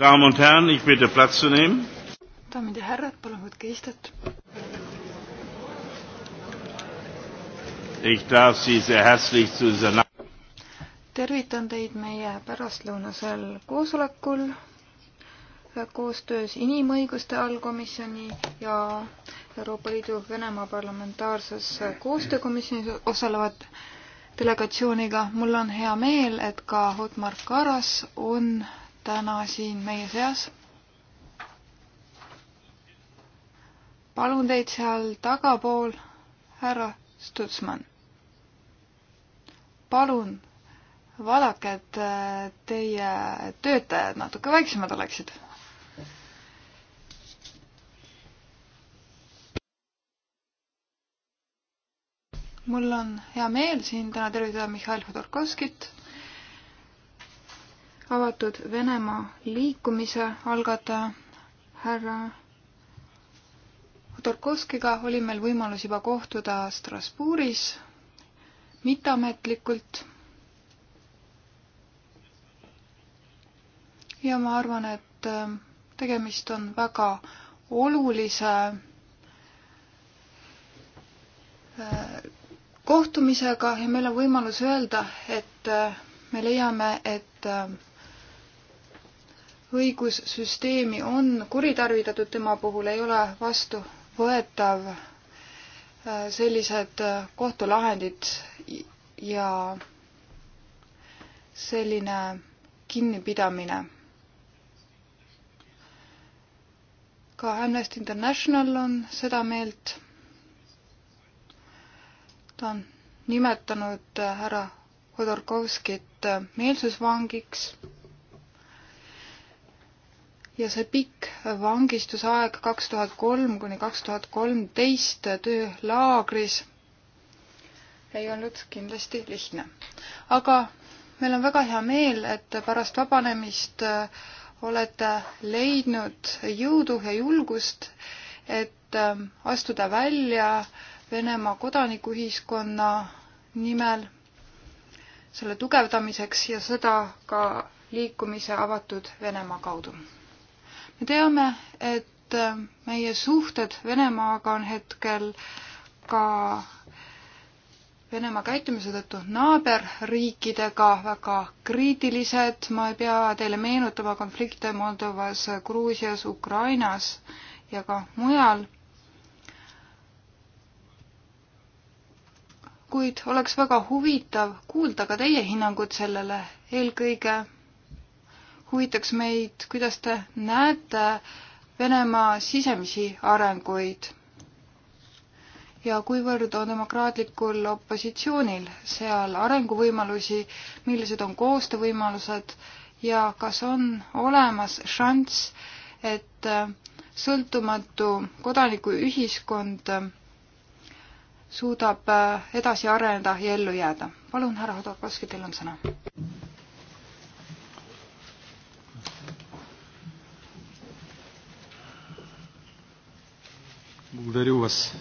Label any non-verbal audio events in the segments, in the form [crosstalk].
Damen und Herren, ich bitte Platz zu nehmen. Daamid ja härrad, palun võtke istet. Ich darf Sie sehr herzlich zu dieser tervitan teid meie pärastlõunasel koosolekul koostöös Inimõiguste allkomisjoni ja Euroopa Liidu Venemaa parlamentaarses koostöökomisjonis osalevat delegatsiooniga. mul on hea meel, et ka Otmar Karas on täna siin meie seas. palun teid seal tagapool, härra Stutzmann. palun vaadake, et äh, teie töötajad natuke väiksemad oleksid mul on hea meel siin täna tervitada Mihhail Hodorkovskit, avatud Venemaa liikumise algataja härra Torkovskiga oli meil võimalus juba kohtuda Strasbourgis mitteametlikult. ja ma arvan, et ähm, tegemist on väga olulise äh, kohtumisega ja meil on võimalus öelda, et äh, me leiame, et ähm, õigussüsteemi on kuritarvitatud, tema puhul ei ole vastuvõetav äh, sellised äh, kohtulahendid ja selline kinnipidamine. ka Amnesty International on seda meelt. ta on nimetanud äh, härra Hodorkovskit meelsusvangiks ja see pikk vangistusaeg kaks tuhat kolm kuni kaks tuhat kolmteist töölaagris ei olnud kindlasti lihtne. aga meil on väga hea meel, et pärast vabanemist äh, olete leidnud jõudu ja julgust, et ähm, astuda välja Venemaa kodanikuühiskonna nimel selle tugevdamiseks ja seda ka liikumise avatud Venemaa kaudu me teame, et äh, meie suhted Venemaaga on hetkel ka Venemaa käitumise tõttu naaberriikidega väga kriitilised, ma ei pea teile meenutama konflikte Moldovas, Gruusias, Ukrainas ja ka mujal. kuid oleks väga huvitav kuulda ka teie hinnangut sellele, eelkõige huvitaks meid, kuidas te näete Venemaa sisemisi arenguid ja kuivõrd on demokraatlikul opositsioonil seal arenguvõimalusi, millised on koostöövõimalused ja kas on olemas šanss, et sõltumatu kodanikuühiskond suudab edasi areneda ja ellu jääda. palun, härra Hodorkovski, teil on sõna. благодарю вас,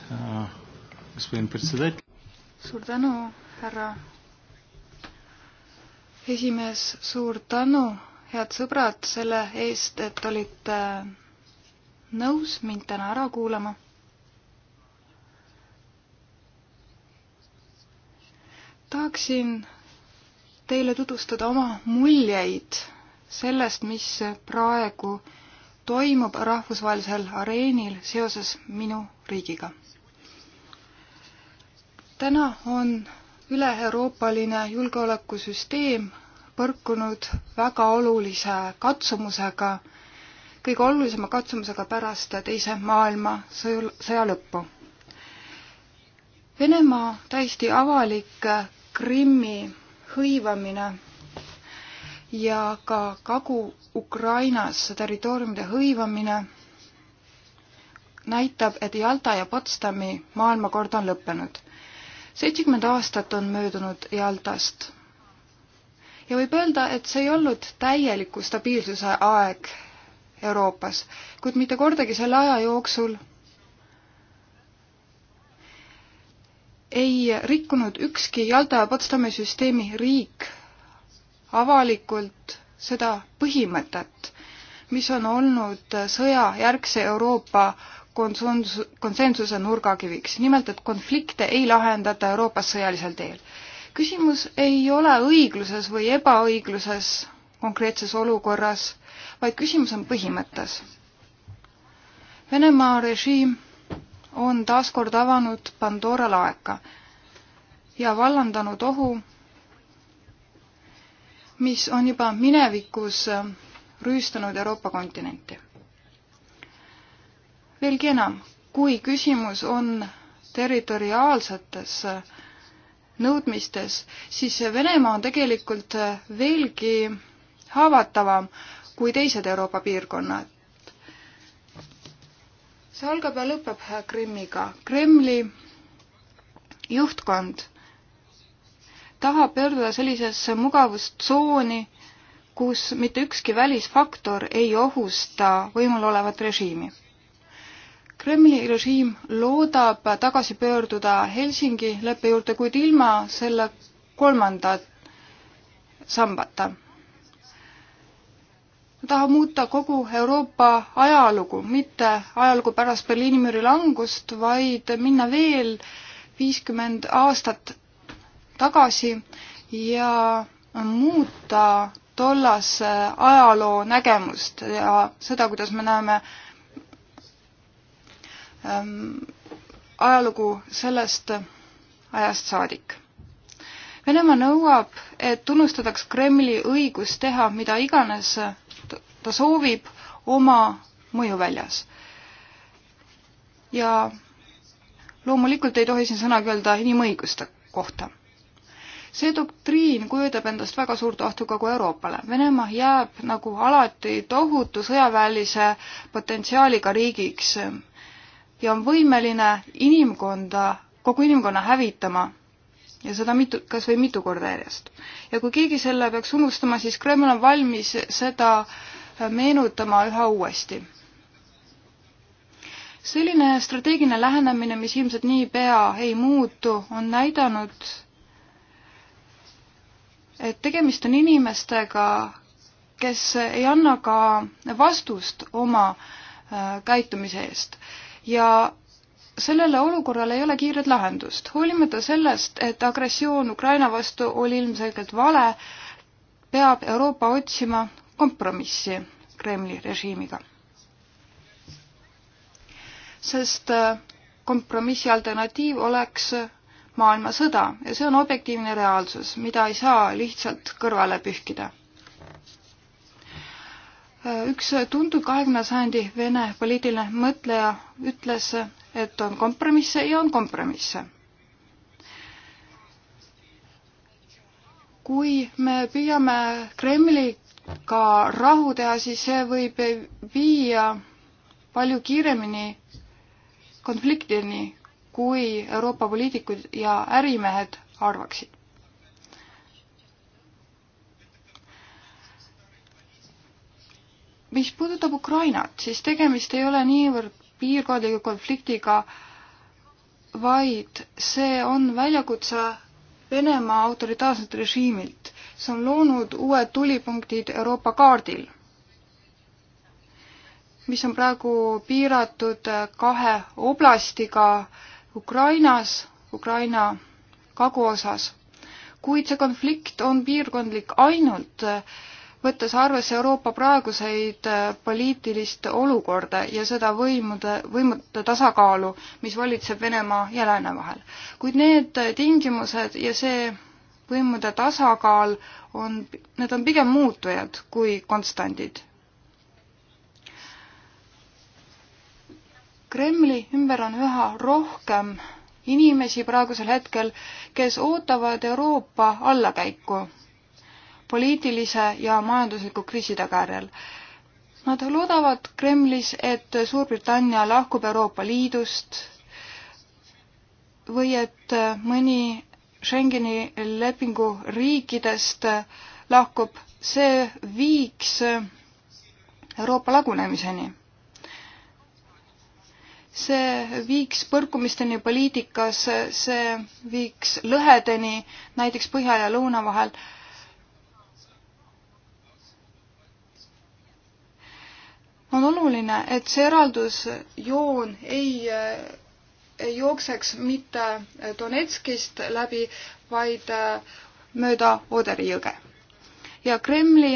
господин председател. suur tänu, härra esimees, suur tänu, head sõbrad, selle eest, et olite nõus mind täna ära kuulama. tahaksin teile tutvustada oma muljeid sellest, mis praegu äh, toimub rahvusvahelisel areenil seoses minu riigiga. täna on üle-euroopaline julgeolekusüsteem põrkunud väga olulise katsumusega, kõige olulisema katsumusega pärast Teise maailmasõja lõppu. Venemaa täiesti avalik Krimmi hõivamine ja ka Kagu-Ukrainas territooriumide hõivamine näitab, et Jalta ja Potsdami maailmakord on lõppenud. seitsekümmend aastat on möödunud Jaltast. ja võib öelda, et see ei olnud täieliku stabiilsuse aeg Euroopas, kuid mitte kordagi selle aja jooksul ei rikkunud ükski Jalta ja Potsdami süsteemi riik avalikult seda põhimõtet, mis on olnud sõjajärgse Euroopa konsensus, konsensuse nurgakiviks, nimelt et konflikte ei lahendata Euroopas sõjalisel teel. küsimus ei ole õigluses või ebaõigluses konkreetses olukorras, vaid küsimus on põhimõttes. Venemaa režiim on taas kord avanud Pandora laeka ja vallandanud ohu mis on juba minevikus äh, rüüstanud Euroopa kontinenti. veelgi enam, kui küsimus on territoriaalsetes äh, nõudmistes, siis Venemaa on tegelikult äh, veelgi haavatavam kui teised Euroopa piirkonnad. see algab ja lõpeb Krimmiga. Kremli juhtkond tahab pöörduda sellisesse mugavustsooni, kus mitte ükski välisfaktor ei ohusta võimul olevat režiimi. Kremli režiim loodab tagasi pöörduda Helsingi leppe juurde, kuid ilma selle kolmanda sambata. ta tahab muuta kogu Euroopa ajalugu, mitte ajalugu pärast Berliini müüri langust, vaid minna veel viiskümmend aastat tagasi ja muuta tollase ajaloo nägemust ja seda, kuidas me näeme ähm, ajalugu sellest ajast saadik. Venemaa nõuab, et tunnustataks Kremli õigus teha mida iganes ta soovib oma mõjuväljas. ja loomulikult ei tohi siin sõnagi öelda inimõiguste kohta see doktriin kujutab endast väga suurt ohtu kogu Euroopale. Venemaa jääb nagu alati tohutu sõjaväelise potentsiaaliga riigiks ja on võimeline inimkonda, kogu inimkonna hävitama ja seda mitu, kas või mitu korda järjest. ja kui keegi selle peaks unustama, siis Kreml on valmis seda meenutama üha uuesti. selline strateegiline lähenemine, mis ilmselt niipea ei muutu, on näidanud et tegemist on inimestega, kes ei anna ka vastust oma äh, käitumise eest ja sellele olukorrale ei ole kiiret lahendust. hoolimata sellest, et agressioon Ukraina vastu oli ilmselgelt vale, peab Euroopa otsima kompromissi Kremli režiimiga. sest äh, kompromissi alternatiiv oleks maailmasõda ja see on objektiivne reaalsus, mida ei saa lihtsalt kõrvale pühkida. üks tuntud kahekümnenda sajandi Vene poliitiline mõtleja ütles, et on kompromisse ja on kompromisse. kui me püüame Kremliga rahu teha, siis see võib viia palju kiiremini konfliktini, kui Euroopa poliitikud ja ärimehed arvaksid. mis puudutab Ukrainat, siis tegemist ei ole niivõrd piirkondliku konfliktiga, vaid see on väljakutse Venemaa autoritaarselt režiimilt. see on loonud uued tulipunktid Euroopa kaardil, mis on praegu piiratud kahe oblastiga Ukrainas, Ukraina kaguosas. kuid see konflikt on piirkondlik ainult eh, võttes arvesse Euroopa praeguseid eh, poliitilist olukorda ja seda võimude, võimude tasakaalu, mis valitseb Venemaa ja Lääne vahel. kuid need eh, tingimused ja see võimude tasakaal on, need on pigem muutujad kui konstandid Kremli ümber on üha rohkem inimesi praegusel hetkel, kes ootavad Euroopa allakäiku poliitilise ja majandusliku kriisi tagajärjel. Nad loodavad Kremlis, et Suurbritannia lahkub Euroopa Liidust või et mõni Schengeni lepingu riikidest lahkub, see viiks Euroopa lagunemiseni see viiks põrkumisteni poliitikas, see viiks lõhedeni näiteks põhja ja lõuna vahel. on oluline, et see eraldusjoon ei, ei jookseks mitte Donetskist läbi, vaid mööda Oderi jõge. ja Kremli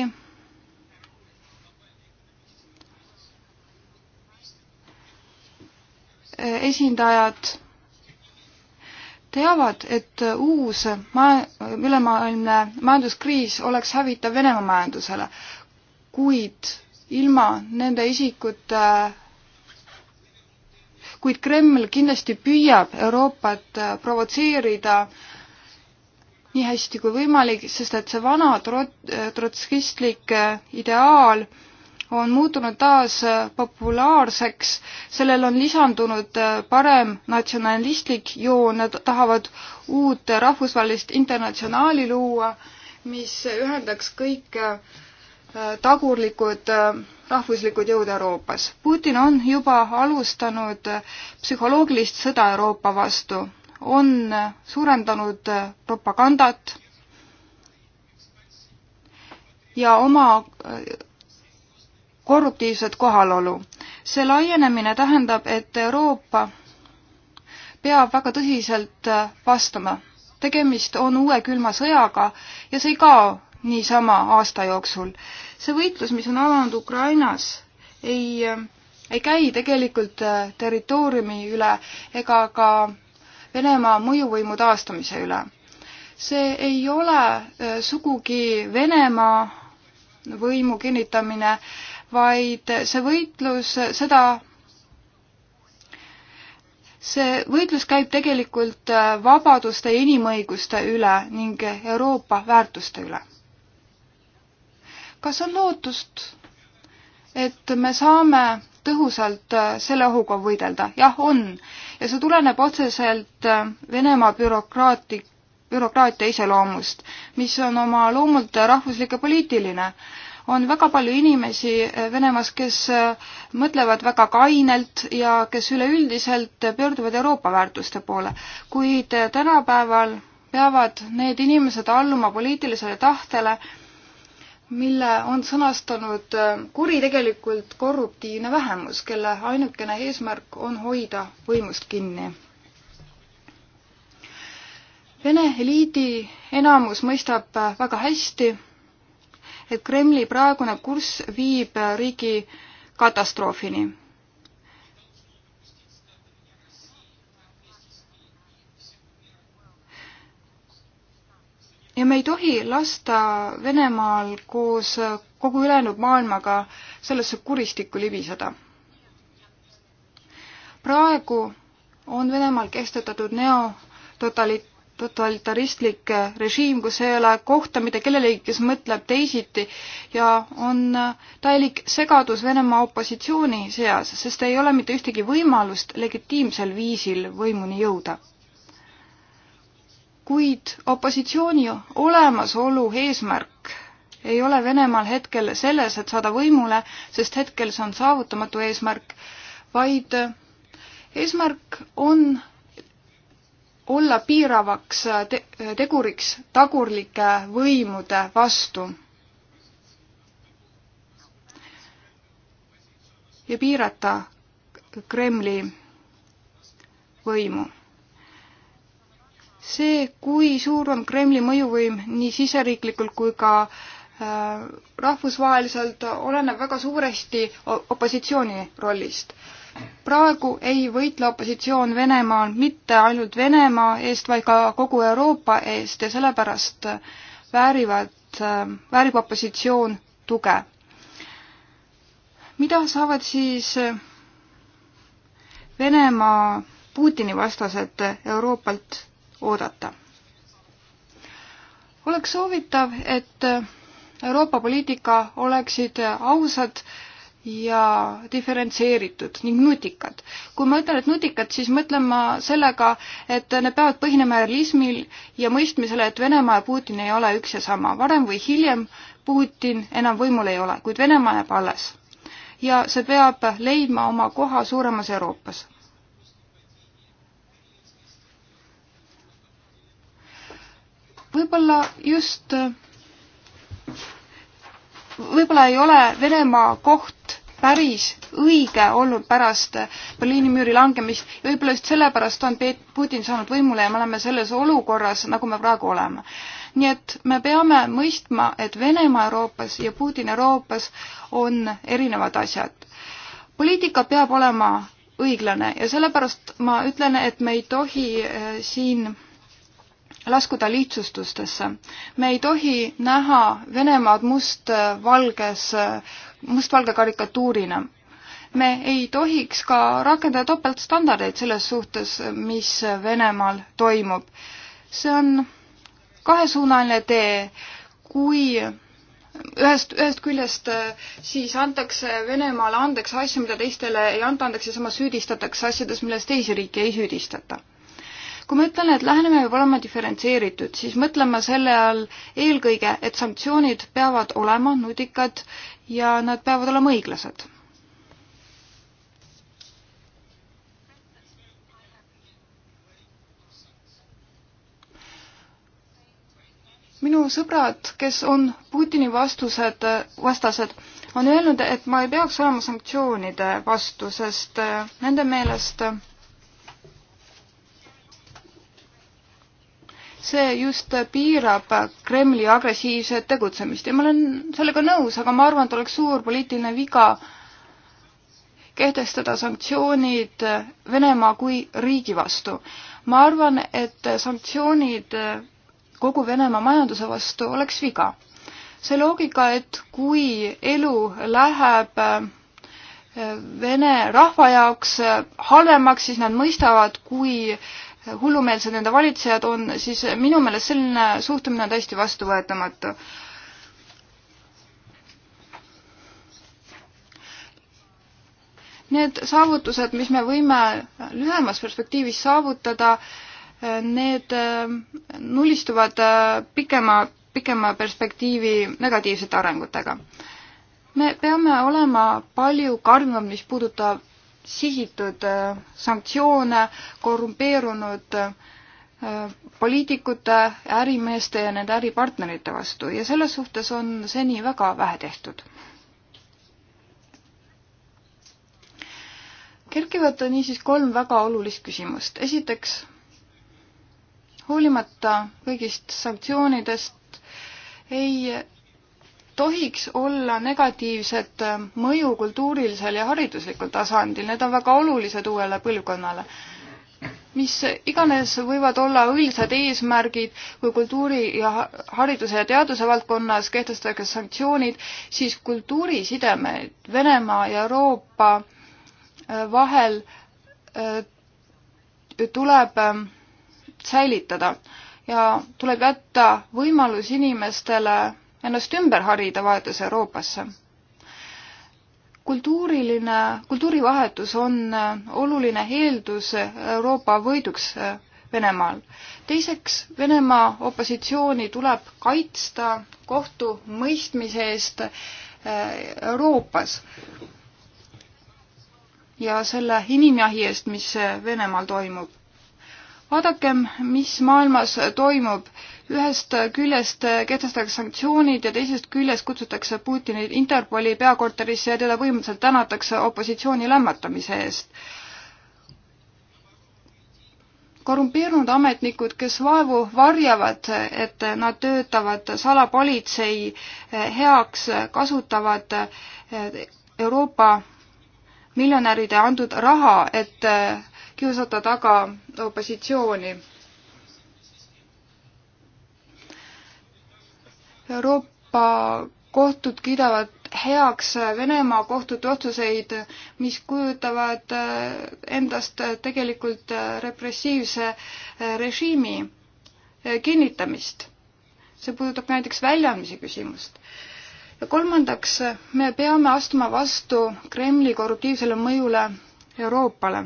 esindajad teavad, et uus maa-, ülemaailmne majanduskriis oleks hävitav Venemaa majandusele, kuid ilma nende isikute, kuid Kreml kindlasti püüab Euroopat provotseerida nii hästi kui võimalik, sest et see vana trot-, trotskistlik ideaal äh, on muutunud taas äh, populaarseks, sellel on lisandunud äh, parem natsionalistlik joon, nad tahavad uut rahvusvahelist internatsionaali luua, mis ühendaks kõik äh, tagurlikud rahvuslikud jõud Euroopas. Putin on juba alustanud psühholoogilist sõda Euroopa vastu, on suurendanud propagandat ja oma korruptiivset kohalolu. see laienemine tähendab, et Euroopa peab väga tõsiselt äh, vastama. tegemist on uue külma sõjaga ja see ei kao niisama aasta jooksul. see võitlus, mis on alanud Ukrainas, ei, äh, ei käi tegelikult äh, territooriumi üle ega ka Venemaa mõjuvõimu taastamise üle. see ei ole sugugi Venemaa võimu kinnitamine äh, vaid see võitlus, seda, see võitlus käib tegelikult äh, vabaduste ja inimõiguste üle ning Euroopa väärtuste üle. kas on lootust, et me saame tõhusalt äh, selle ohuga võidelda? jah, on. ja see tuleneb otseselt äh, Venemaa bürokraatlik, bürokraatia iseloomust, mis on oma loomult rahvuslik ja poliitiline on väga palju inimesi eh, Venemaas, kes eh, mõtlevad väga kainelt ja kes üleüldiselt pöörduvad Euroopa väärtuste poole, kuid eh, tänapäeval peavad need inimesed alluma poliitilisele tahtele, mille on sõnastanud kuritegelikult korruptiivne vähemus, kelle ainukene eesmärk on hoida võimust kinni Vene eliidi enamus mõistab väga hästi, et Kremli praegune kurss viib riigi katastroofini. ja me ei tohi lasta Venemaal koos kogu ülejäänud maailmaga sellesse kuristikku libiseda. praegu on Venemaal kestetatud neototali-, totalitaristlik režiim, kus ei ole kohta mitte kellelegi, kes mõtleb teisiti ja on täielik segadus Venemaa opositsiooni seas, sest ei ole mitte ühtegi võimalust legitiimsel viisil võimuni jõuda. kuid opositsiooni olemasolu eesmärk ei ole Venemaal hetkel selles, et saada võimule, sest hetkel see on saavutamatu eesmärk, vaid eesmärk on olla piiravaks äh, te teguriks tagurlike võimude vastu. ja piirata Kremli võimu. see, kui suur on Kremli mõjuvõim nii siseriiklikult kui ka äh, rahvusvaheliselt, oleneb väga suuresti opositsiooni rollist praegu ei võitle opositsioon Venemaal mitte ainult Venemaa eest, vaid ka kogu Euroopa eest ja sellepärast väärivad, väärib opositsioon tuge. mida saavad siis Venemaa Putini vastased Euroopalt oodata? oleks soovitav, et Euroopa poliitika oleksid ausad ja diferentseeritud ning nutikad. kui ma ütlen, et nutikad, siis mõtlen ma sellega, et need peavad põhinema realismil ja mõistmisele, et Venemaa ja Putin ei ole üks ja sama. varem või hiljem Putin enam võimul ei ole, kuid Venemaa jääb alles. ja see peab leidma oma koha suuremas Euroopas. võib-olla just võib-olla ei ole Venemaa koht päris õige olnud pärast Berliini müüri langemist ja võib-olla just sellepärast on Putin saanud võimule ja me oleme selles olukorras, nagu me praegu oleme. nii et me peame mõistma, et Venemaa Euroopas ja Putin Euroopas on erinevad asjad. poliitika peab olema õiglane ja sellepärast ma ütlen, et me ei tohi eh, siin laskuda lihtsustustesse. me ei tohi näha Venemaad mustvalges, mustvalge karikatuurina. me ei tohiks ka rakendada topeltstandardeid selles suhtes, mis Venemaal toimub. see on kahesuunaline tee, kui ühest, ühest küljest äh, siis antakse Venemaale andeks asju, mida teistele ei anta andeks ja samas süüdistatakse asjades, milles teisi riike ei süüdistata kui ma ütlen, et lähenemine peab olema diferentseeritud, siis mõtlen ma selle all eelkõige, et sanktsioonid peavad olema nutikad ja nad peavad olema õiglased. minu sõbrad, kes on Putini vastused, vastased, on öelnud, et ma ei peaks olema sanktsioonide vastu, sest äh, nende meelest äh, see just piirab Kremli agressiivset tegutsemist ja ma olen sellega nõus, aga ma arvan, et oleks suur poliitiline viga kehtestada sanktsioonid Venemaa kui riigi vastu. ma arvan, et sanktsioonid kogu Venemaa majanduse vastu oleks viga. see loogika, et kui elu läheb eh, Vene rahva jaoks eh, halvemaks, siis nad mõistavad, kui hullumeelsed nende valitsejad on, siis minu meelest selline suhtumine on täiesti vastuvõetamatu. Need saavutused, mis me võime lühemas perspektiivis saavutada, need äh, nullistuvad äh, pikema, pikema perspektiivi negatiivsete arengutega. me peame olema palju karmim, mis puudutab sihitud äh, sanktsioone korrumpeerunud äh, poliitikute, ärimeeste ja nende äripartnerite vastu ja selles suhtes on seni väga vähe tehtud. kerkivad niisiis kolm väga olulist küsimust. esiteks, hoolimata kõigist sanktsioonidest ei tohiks olla negatiivset äh, mõju kultuurilisel ja hariduslikul tasandil, need on väga olulised uuele põlvkonnale. mis iganes võivad olla õilsad eesmärgid, kui kultuuri ja hariduse ja teaduse valdkonnas kehtestatakse sanktsioonid, siis kultuurisidemed Venemaa ja Euroopa äh, vahel äh, tuleb ähm, säilitada ja tuleb jätta võimalus inimestele ennast ümber harida, vaadates Euroopasse. kultuuriline, kultuurivahetus on äh, oluline eeldus äh, Euroopa võiduks äh, Venemaal. teiseks, Venemaa opositsiooni tuleb kaitsta kohtumõistmise eest Euroopas ja selle inimjahi eest, mis Venemaal toimub. vaadakem, mis maailmas toimub ühest küljest kehtestatakse sanktsioonid ja teisest küljest kutsutakse Putinit Interpoli peakorterisse ja teda põhimõtteliselt tänatakse opositsiooni lämmatamise eest. korrumpeerunud ametnikud, kes vaevu varjavad, et nad töötavad salapolitsei heaks, kasutavad eh, Euroopa miljonäride antud raha, et kiusata taga opositsiooni Euroopa kohtud kiidavad heaks Venemaa kohtute otsuseid, mis kujutavad eh, endast eh, tegelikult eh, repressiivse režiimi kinnitamist. see puudutab näiteks väljaandmise küsimust. ja kolmandaks, me peame astuma vastu Kremli korruptiivsele mõjule Euroopale.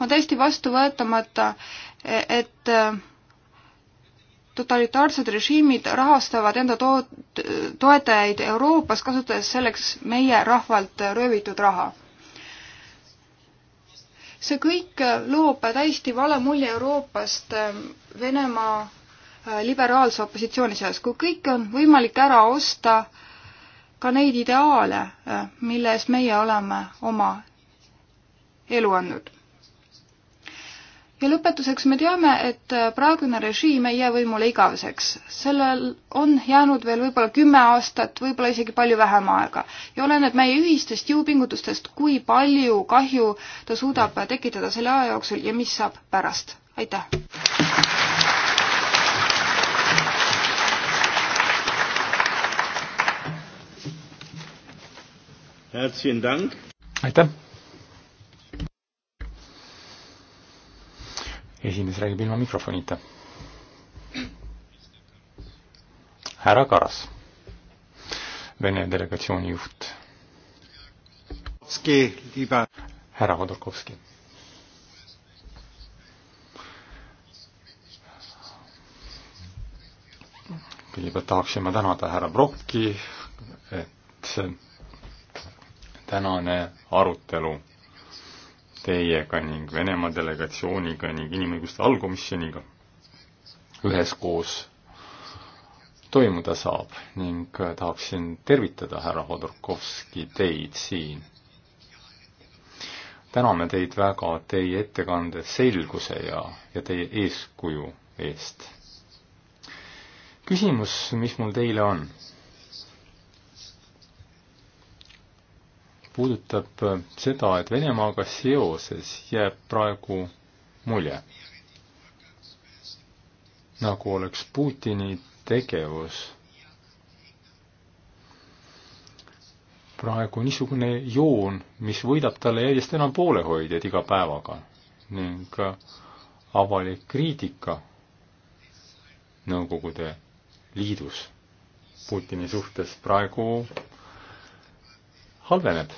on täiesti vastuvõetamata, et totalitaarsed režiimid rahastavad enda to-, toetajaid Euroopas, kasutades selleks meie rahvalt röövitud raha. see kõik loob täiesti vale mulje Euroopast ähm, Venemaa äh, liberaalse opositsiooni seas, kui kõike on võimalik ära osta, ka neid ideaale, äh, mille eest meie oleme oma elu andnud ja lõpetuseks me teame, et äh, praegune režiim ei jää võimule igaveseks. sellel on jäänud veel võib-olla kümme aastat, võib-olla isegi palju vähem aega. ja oleneb meie ühistest jõupingutustest, kui palju kahju ta suudab äh, tekitada selle aja jooksul ja mis saab pärast. aitäh! aitäh! esimees räägib ilma mikrofonita. härra Karas, Vene delegatsiooni juht. härra Hodorkovski. kõigepealt tahaksin ma tänada härra Brokki, et tänane arutelu teiega ning Venemaa delegatsiooniga ning inimõiguste allkomisjoniga üheskoos toimuda saab ning tahaksin tervitada härra Hodorkovski teid siin. täname teid väga teie ettekande selguse ja, ja teie eeskuju eest. küsimus, mis mul teile on puudutab äh, seda, et Venemaaga seoses jääb praegu mulje, nagu oleks Putini tegevus praegu niisugune joon, mis võidab talle järjest enam poolehoidjaid iga päevaga ning äh, avalik kriitika Nõukogude Liidus Putini suhtes praegu halveneb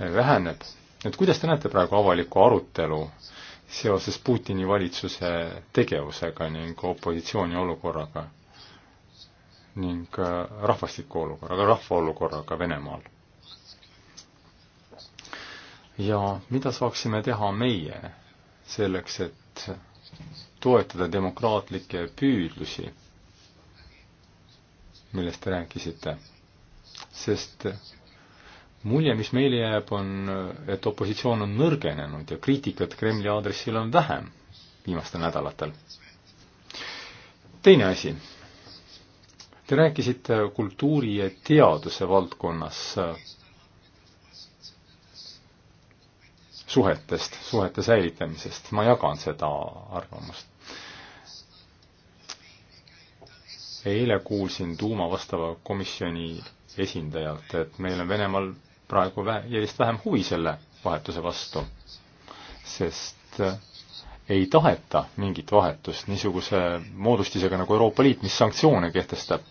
väheneb. et kuidas te näete praegu avalikku arutelu seoses Putini valitsuse tegevusega ning opositsiooni olukorraga ning äh, rahvastiku olukorraga, rahva olukorraga Venemaal? ja mida saaksime teha meie selleks, et toetada demokraatlikke püüdlusi, millest te rääkisite, sest mulje, mis meile jääb, on, et opositsioon on nõrgenenud ja kriitikat Kremli aadressil on vähem viimastel nädalatel. teine asi. Te rääkisite kultuuri ja teaduse valdkonnas äh, suhetest, suhete säilitamisest, ma jagan seda arvamust. eile kuulsin tuumavastava komisjoni esindajalt, et meil on Venemaal praegu vä-, järjest vähem huvi selle vahetuse vastu, sest äh, ei taheta mingit vahetust niisuguse moodustisega nagu Euroopa Liit, mis sanktsioone kehtestab.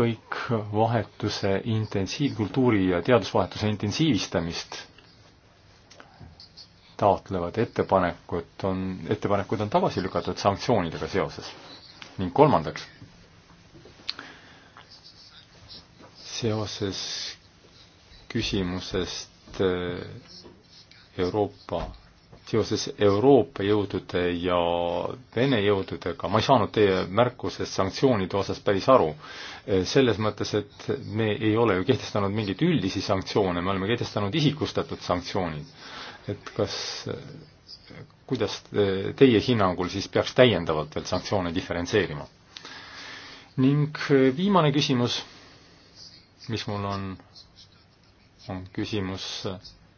kõik vahetuse intensiiv, kultuuri ja teadusvahetuse intensiivistamist taotlevad ettepanekud on, ettepanekud on tagasi lükatud sanktsioonidega seoses. ning kolmandaks seoses küsimusest eh, Euroopa, seoses Euroopa jõudude ja Vene jõududega, ma ei saanud teie märkusest sanktsioonide osas päris aru. Eh, selles mõttes, et me ei ole ju kehtestanud mingeid üldisi sanktsioone, me oleme kehtestanud isikustatud sanktsioonid. et kas, eh, kuidas teie hinnangul siis peaks täiendavalt veel sanktsioone diferentseerima? ning viimane küsimus mis mul on, on küsimus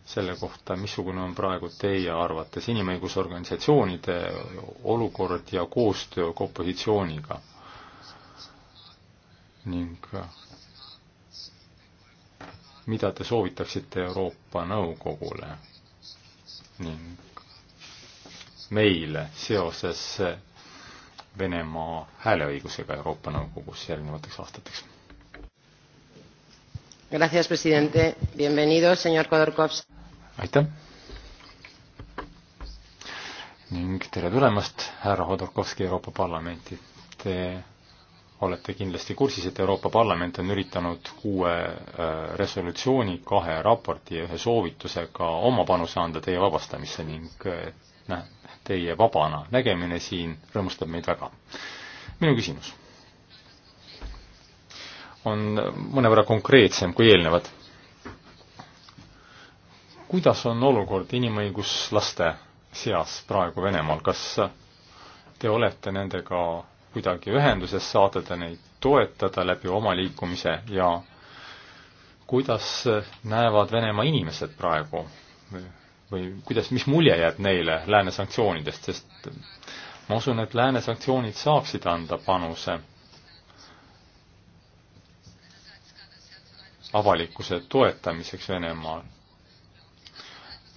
selle kohta, missugune on praegu teie arvates inimõigusorganisatsioonide olukord ja koostöö opositsiooniga ning mida te soovitaksite Euroopa Nõukogule ning meile seoses Venemaa hääleõigusega Euroopa Nõukogus järgnevateks aastateks? Gracias, presidente. Bienvenido, señor Khodorkovs. aitäh. ning tere tulemast, härra Hodorkovski Euroopa Parlamenti. Te olete kindlasti kursis, et Euroopa Parlament on üritanud kuue äh, resolutsiooni, kahe raporti ja ühe soovitusega oma panuse anda teie vabastamisse ning äh, näe, teie vabana nägemine siin rõõmustab meid väga. minu küsimus on mõnevõrra konkreetsem kui eelnevad. kuidas on olukord inimõiguslaste seas praegu Venemaal, kas te olete nendega kuidagi ühenduses, saate te neid toetada läbi oma liikumise ja kuidas näevad Venemaa inimesed praegu või kuidas, mis mulje jääb neile lääne sanktsioonidest, sest ma usun, et lääne sanktsioonid saaksid anda panuse avalikkuse toetamiseks Venemaal.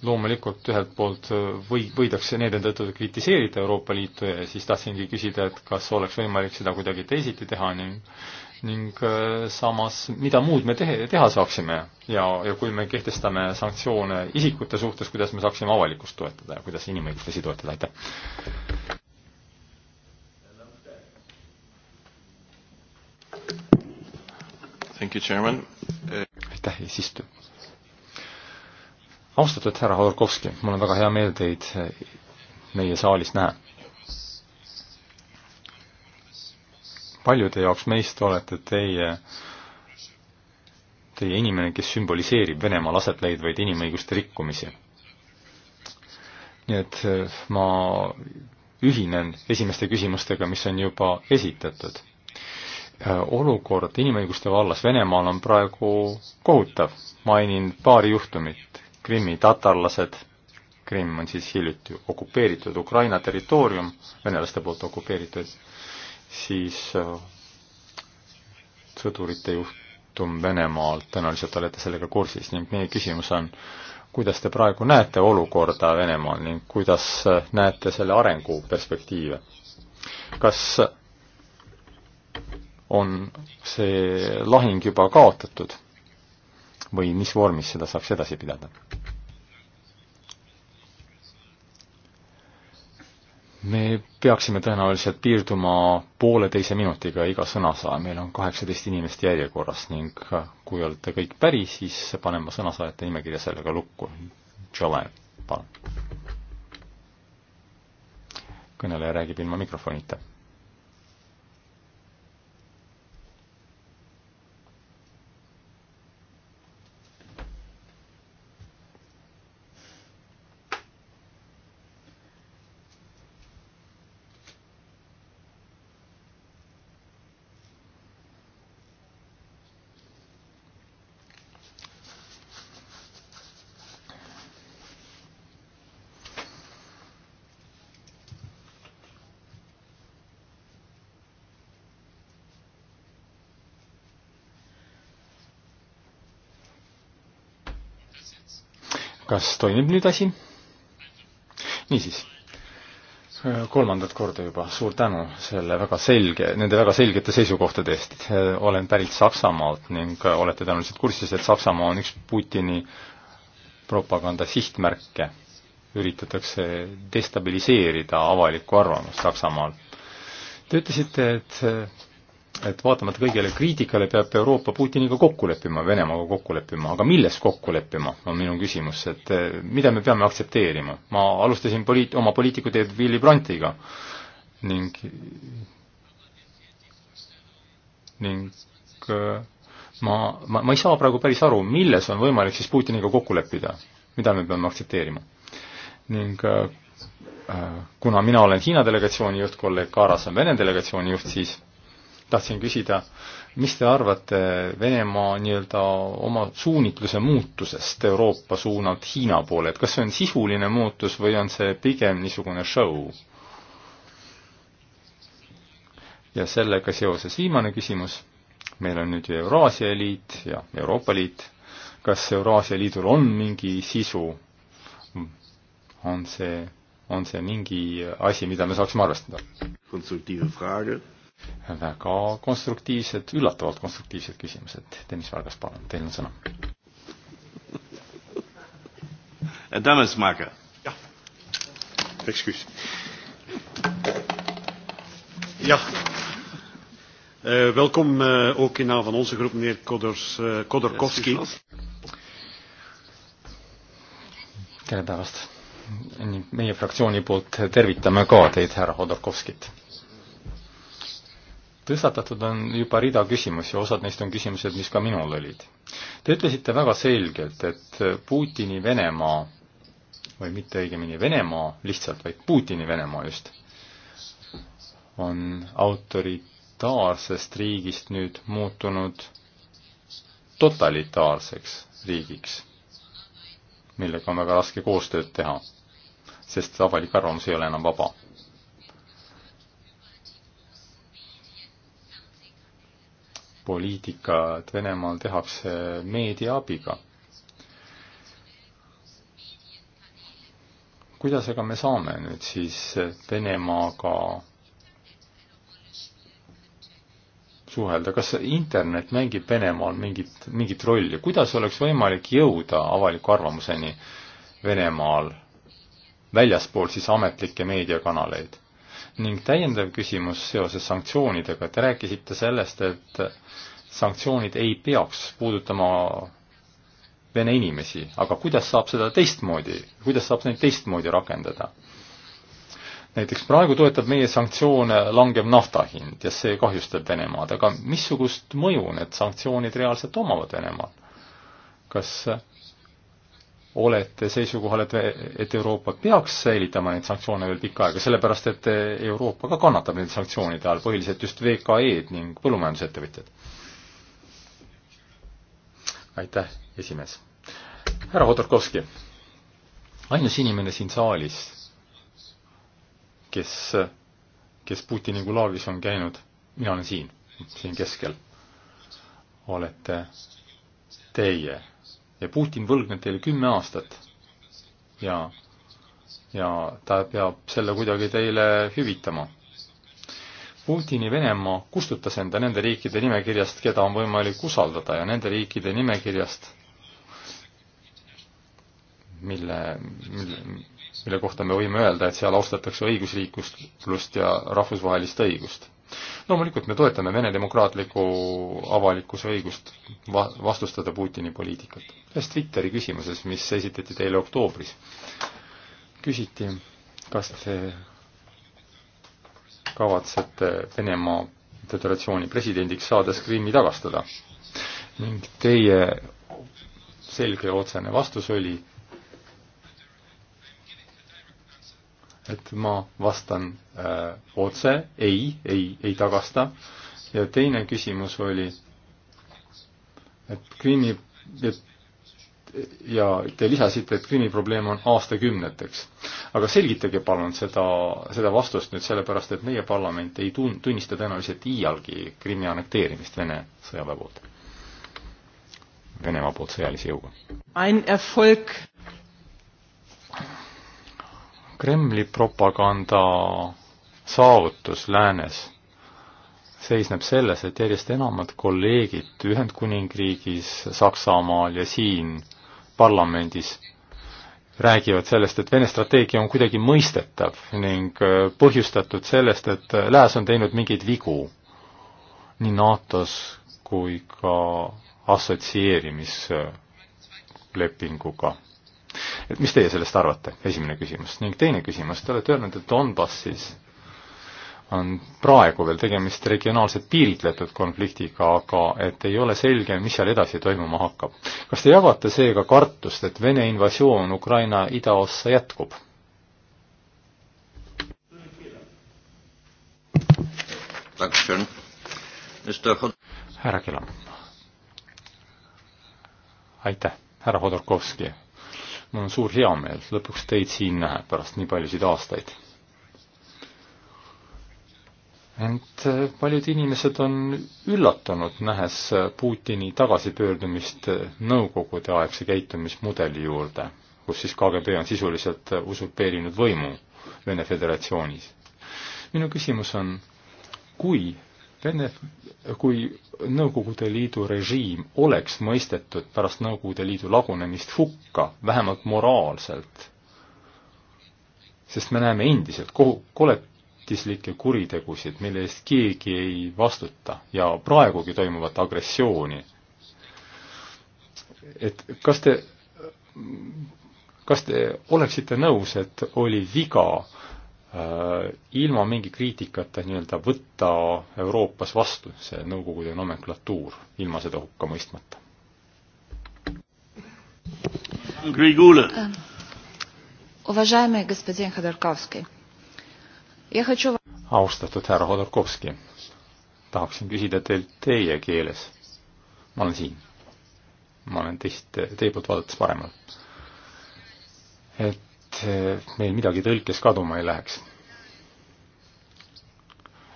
loomulikult ühelt poolt või, võidakse nende tõttu kritiseerida Euroopa Liitu ja siis tahtsingi küsida, et kas oleks võimalik seda kuidagi teisiti teha ning ning äh, samas, mida muud me tehe, teha saaksime ja, ja kui me kehtestame sanktsioone isikute suhtes, kuidas me saaksime avalikkust toetada ja kuidas inimõiguslasi toetada, aitäh! aitäh, eesistuja. austatud härra Hodorkovski, mul on väga hea meel teid meie saalis näha. paljude jaoks meist olete teie, teie inimene, kes sümboliseerib Venemaal aset leidvaid inimõiguste rikkumisi. nii et ma ühinen esimeste küsimustega, mis on juba esitatud Äh, olukord inimõiguste vallas Venemaal on praegu kohutav. mainin paari juhtumit. Krimmi tatarlased, Krimm on siis hiljuti okupeeritud Ukraina territoorium, venelaste poolt okupeeritud, siis äh, sõdurite juhtum Venemaalt, tõenäoliselt olete sellega kursis ning meie küsimus on, kuidas te praegu näete olukorda Venemaal ning kuidas äh, näete selle arengu perspektiive? kas on see lahing juba kaotatud või mis vormis seda saaks edasi pidada? me peaksime tõenäoliselt piirduma pooleteise minutiga iga sõnasaaja, meil on kaheksateist inimest järjekorras ning kui olete kõik päri, siis paneme sõnasaajate nimekirja sellega lukku. Jolain, palun. kõneleja räägib ilma mikrofonita kas toimib nüüd asi? niisiis, kolmandat korda juba, suur tänu selle väga selge, nende väga selgete seisukohtade eest. olen pärit Saksamaalt ning olete tõenäoliselt kursis, et Saksamaa on üks Putini propaganda sihtmärke. üritatakse destabiliseerida avalikku arvamust Saksamaal. Te ütlesite, et et vaatamata kõigele kriitikale peab Euroopa Putiniga kokku leppima, Venemaaga kokku leppima, aga milles kokku leppima, on minu küsimus, et eh, mida me peame aktsepteerima. ma alustasin poliit-, oma poliitikuteed Willy Brandtiga ning ning eh, ma, ma, ma ei saa praegu päris aru, milles on võimalik siis Putiniga kokku leppida, mida me peame aktsepteerima. ning eh, kuna mina olen Hiina delegatsiooni juht, kolleeg Kaaras on Vene delegatsiooni juht, siis tahtsin küsida, mis te arvate Venemaa nii-öelda oma suunitluse muutusest Euroopa suunalt Hiina poole, et kas see on sisuline muutus või on see pigem niisugune show? ja sellega seoses viimane küsimus, meil on nüüd ju Euraasia Liit ja Euroopa Liit, kas Euraasia Liidul on mingi sisu, on see, on see mingi asi, mida me saaksime arvestada? konstruktiivne küsimus väga konstruktiivsed, üllatavalt konstruktiivsed küsimused. Tõnis Vargas, palun, teil on sõna. Eh, dames Maager. jah, excuse. jah eh, uh,, welkom uh, ook in naam van onze groep, meneer Kodors uh,, Kodorkovski. tere päevast ning meie fraktsiooni poolt tervitame ka teid, härra Hodorkovskit tõstatatud on juba rida küsimusi, osad neist on küsimused, mis ka minul olid. Te ütlesite väga selgelt, et Putini Venemaa või mitte õigemini Venemaa lihtsalt, vaid Putini Venemaa just, on autoritaarsest riigist nüüd muutunud totalitaarseks riigiks, millega on väga raske koostööd teha, sest avalik arvamus ei ole enam vaba poliitikat Venemaal tehakse meedia abiga. kuidas aga me saame nüüd siis Venemaaga suhelda, kas internet mängib Venemaal mingit, mingit rolli, kuidas oleks võimalik jõuda avaliku arvamuseni Venemaal väljaspool siis ametlikke meediakanaleid? ning täiendav küsimus seoses sanktsioonidega, te rääkisite sellest, et sanktsioonid ei peaks puudutama vene inimesi, aga kuidas saab seda teistmoodi, kuidas saab neid teistmoodi rakendada? näiteks praegu toetab meie sanktsioone langev nafta hind ja see kahjustab Venemaad, aga missugust mõju need sanktsioonid reaalselt omavad Venemaal? kas olete seisukohal, et, et Euroopa peaks säilitama neid sanktsioone veel pikka aega, sellepärast et Euroopa ka kannatab nende sanktsioonide all, põhiliselt just VKE-d ning põllumajandusettevõtjad? aitäh, esimees. härra Hodorkovski, ainus inimene siin saalis, kes, kes Putini gulaagis on käinud, mina olen siin, siin keskel, olete teie ja Putin võlgneb teile kümme aastat ja, ja ta peab selle kuidagi teile hüvitama. Putini Venemaa kustutas enda nende riikide nimekirjast, keda on võimalik usaldada ja nende riikide nimekirjast, mille, mille, mille kohta me võime öelda, et seal austatakse õigusriiklust ja rahvusvahelist õigust loomulikult me toetame Vene demokraatlikku avalikkuse õigust va-, vastustada Putini poliitikat. ühes Twitteri küsimuses, mis esitati teile oktoobris, küsiti, kas te kavatsete Venemaa Föderatsiooni presidendiks saades Krimmi tagastada. ning teie selge ja otsene vastus oli, et ma vastan äh, otse, ei, ei, ei tagasta. ja teine küsimus oli, et Krimmi, et ja te lisasite, et Krimmi probleem on aastakümneteks. aga selgitage palun seda, seda vastust nüüd sellepärast, et meie parlament ei tun-, tunnista tõenäoliselt iialgi Krimmi annekteerimist Vene sõjaväe poolt, Venemaa poolt sõjalise jõuga. Kremli propaganda saavutus läänes seisneb selles, et järjest enamad kolleegid Ühendkuningriigis, Saksamaal ja siin parlamendis räägivad sellest, et Vene strateegia on kuidagi mõistetav ning äh, põhjustatud sellest, et äh, Lääs on teinud mingeid vigu nii NATO-s kui ka assotsieerimislepinguga et mis teie sellest arvate, esimene küsimus. ning teine küsimus, te olete öelnud, et Donbassis on praegu veel tegemist regionaalselt piiritletud konfliktiga, aga et ei ole selge, mis seal edasi toimuma hakkab. kas te jagate seega kartust, et Vene invasioon Ukraina idaossa jätkub? härra Kelam. aitäh, härra Hodorkovski mul on suur heameel lõpuks teid siin näha pärast nii paljusid aastaid. ent äh, paljud inimesed on üllatunud, nähes äh, Putini tagasipöördumist äh, nõukogudeaegse käitumismudeli juurde, kus siis KGB on sisuliselt usurpeerinud võimu Vene Föderatsioonis. minu küsimus on, kui Vene, kui Nõukogude Liidu režiim oleks mõistetud pärast Nõukogude Liidu lagunemist hukka, vähemalt moraalselt, sest me näeme endiselt ko-, koletislikke kuritegusid, mille eest keegi ei vastuta ja praegugi toimuvat agressiooni. et kas te, kas te oleksite nõus, et oli viga äh, Äh, ilma mingi kriitikata nii-öelda võtta Euroopas vastu see Nõukogude nomenklatuur, ilma seda hukka mõistmata. Um, austatud härra Hodorkovski, tahaksin küsida teilt teie keeles. ma olen siin. ma olen teist, teie poolt vaadates paremal. et et eh, meil midagi tõlkes kaduma ei läheks.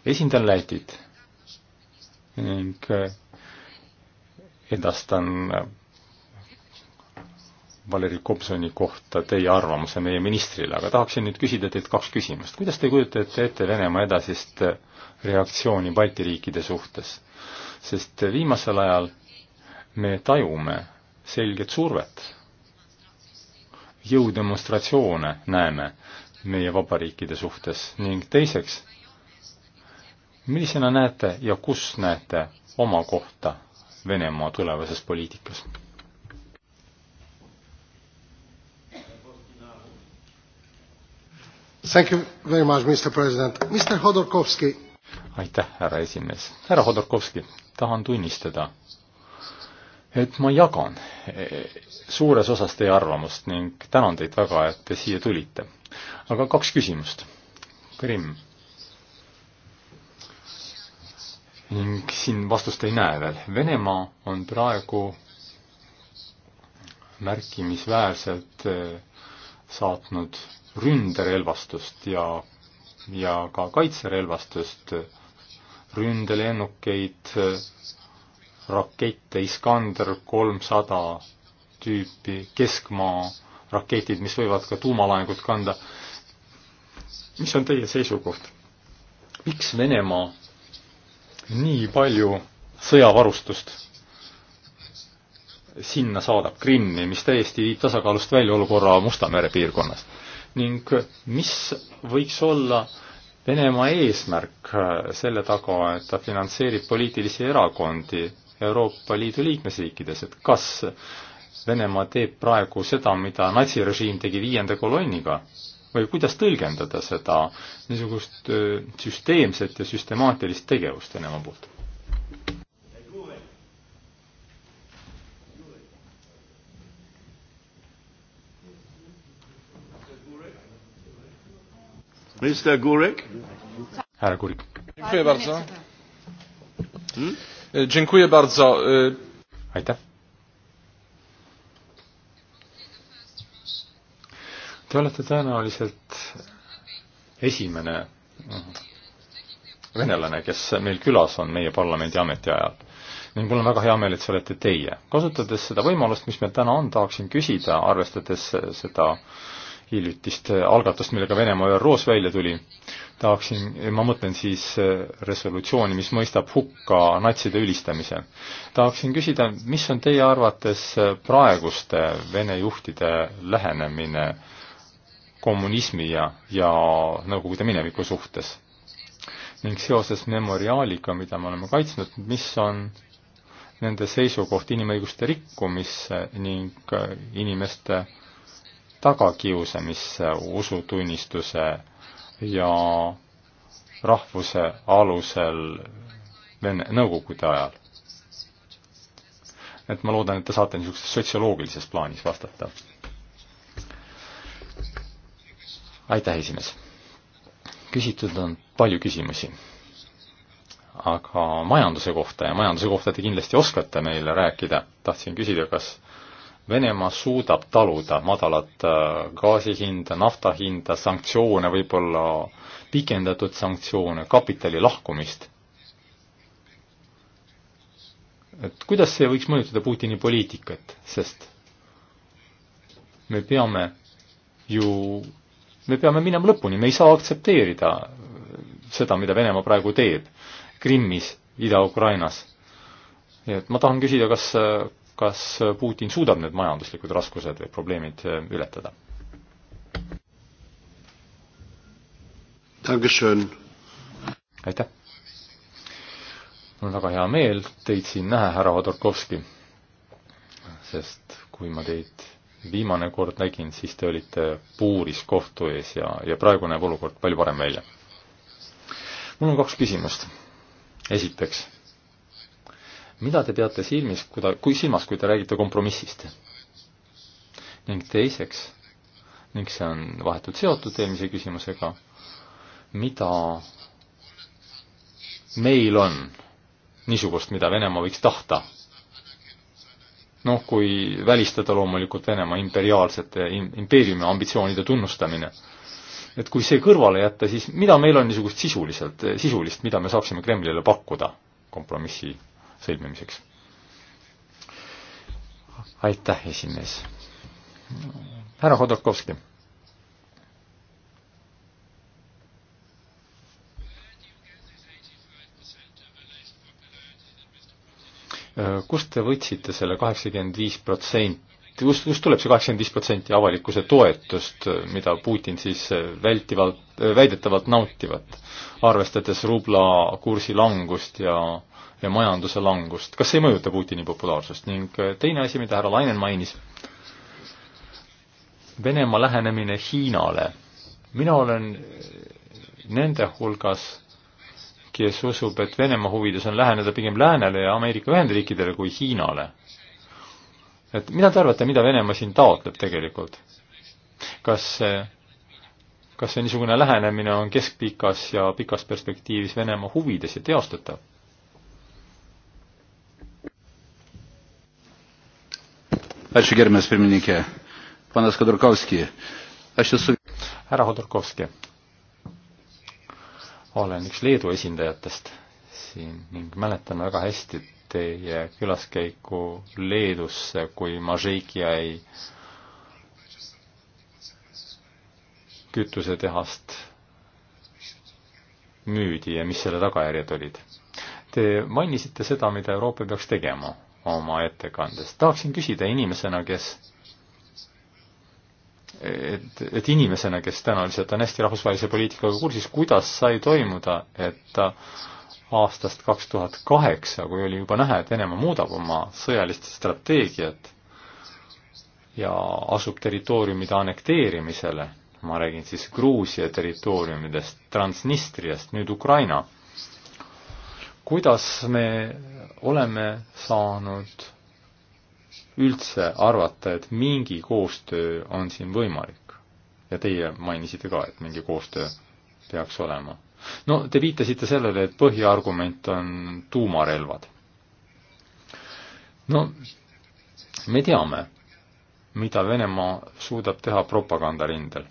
esindan Lätit ning eh, edastan eh, Valeri Kobsoni kohta teie arvamuse meie ministrile, aga tahaksin nüüd küsida teilt kaks küsimust. kuidas te kujutate ette Venemaa edasist reaktsiooni Balti riikide suhtes? sest viimasel ajal me tajume selget survet jõudemonstratsioone näeme meie vabariikide suhtes ning teiseks, millisena näete ja kus näete oma kohta Venemaa tulevases poliitikas? Thank you very much, Mr President. Mr Hodorkovski. aitäh, härra esimees. härra Hodorkovski, tahan tunnistada, et ma jagan e, suures osas teie arvamust ning tänan teid väga, et te siia tulite. aga kaks küsimust. Krimm. ning siin vastust ei näe veel. Venemaa on praegu märkimisväärselt e, saatnud ründerelvastust ja, ja ka kaitserelvastust, ründelennukeid, rakette Iskander kolmsada tüüpi keskmaa raketid, mis võivad ka tuumalaengut kanda. mis on teie seisukoht? miks Venemaa nii palju sõjavarustust sinna saadab, Krimmi, mis täiesti viib tasakaalust välja olukorra Musta mere piirkonnas? ning mis võiks olla Venemaa eesmärk selle taga, et ta finantseerib poliitilisi erakondi Euroopa Liidu liikmesriikides, et kas Venemaa teeb praegu seda, mida natsirežiim tegi viienda kolonniga või kuidas tõlgendada seda niisugust süsteemset ja süstemaatilist tegevust Venemaa poolt? härra Kurik. E, dziękuję bardzo. E, aitäh. Te olete tõenäoliselt esimene mhm, venelane, kes meil külas on meie parlamendi ametiajal ning mul on väga hea meel, et see olete teie. kasutades seda võimalust, mis meil täna on, tahaksin küsida, arvestades seda äh, hiljutist algatust, millega Venemaa ÜRO-s välja tuli, tahaksin, ma mõtlen siis äh, resolutsiooni, mis mõistab hukka natside ülistamise. tahaksin küsida, mis on teie arvates äh, praeguste Vene juhtide lähenemine kommunismi ja, ja Nõukogude mineviku suhtes? ning seoses memoriaaliga, mida me oleme kaitsnud, mis on nende seisukoht inimõiguste rikkumisse ning äh, inimeste äh, tagakiusamisse usutunnistuse ja rahvuse alusel Vene, Nõukogude ajal. et ma loodan, et te saate niisuguses sotsioloogilises plaanis vastata. aitäh, esimees! küsitud on palju küsimusi. aga majanduse kohta ja majanduse kohta te kindlasti oskate meile rääkida. tahtsin küsida, kas Venemaa suudab taluda madalat äh, gaasi hinda, nafta hinda, sanktsioone, võib-olla pikendatud sanktsioone, kapitali lahkumist. et kuidas see võiks mõjutada Putini poliitikat, sest me peame ju, me peame minema lõpuni, me ei saa aktsepteerida seda, mida Venemaa praegu teeb Krimmis, Ida-Ukrainas. nii et ma tahan küsida, kas äh, kas Putin suudab need majanduslikud raskused või probleemid eh, ületada? aitäh! mul on väga hea meel teid siin näha, härra Hodorkovski, sest kui ma teid viimane kord nägin, siis te olite puuris kohtu ees ja, ja praegu näeb olukord palju parem välja. mul on kaks küsimust. esiteks mida te peate silmis, kui ta, kui silmas, kui te räägite kompromissist? ning teiseks, ning see on vahetult seotud eelmise küsimusega, mida meil on niisugust, mida Venemaa võiks tahta? noh, kui välistada loomulikult Venemaa imperiaalsete, impeeriumi ambitsioonide tunnustamine. et kui see kõrvale jätta, siis mida meil on niisugust sisuliselt, sisulist, mida me saaksime Kremlile pakkuda kompromissi sõlmimiseks. aitäh, esimees. härra Hodorkovski. kust te võtsite selle kaheksakümmend viis protsenti? kust, kust tuleb see kaheksakümmend viis protsenti avalikkuse toetust, mida Putin siis vältivalt, väidetavalt nautivat, arvestades rubla kursi langust ja ja majanduse langust. kas see mõjutab Putini populaarsust? ning äh, teine asi, mida härra Lainen mainis, Venemaa lähenemine Hiinale. mina olen äh, nende hulgas, kes usub, et Venemaa huvides on läheneda pigem Läänele ja Ameerika Ühendriikidele kui Hiinale. et mida te arvate, mida Venemaa siin taotleb tegelikult? kas see, äh, kas see niisugune lähenemine on keskpikas ja pikas perspektiivis Venemaa huvides ja teostatav? ačiū gerbiamas pirmininkė. Panas Kodorkovski, aš esu... härra Kodorkovski, olen üks Leedu esindajatest siin ning mäletan väga hästi teie külaskäiku Leedusse, kui Mažeiki jäi kütusetehast müüdi ja mis selle tagajärjed olid. Te mainisite seda, mida Euroopa peaks tegema oma ettekandes. tahaksin küsida inimesena, kes et, et inimesena, kes tõenäoliselt on hästi rahvusvahelise poliitikaga kursis, kuidas sai toimuda, et aastast kaks tuhat kaheksa, kui oli juba näha, et Venemaa muudab oma sõjalist strateegiat ja asub territooriumide annekteerimisele, ma räägin siis Gruusia territooriumidest, Transnistriast, nüüd Ukraina kuidas me oleme saanud üldse arvata, et mingi koostöö on siin võimalik? ja teie mainisite ka, et mingi koostöö peaks olema. no te viitasite sellele, et põhiargument on tuumarelvad. no me teame, mida Venemaa suudab teha propagandarindel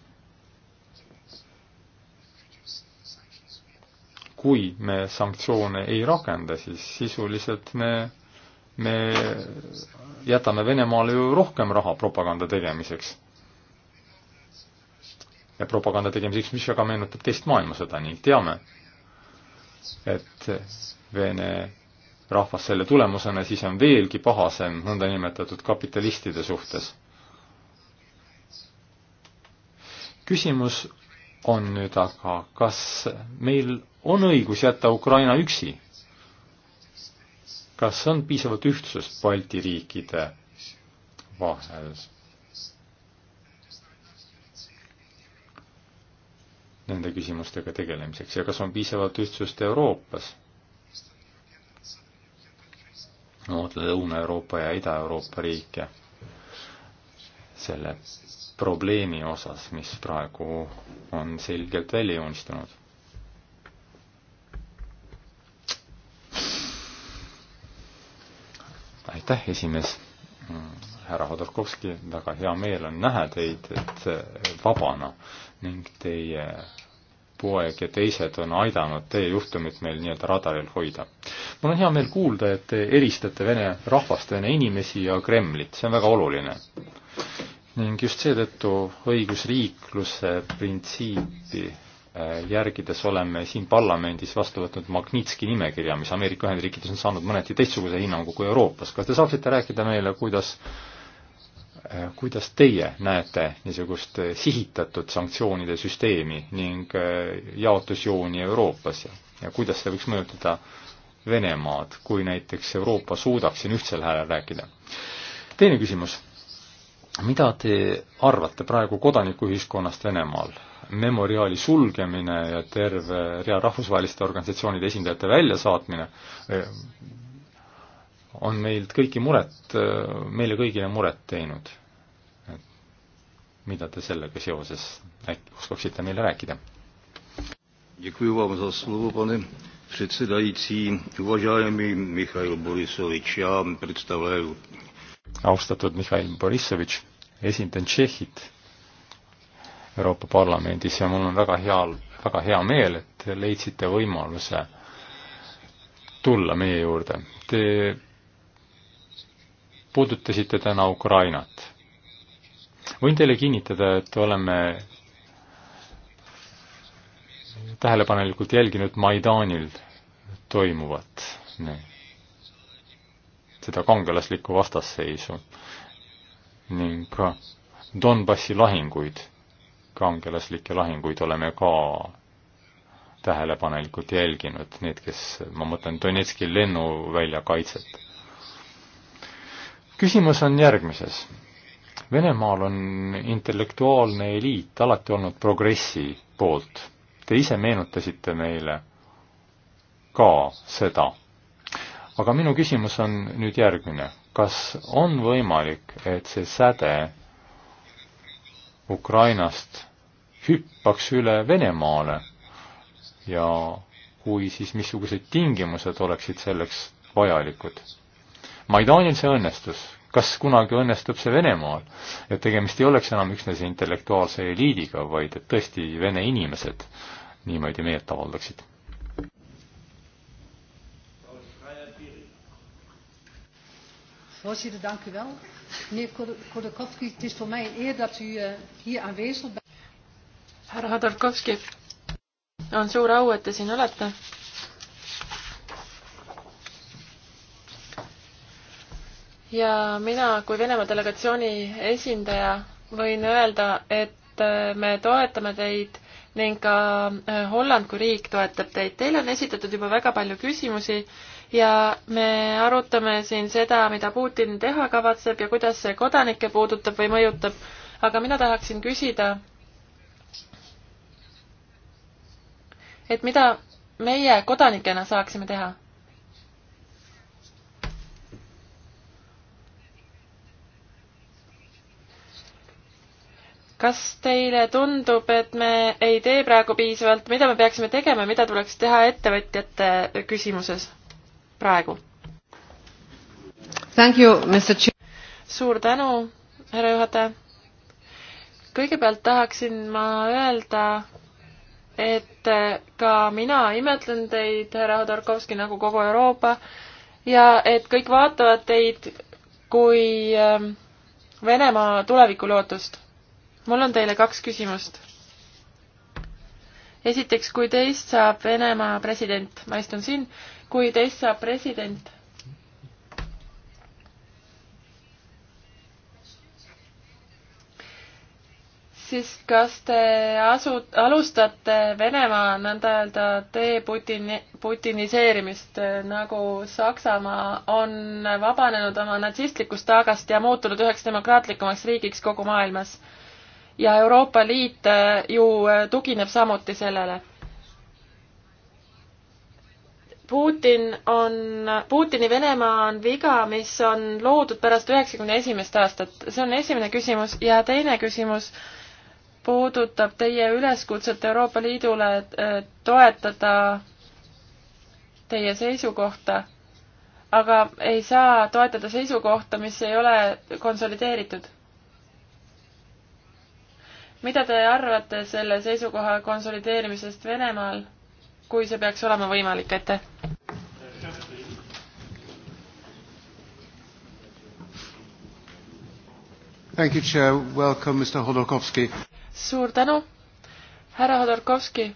kui me sanktsioone ei rakenda, siis sisuliselt me, me jätame Venemaale ju rohkem raha propaganda tegemiseks. ja propaganda tegemiseks, mis väga meenutab teist maailmasõda ning teame, et Vene rahvas selle tulemusena siis on veelgi pahasem nõndanimetatud kapitalistide suhtes. küsimus on nüüd aga, kas meil on õigus jätta Ukraina üksi? kas on piisavalt ühtsust Balti riikide vahel? nende küsimustega tegelemiseks ja kas on piisavalt ühtsust Euroopas? no Lõuna-Euroopa ja Ida-Euroopa riike selle probleemi osas, mis praegu on selgelt välja joonistunud. aitäh, esimees härra Hodorkovski, väga hea meel on näha teid, et vabana ning teie poeg ja teised on aidanud teie juhtumit meil nii-öelda radaril hoida. mul on hea meel kuulda, et te eristate vene rahvast, vene inimesi ja Kremlit, see on väga oluline ning just seetõttu õigusriikluse printsiipi äh, järgides oleme siin parlamendis vastu võtnud Magnitski nimekirja, mis Ameerika Ühendriikides on saanud mõneti teistsuguse hinnangu kui Euroopas. kas te saaksite rääkida meile, kuidas, äh, kuidas teie näete niisugust äh, sihitatud sanktsioonide süsteemi ning jaotusjooni Euroopas ja, ja kuidas see võiks mõjutada Venemaad, kui näiteks Euroopa suudaks siin ühtsel häälel rääkida? teine küsimus mida te arvate praegu kodanikuühiskonnast Venemaal? memoriaali sulgemine ja terve rea rahvusvaheliste organisatsioonide esindajate väljasaatmine eh, on meilt kõiki muret, eh, meile kõigile muret teinud. mida te sellega seoses äkki oskaksite meile rääkida? Děkuji vám za slovo, pane předsedající. Uvažajeme Michail Borisovič, já představляю austatud Mihhail Borissovitš, esindan Tšehhit Euroopa Parlamendis ja mul on väga hea, väga hea meel, et te leidsite võimaluse tulla meie juurde. Te puudutasite täna Ukrainat. võin teile kinnitada, et oleme tähelepanelikult jälginud Maidanil toimuvat, seda kangelaslikku vastasseisu ning Donbassi lahinguid, kangelaslikke lahinguid oleme ka tähelepanelikult jälginud, need, kes, ma mõtlen Donetski lennuvälja kaitset. küsimus on järgmises. Venemaal on intellektuaalne eliit alati olnud progressi poolt. Te ise meenutasite meile ka seda. aga minu küsimus on nüüd järgmine kas on võimalik, et see säde Ukrainast hüppaks üle Venemaale ja kui, siis missugused tingimused oleksid selleks vajalikud? Maidanil see õnnestus, kas kunagi õnnestub see Venemaal, et tegemist ei oleks enam üksnes intellektuaalse eliidiga, vaid et tõesti vene inimesed niimoodi meelt avaldaksid? Voorzitter, dank u wel. Meneer Kodakowski, het is voor mij een eer dat u uh, hier aanwezig bent. Härra Hodorkovski, on suur au, et te siin olete. ja mina kui Venemaa delegatsiooni esindaja võin öelda, et eh, me toetame teid ning ka eh, Holland kui riik toetab teid. Teile on esitatud juba väga palju küsimusi ja me arutame siin seda, mida Putin teha kavatseb ja kuidas see kodanikke puudutab või mõjutab. aga mina tahaksin küsida, et mida meie kodanikena saaksime teha? kas teile tundub, et me ei tee praegu piisavalt, mida me peaksime tegema, mida tuleks teha ettevõtjate küsimuses? praegu. suur tänu, härra juhataja. kõigepealt tahaksin ma öelda, et äh, ka mina imetlen teid, härra Hodorkovski, nagu kogu Euroopa ja et kõik vaatavad teid kui ähm, Venemaa tulevikulootust. mul on teile kaks küsimust. esiteks, kui teist saab Venemaa president, ma istun siin, kui teist saab president. siis kas te asu-, alustate Venemaa nõnda öelda tee putini-, putiniseerimist, nagu Saksamaa on vabanenud oma natsistlikust taagast ja muutunud üheks demokraatlikumaks riigiks kogu maailmas? ja Euroopa Liit ju tugineb samuti sellele Putin on, Putini Venemaa on viga, mis on loodud pärast üheksakümne esimest aastat. see on esimene küsimus ja teine küsimus puudutab teie üleskutset Euroopa Liidule äh, toetada teie seisukohta, aga ei saa toetada seisukohta, mis ei ole konsolideeritud. mida te arvate selle seisukoha konsolideerimisest Venemaal? kui see peaks olema võimalik, aitäh! Thank you, Chair. Welcome, Mr. Hodorkovsky. Suur tänu, härra Hodorkovsky.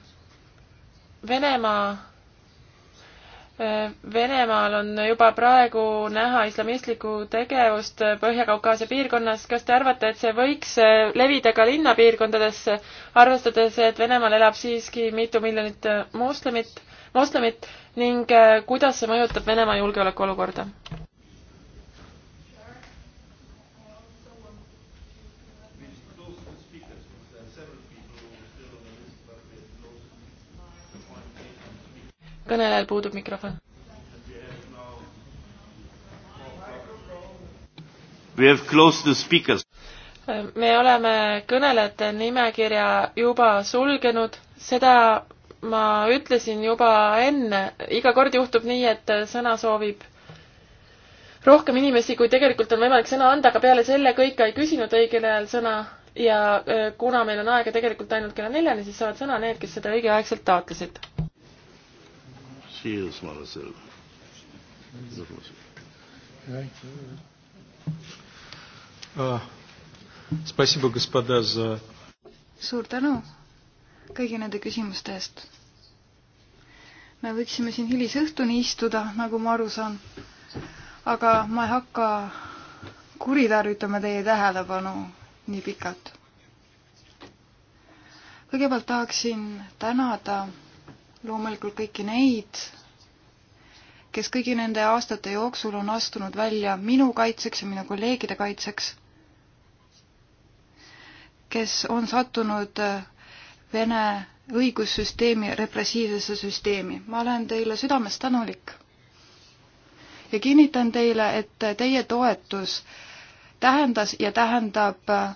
Venemaa Äh, Venemaal on juba praegu näha islamistlikku tegevust Põhja-Kaukaasia piirkonnas. kas te arvate, et see võiks äh, levida ka linnapiirkondadesse, arvestades, et Venemaal elab siiski mitu miljonit äh, moslemit, moslemit ning kuidas see mõjutab Venemaa julgeolekuolukorda? kõnelejal puudub mikrofon. We have closed the speakers. me oleme kõnelejate nimekirja juba sulgenud, seda ma ütlesin juba enne, iga kord juhtub nii, et sõna soovib rohkem inimesi, kui tegelikult on võimalik sõna anda, aga peale selle kõik ei küsinud õigel ajal sõna ja äh, kuna meil on aega tegelikult ainult kella neljani, siis saavad sõna need, kes seda õigeaegselt taotlesid Nicht jedes er. Mal dasselbe. Спасибо, господа, за... Suur tänu kõigi nende küsimuste eest. me võiksime siin hilisõhtuni istuda, nagu ma aru saan, aga ma ei hakka kuritarvitama teie tähelepanu nii pikalt. kõigepealt tahaksin tänada loomulikult kõiki neid, kes kõigi nende aastate jooksul on astunud välja minu kaitseks ja minu kolleegide kaitseks, kes on sattunud äh, Vene õigussüsteemi repressiivsesse süsteemi. ma olen teile südamest tänulik ja kinnitan teile, et teie toetus tähendas ja tähendab äh,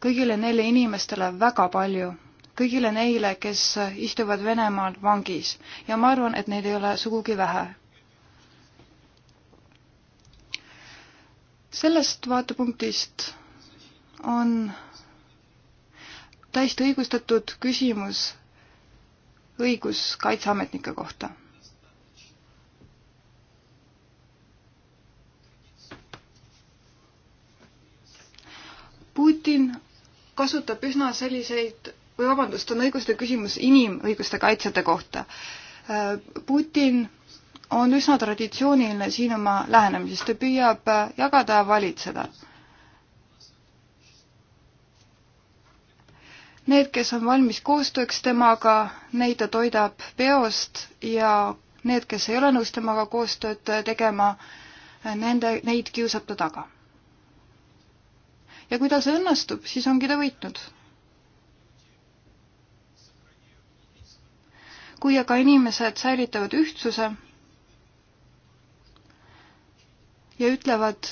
kõigile neile inimestele väga palju kõigile neile, kes istuvad Venemaal vangis ja ma arvan, et neid ei ole sugugi vähe. sellest vaatepunktist on täiesti õigustatud küsimus õiguskaitseametnike kohta. Putin kasutab üsna selliseid või vabandust, on õiguste küsimus inimõiguste kaitsjate kohta. Äh, Putin on üsna traditsiooniline siin oma lähenemises, ta püüab äh, jagada ja valitseda. Need, kes on valmis koostööks temaga, neid ta toidab peost ja need, kes ei ole nõus temaga koostööd äh, tegema, nende, neid kiusab ta taga. ja kui tal see õnnestub, siis ongi ta võitnud kui aga inimesed säilitavad ühtsuse ja ütlevad,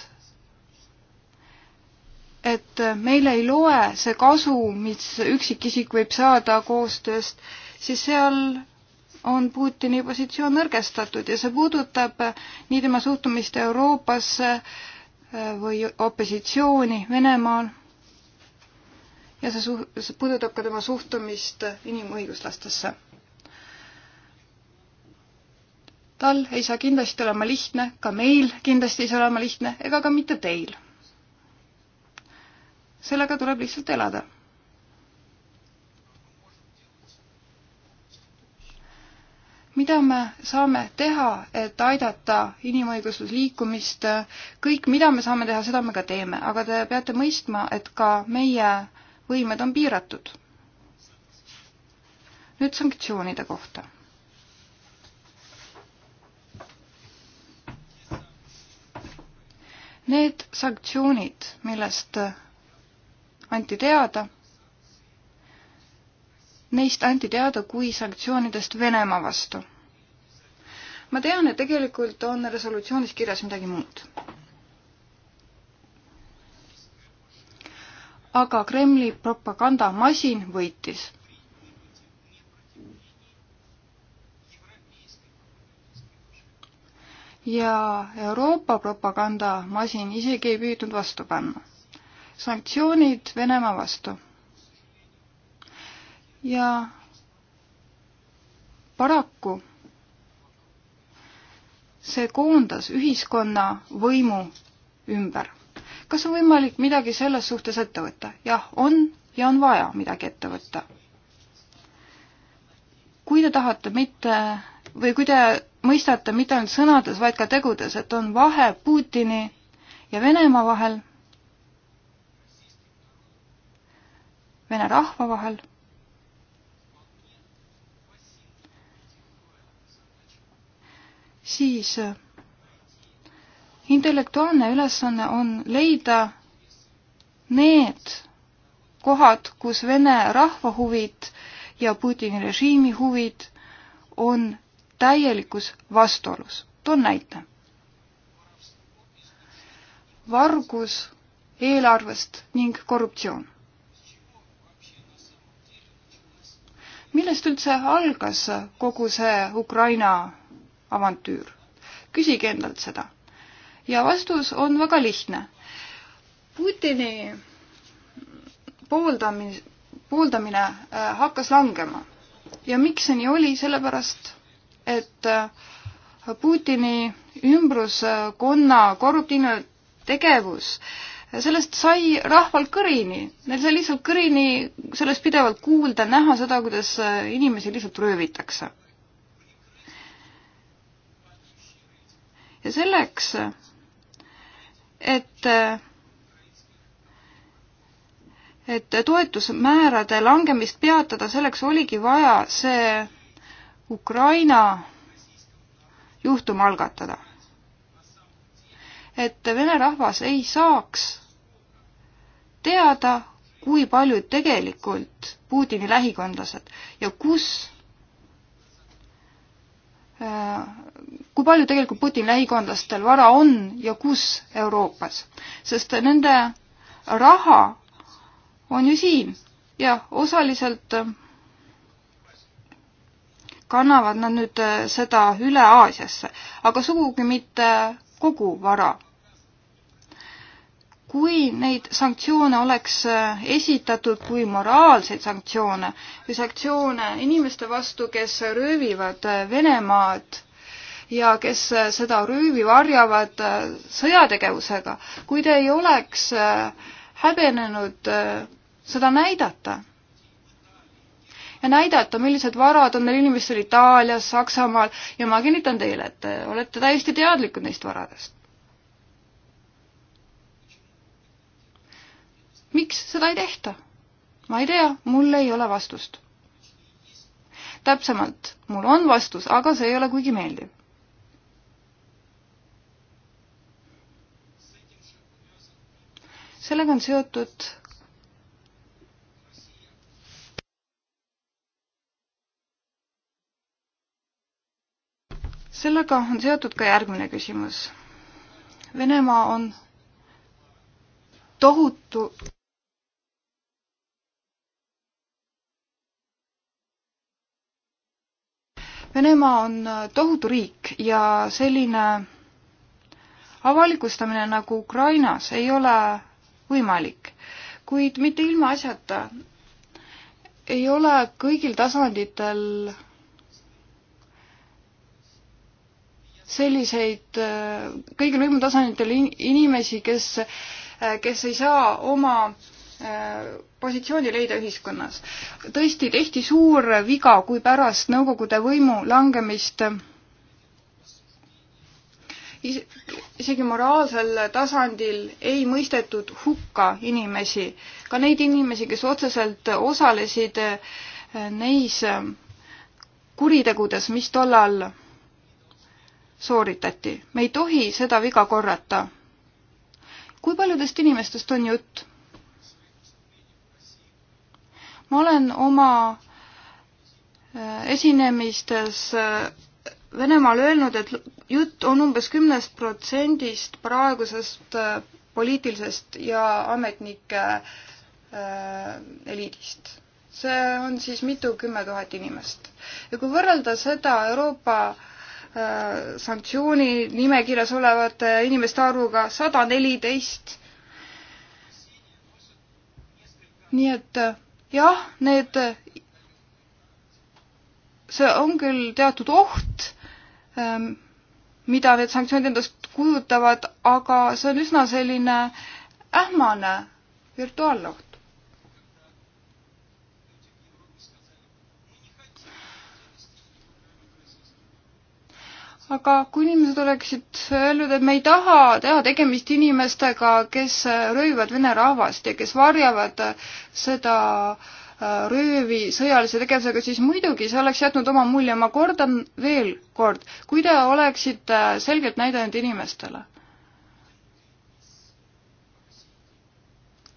et meil ei loe see kasu, mis üksikisik võib saada koostööst, siis seal on Putini positsioon nõrgestatud ja see puudutab nii tema suhtumist Euroopasse või opositsiooni Venemaal ja see, suh-, see puudutab ka tema suhtumist inimõiguslastesse tal ei saa kindlasti olema lihtne, ka meil kindlasti ei saa olema lihtne ega ka mitte teil. sellega tuleb lihtsalt elada. mida me saame teha, et aidata inimõiguslus liikumist, kõik, mida me saame teha, seda me ka teeme, aga te peate mõistma, et ka meie võimed on piiratud. nüüd sanktsioonide kohta Need sanktsioonid, millest anti teada, neist anti teada kui sanktsioonidest Venemaa vastu. ma tean, et tegelikult on resolutsioonis kirjas midagi muud. aga Kremli propagandamasin võitis ja Euroopa propagandamasin isegi ei püüdnud vastu panna. sanktsioonid Venemaa vastu. ja paraku see koondas ühiskonna võimu ümber. kas on võimalik midagi selles suhtes ette võtta? jah, on ja on vaja midagi ette võtta. kui te tahate mitte või kui te mõistata mitte ainult sõnades, vaid ka tegudes, et on vahe Putini ja Venemaa vahel, Vene rahva vahel siis intellektuaalne ülesanne on leida need kohad, kus Vene rahva huvid ja Putini režiimi huvid on täielikus vastuolus. toon näite. vargus eelarvest ning korruptsioon. millest üldse algas kogu see Ukraina avantüür? küsige endalt seda. ja vastus on väga lihtne. Putini pooldamis, pooldamine äh, hakkas langema. ja miks see nii oli, sellepärast et äh, Putini ümbruskonna korruptiivne tegevus, sellest sai rahval kõrini. Neil sai lihtsalt kõrini sellest pidevalt kuulda, näha seda, kuidas äh, inimesi lihtsalt röövitakse. ja selleks, et äh, et toetusmäärade langemist peatada, selleks oligi vaja see Ukraina juhtum algatada. et vene rahvas ei saaks teada, kui paljud tegelikult Putini lähikondlased ja kus kui palju tegelikult Putini lähikondlastel vara on ja kus Euroopas, sest nende raha on ju siin ja osaliselt kannavad nad nüüd äh, seda üle Aasiasse, aga sugugi mitte kogu vara. kui neid sanktsioone oleks äh, esitatud kui moraalseid sanktsioone või sanktsioone inimeste vastu, kes röövivad äh, Venemaad ja kes seda röövi varjavad sõjategevusega, kui te ei oleks häbenenud seda näidata ja näidata, millised varad on neil inimestel Itaalias, Saksamaal ja ma kinnitan teile, et te olete täiesti teadlikud neist varadest. miks seda ei tehta? ma ei tea, mul ei ole vastust. täpsemalt, mul on vastus, aga see ei ole kuigi meeldiv. sellega on seotud sellega on seotud ka järgmine küsimus. Venemaa on tohutu Venemaa on tohutu riik ja selline avalikustamine nagu Ukrainas ei ole võimalik, kuid mitte ilmaasjata ei ole kõigil tasanditel selliseid äh, kõigil võimutasanditel inimesi, kes, äh, kes ei saa oma äh, positsiooni leida ühiskonnas. tõesti tehti suur viga, kui pärast Nõukogude võimu langemist isegi moraalsel tasandil ei mõistetud hukka inimesi, ka neid inimesi, kes otseselt osalesid neis kuritegudes, mis tollal sooritati. me ei tohi seda viga korrata. kui paljudest inimestest on jutt? ma olen oma äh, esinemistes äh, Venemaal öelnud, et jutt on umbes kümnest protsendist praegusest äh, poliitilisest ja ametnike äh, eliidist. see on siis mitukümmend tuhat inimest. ja kui võrrelda seda Euroopa äh, Äh, sanktsiooni nimekirjas olevate inimeste arvuga sada neliteist. nii et äh, jah, need, see on küll teatud oht, ähm, mida need sanktsioonid endast kujutavad, aga see on üsna selline ähmane virtuaalne oht. aga kui inimesed oleksid öelnud, et me ei taha teha tegemist inimestega, kes röövivad vene rahvast ja kes varjavad seda äh, röövi sõjalise tegevusega, siis muidugi see oleks jätnud oma mulje. ma kordan veel kord, kui te oleksite selgelt näidanud inimestele,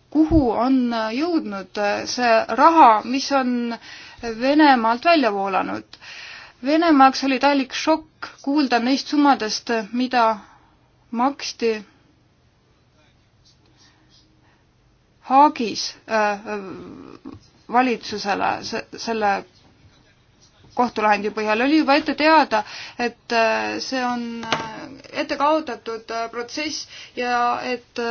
kuhu on jõudnud see raha, mis on Venemaalt välja voolanud Venemaaks oli täielik šokk kuulda neist summadest, mida maksti Haagis äh, äh, valitsusele se selle kohtulahendi põhjal oli juba ette teada, et äh, see on äh, ette kaotatud protsess ja et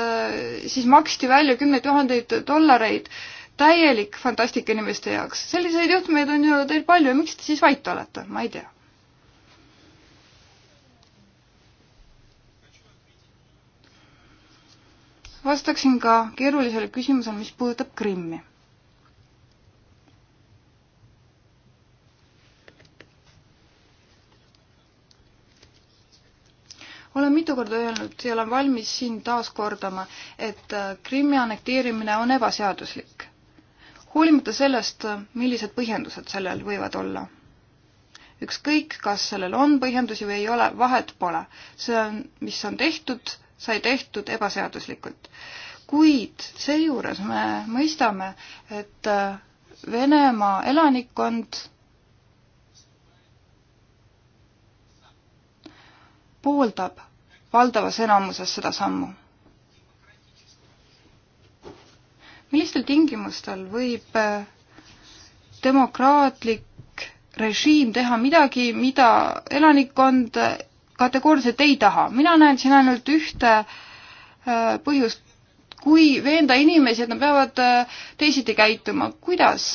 siis maksti välja kümneid tuhandeid dollareid äh, täielik fantastika inimeste jaoks. selliseid juhtumeid on ju teil palju ja miks te siis vait olete, ma ei tea. vastaksin ka keerulisele küsimusele, mis puudutab Krimmi olen mitu korda öelnud ja olen valmis siin taas kordama, et äh, Krimmi annekteerimine on ebaseaduslik hoolimata sellest, millised põhjendused sellel võivad olla. ükskõik, kas sellel on põhjendusi või ei ole, vahet pole. see on, mis on tehtud, sai tehtud ebaseaduslikult. kuid seejuures me mõistame, et Venemaa elanikkond pooldab valdavas enamuses seda sammu millistel tingimustel võib äh, demokraatlik režiim teha midagi, mida elanikkond äh, kategooriliselt ei taha. mina näen siin ainult ühte äh, põhjust, kui veenda inimesi, et nad peavad teisiti käituma. kuidas?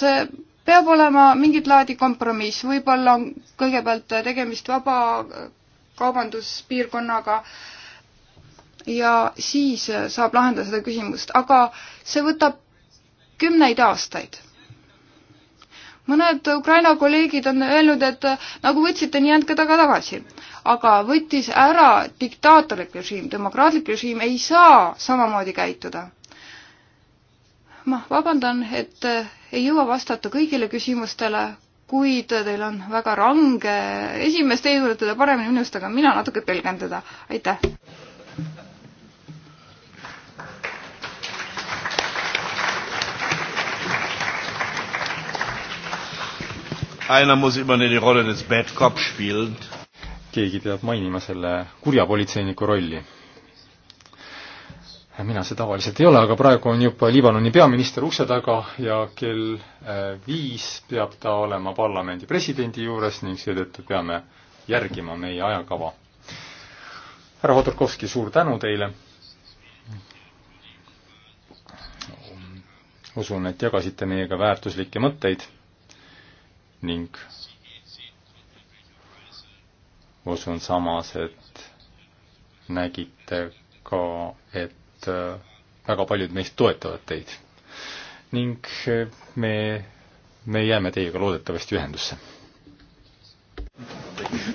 peab olema mingit laadi kompromiss, võib-olla on kõigepealt tegemist vaba kaubanduspiirkonnaga ja siis saab lahendada seda küsimust, aga see võtab kümneid aastaid. mõned Ukraina kolleegid on öelnud, et äh, nagu võtsite, nii andke ta ka tagasi. aga võttis ära diktaatorlik režiim, demokraatlik režiim ei saa samamoodi käituda. ma vabandan, et äh, ei jõua vastata kõigile küsimustele, kuid teil on väga range esimees, teie tunnete teda paremini minust, aga mina natuke pelgan teda. aitäh! Einer muss immer die Rolle des Bad Cop spielen. keegi peab mainima selle kurja politseiniku rolli. mina see tavaliselt ei ole, aga praegu on juba Liibanoni peaminister ukse taga ja kell äh, viis peab ta olema parlamendi presidendi juures ning seetõttu peame järgima meie ajakava. härra Hodorkovski, suur tänu teile usun, et jagasite meiega väärtuslikke mõtteid ning usun samas, et nägite ka, et äh, väga paljud meist toetavad teid. ning äh, me, me jääme teiega loodetavasti ühendusse.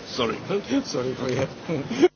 Sorry, [laughs] sorry for you.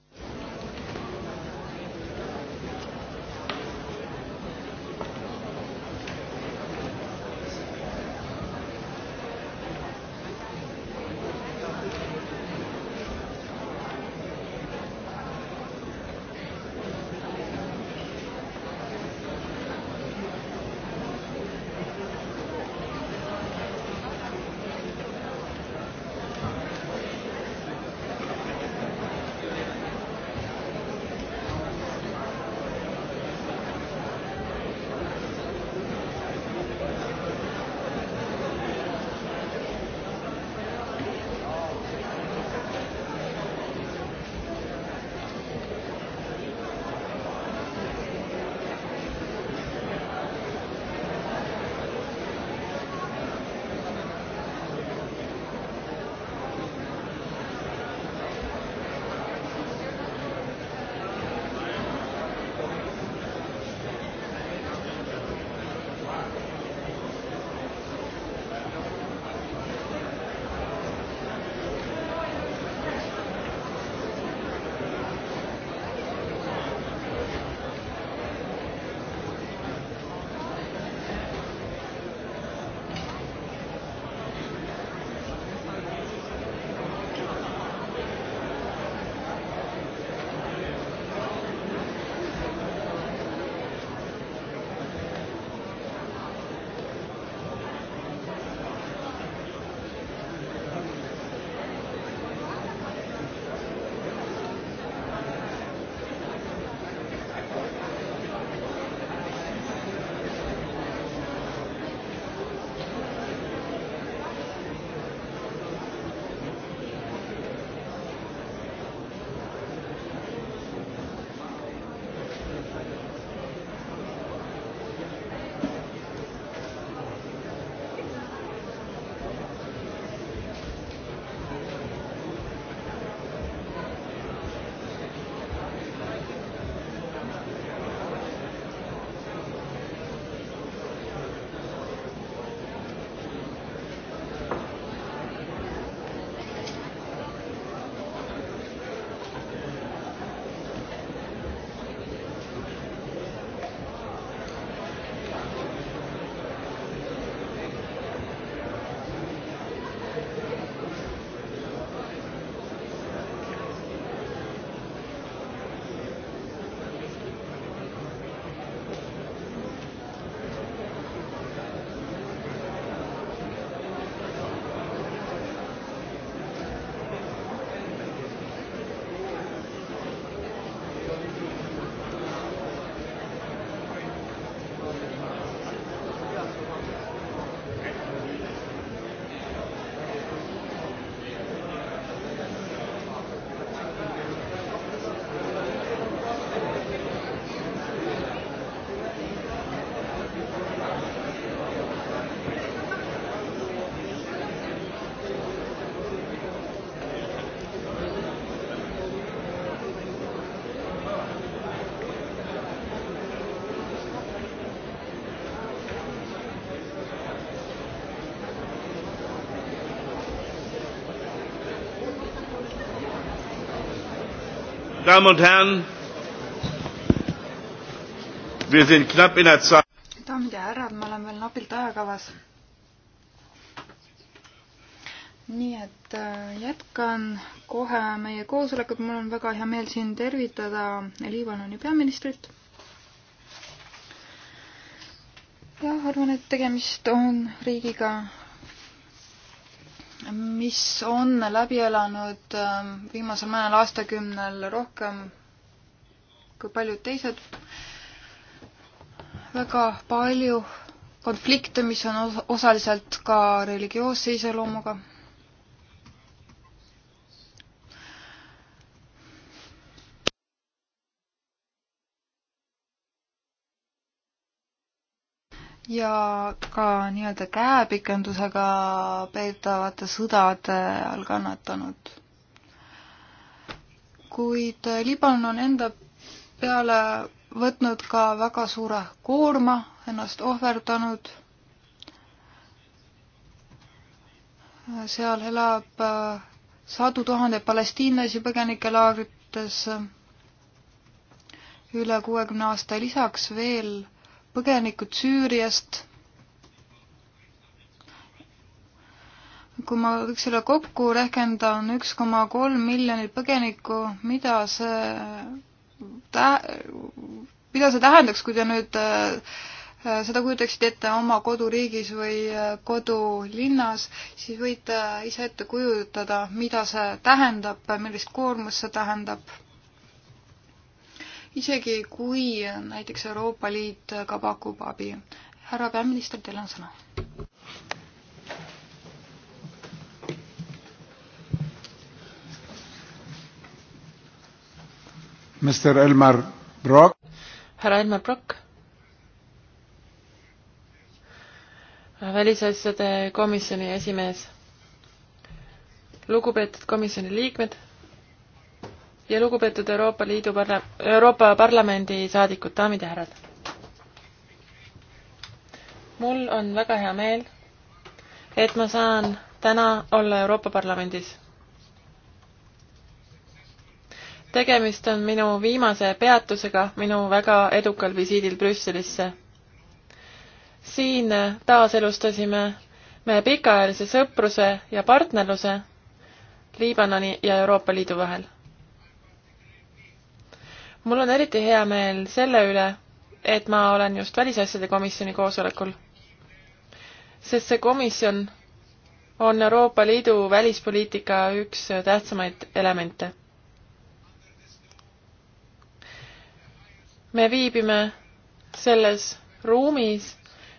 Damen und Herren, wir sind knapp in der Zeit. daamid ja härrad, me oleme veel napilt ajakavas. nii et äh, jätkan kohe meie koosolekut, mul on väga hea meel siin tervitada Liibanoni peaministrit. jah, arvan, et tegemist on riigiga, mis on läbi elanud ähm, viimasel mõnel aastakümnel rohkem kui paljud teised. väga palju konflikte, mis on osaliselt ka religioosse iseloomuga ja ka nii-öelda käepikendusega peetavate sõdade all kannatanud. kuid Liibanon on enda peale võtnud ka väga suure koorma, ennast ohverdanud. seal elab äh, sadu tuhandeid palestiinlasi põgenikelaagrites üle kuuekümne aasta lisaks veel põgenikud Süüriast. kui ma võiks selle kokku rehkenda, on üks koma kolm miljonit põgenikku, mida see tä-, mida see tähendaks, kui te nüüd äh, seda kujutaksite ette oma koduriigis või äh, kodulinnas, siis võite ise ette kujutada, mida see tähendab, millist koormust see tähendab isegi kui näiteks Euroopa Liit ka pakub abi. härra peaminister, teil on sõna. Mr Elmar Brock. härra Elmar Brock. välisasjade komisjoni esimees. lugupeetud komisjoni liikmed ja lugupeetud Euroopa Liidu parla-, Euroopa Parlamendi saadikud, daamid ja härrad. mul on väga hea meel, et ma saan täna olla Euroopa Parlamendis. tegemist on minu viimase peatusega minu väga edukal visiidil Brüsselisse. siin taaselustasime me pikaajalise sõpruse ja partnerluse Liibanoni ja Euroopa Liidu vahel mul on eriti hea meel selle üle, et ma olen just Välisasjade Komisjoni koosolekul, sest see komisjon on Euroopa Liidu välispoliitika üks tähtsamaid elemente. me viibime selles ruumis,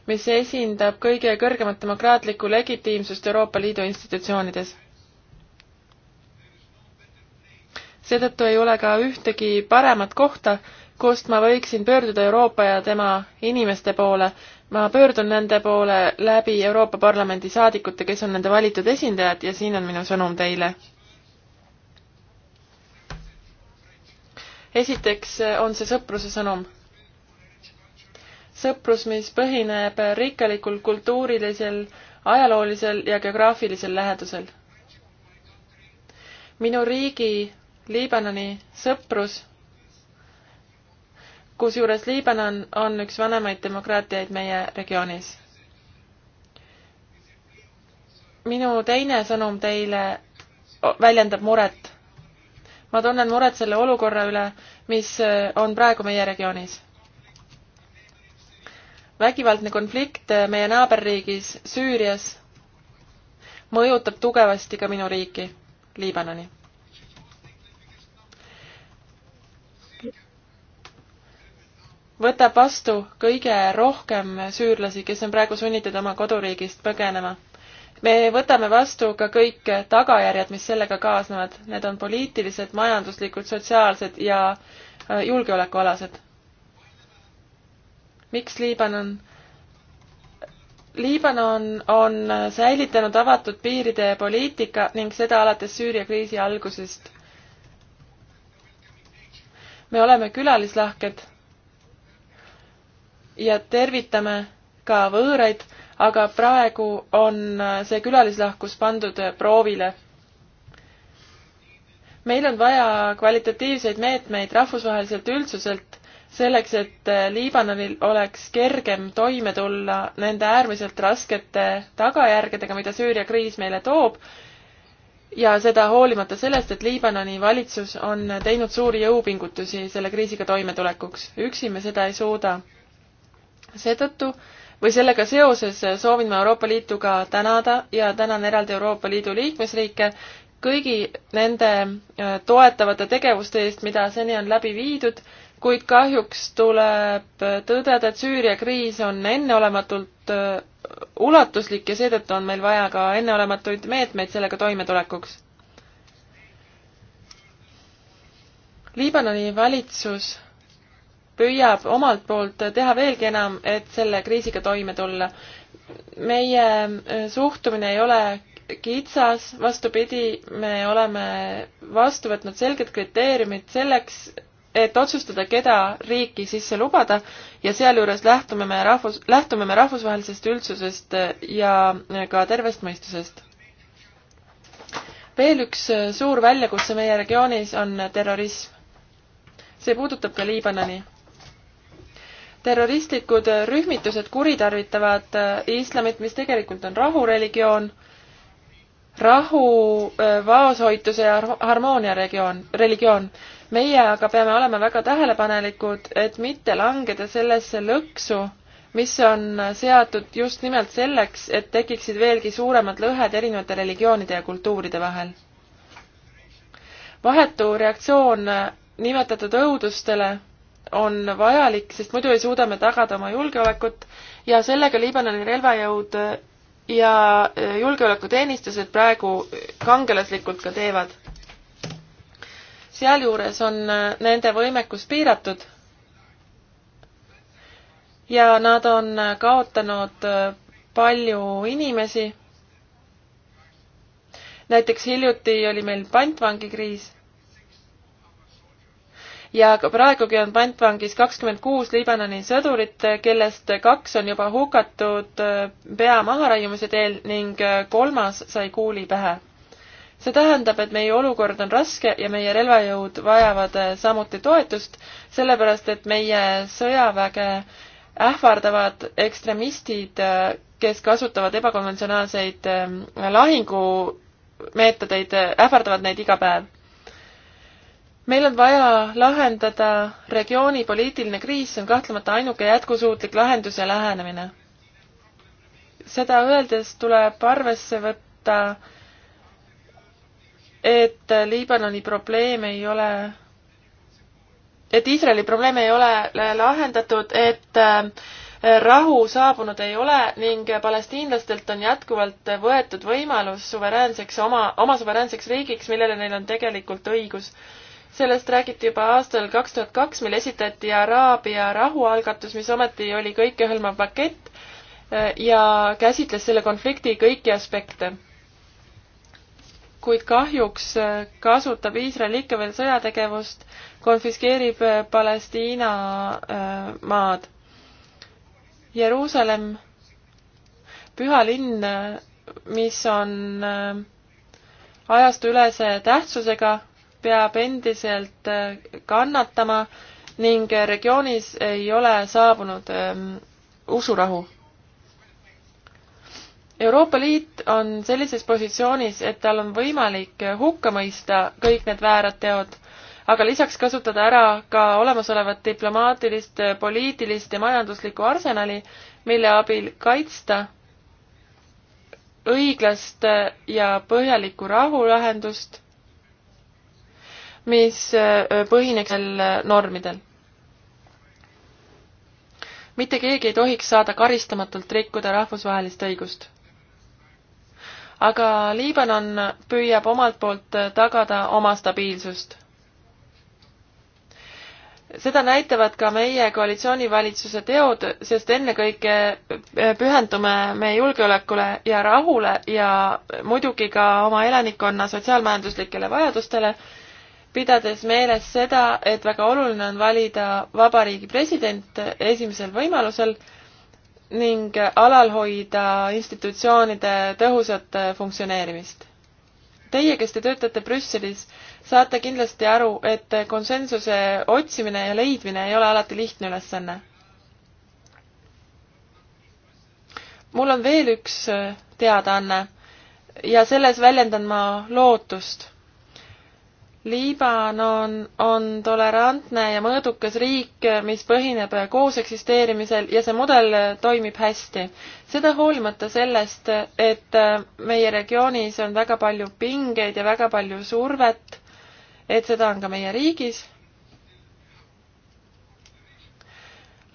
mis esindab kõige kõrgemat demokraatlikku legitiimsust Euroopa Liidu institutsioonides seetõttu ei ole ka ühtegi paremat kohta, kust ma võiksin pöörduda Euroopa ja tema inimeste poole. ma pöördun nende poole läbi Euroopa Parlamendi saadikute, kes on nende valitud esindajad ja siin on minu sõnum teile. esiteks on see sõpruse sõnum. sõprus, mis põhineb rikkalikul kultuurilisel, ajaloolisel ja geograafilisel lähedusel. minu riigi Liibanoni sõprus, kusjuures Liibanon on üks vanemaid demokraatiaid meie regioonis. minu teine sõnum teile väljendab muret. ma tunnen muret selle olukorra üle, mis on praegu meie regioonis. vägivaldne konflikt meie naaberriigis Süürias mõjutab tugevasti ka minu riiki, Liibanoni võtab vastu kõige rohkem süürlasi, kes on praegu sunnitud oma koduriigist põgenema. me võtame vastu ka kõik tagajärjed, mis sellega kaasnevad, need on poliitilised, majanduslikud, sotsiaalsed ja äh, julgeolekualased. miks Liibanon? Liibanon on säilitanud avatud piiride poliitika ning seda alates Süüria kriisi algusest. me oleme külalislahked ja tervitame ka võõraid, aga praegu on see külalislahkus pandud proovile. meil on vaja kvalitatiivseid meetmeid rahvusvaheliselt üldsuselt selleks, et Liibanonil oleks kergem toime tulla nende äärmiselt raskete tagajärgedega, mida Süüria kriis meile toob. ja seda hoolimata sellest, et Liibanoni valitsus on teinud suuri jõupingutusi selle kriisiga toimetulekuks. üksi me seda ei suuda seetõttu või sellega seoses soovin ma Euroopa Liitu ka tänada ja tänan eraldi Euroopa Liidu liikmesriike kõigi nende äh, toetavate tegevuste eest, mida seni on läbi viidud, kuid kahjuks tuleb tõdeda, et Süüria kriis on enneolematult äh, ulatuslik ja seetõttu on meil vaja ka enneolematuid meetmeid sellega toimetulekuks. Liibanoni valitsus püüab omalt poolt teha veelgi enam, et selle kriisiga toime tulla. meie äh, suhtumine ei ole kitsas, vastupidi, me oleme vastu võtnud selged kriteeriumid selleks, et otsustada, keda riiki sisse lubada ja sealjuures lähtume me rahvus, lähtume me rahvusvahelisest üldsusest äh, ja äh, ka tervest mõistusest. veel üks suur väljakutse meie regioonis on terrorism. see puudutab ka Liibanoni terroristlikud rühmitused kuritarvitavad äh, islamit, mis tegelikult on rahureligioon, rahu, äh, vaoshoituse ja harmoonia regioon, religioon. meie aga peame olema väga tähelepanelikud, et mitte langeda sellesse lõksu, mis on äh, seatud just nimelt selleks, et tekiksid veelgi suuremad lõhed erinevate religioonide ja kultuuride vahel. vahetu reaktsioon nimetatud õudustele on vajalik, sest muidu ei suuda me tagada oma julgeolekut ja sellega Liibanoni relvajõud ja e, julgeolekuteenistused praegu kangelaslikult ka teevad. sealjuures on e, nende võimekus piiratud ja nad on e, kaotanud palju inimesi. näiteks hiljuti oli meil pantvangikriis ja praegugi on pantvangis kakskümmend kuus Liibanoni sõdurit, kellest kaks on juba hukatud äh, pea maharaiumise teel ning äh, kolmas sai kuuli pähe. see tähendab, et meie olukord on raske ja meie relvajõud vajavad äh, samuti toetust, sellepärast et meie sõjaväge ähvardavad ekstremistid, kes kasutavad ebakonventsionaalseid lahingumeetodeid, ähvardavad neid iga päev meil on vaja lahendada regiooni poliitiline kriis, see on kahtlemata ainuke jätkusuutlik lahendus ja lähenemine. seda öeldes tuleb arvesse võtta, et Liibanoni probleem ei ole, et Iisraeli probleem ei ole lahendatud, et äh, rahu saabunud ei ole ning palestiinlastelt on jätkuvalt võetud võimalus suveräänseks oma, oma suveräänseks riigiks, millele neil on tegelikult õigus sellest räägiti juba aastal kaks tuhat kaks, mil esitati Araabia rahualgatus, mis ometi oli kõikehõlmav pakett eh, ja käsitles selle konflikti kõiki aspekte. kuid kahjuks eh, kasutab Iisrael ikka veel sõjategevust, konfiskeerib eh, Palestiina maad. Jeruusalemm, püha linn, mis on ajastu ülese tähtsusega peab endiselt äh, kannatama ning regioonis ei ole saabunud ähm, usurahu. Euroopa Liit on sellises positsioonis, et tal on võimalik hukka mõista kõik need väärad teod, aga lisaks kasutada ära ka olemasolevat diplomaatilist, poliitilist ja majanduslikku arsenali, mille abil kaitsta õiglast ja põhjalikku rahulahendust mis äh, põhineks normidel. mitte keegi ei tohiks saada karistamatult rikkuda rahvusvahelist õigust. aga Liibanon püüab omalt poolt tagada oma stabiilsust. seda näitavad ka meie koalitsioonivalitsuse teod, sest ennekõike äh, pühendume me julgeolekule ja rahule ja muidugi ka oma elanikkonna sotsiaalmajanduslikele vajadustele pidades meeles seda, et väga oluline on valida vabariigi president esimesel võimalusel ning alal hoida institutsioonide tõhusat funktsioneerimist. Teie, kes te töötate Brüsselis, saate kindlasti aru, et konsensuse otsimine ja leidmine ei ole alati lihtne ülesanne. mul on veel üks teadaanne ja selles väljendan ma lootust Liibanon on tolerantne ja mõõdukas riik, mis põhineb koos eksisteerimisel ja see mudel toimib hästi. seda hoolimata sellest, et meie regioonis on väga palju pingeid ja väga palju survet, et seda on ka meie riigis.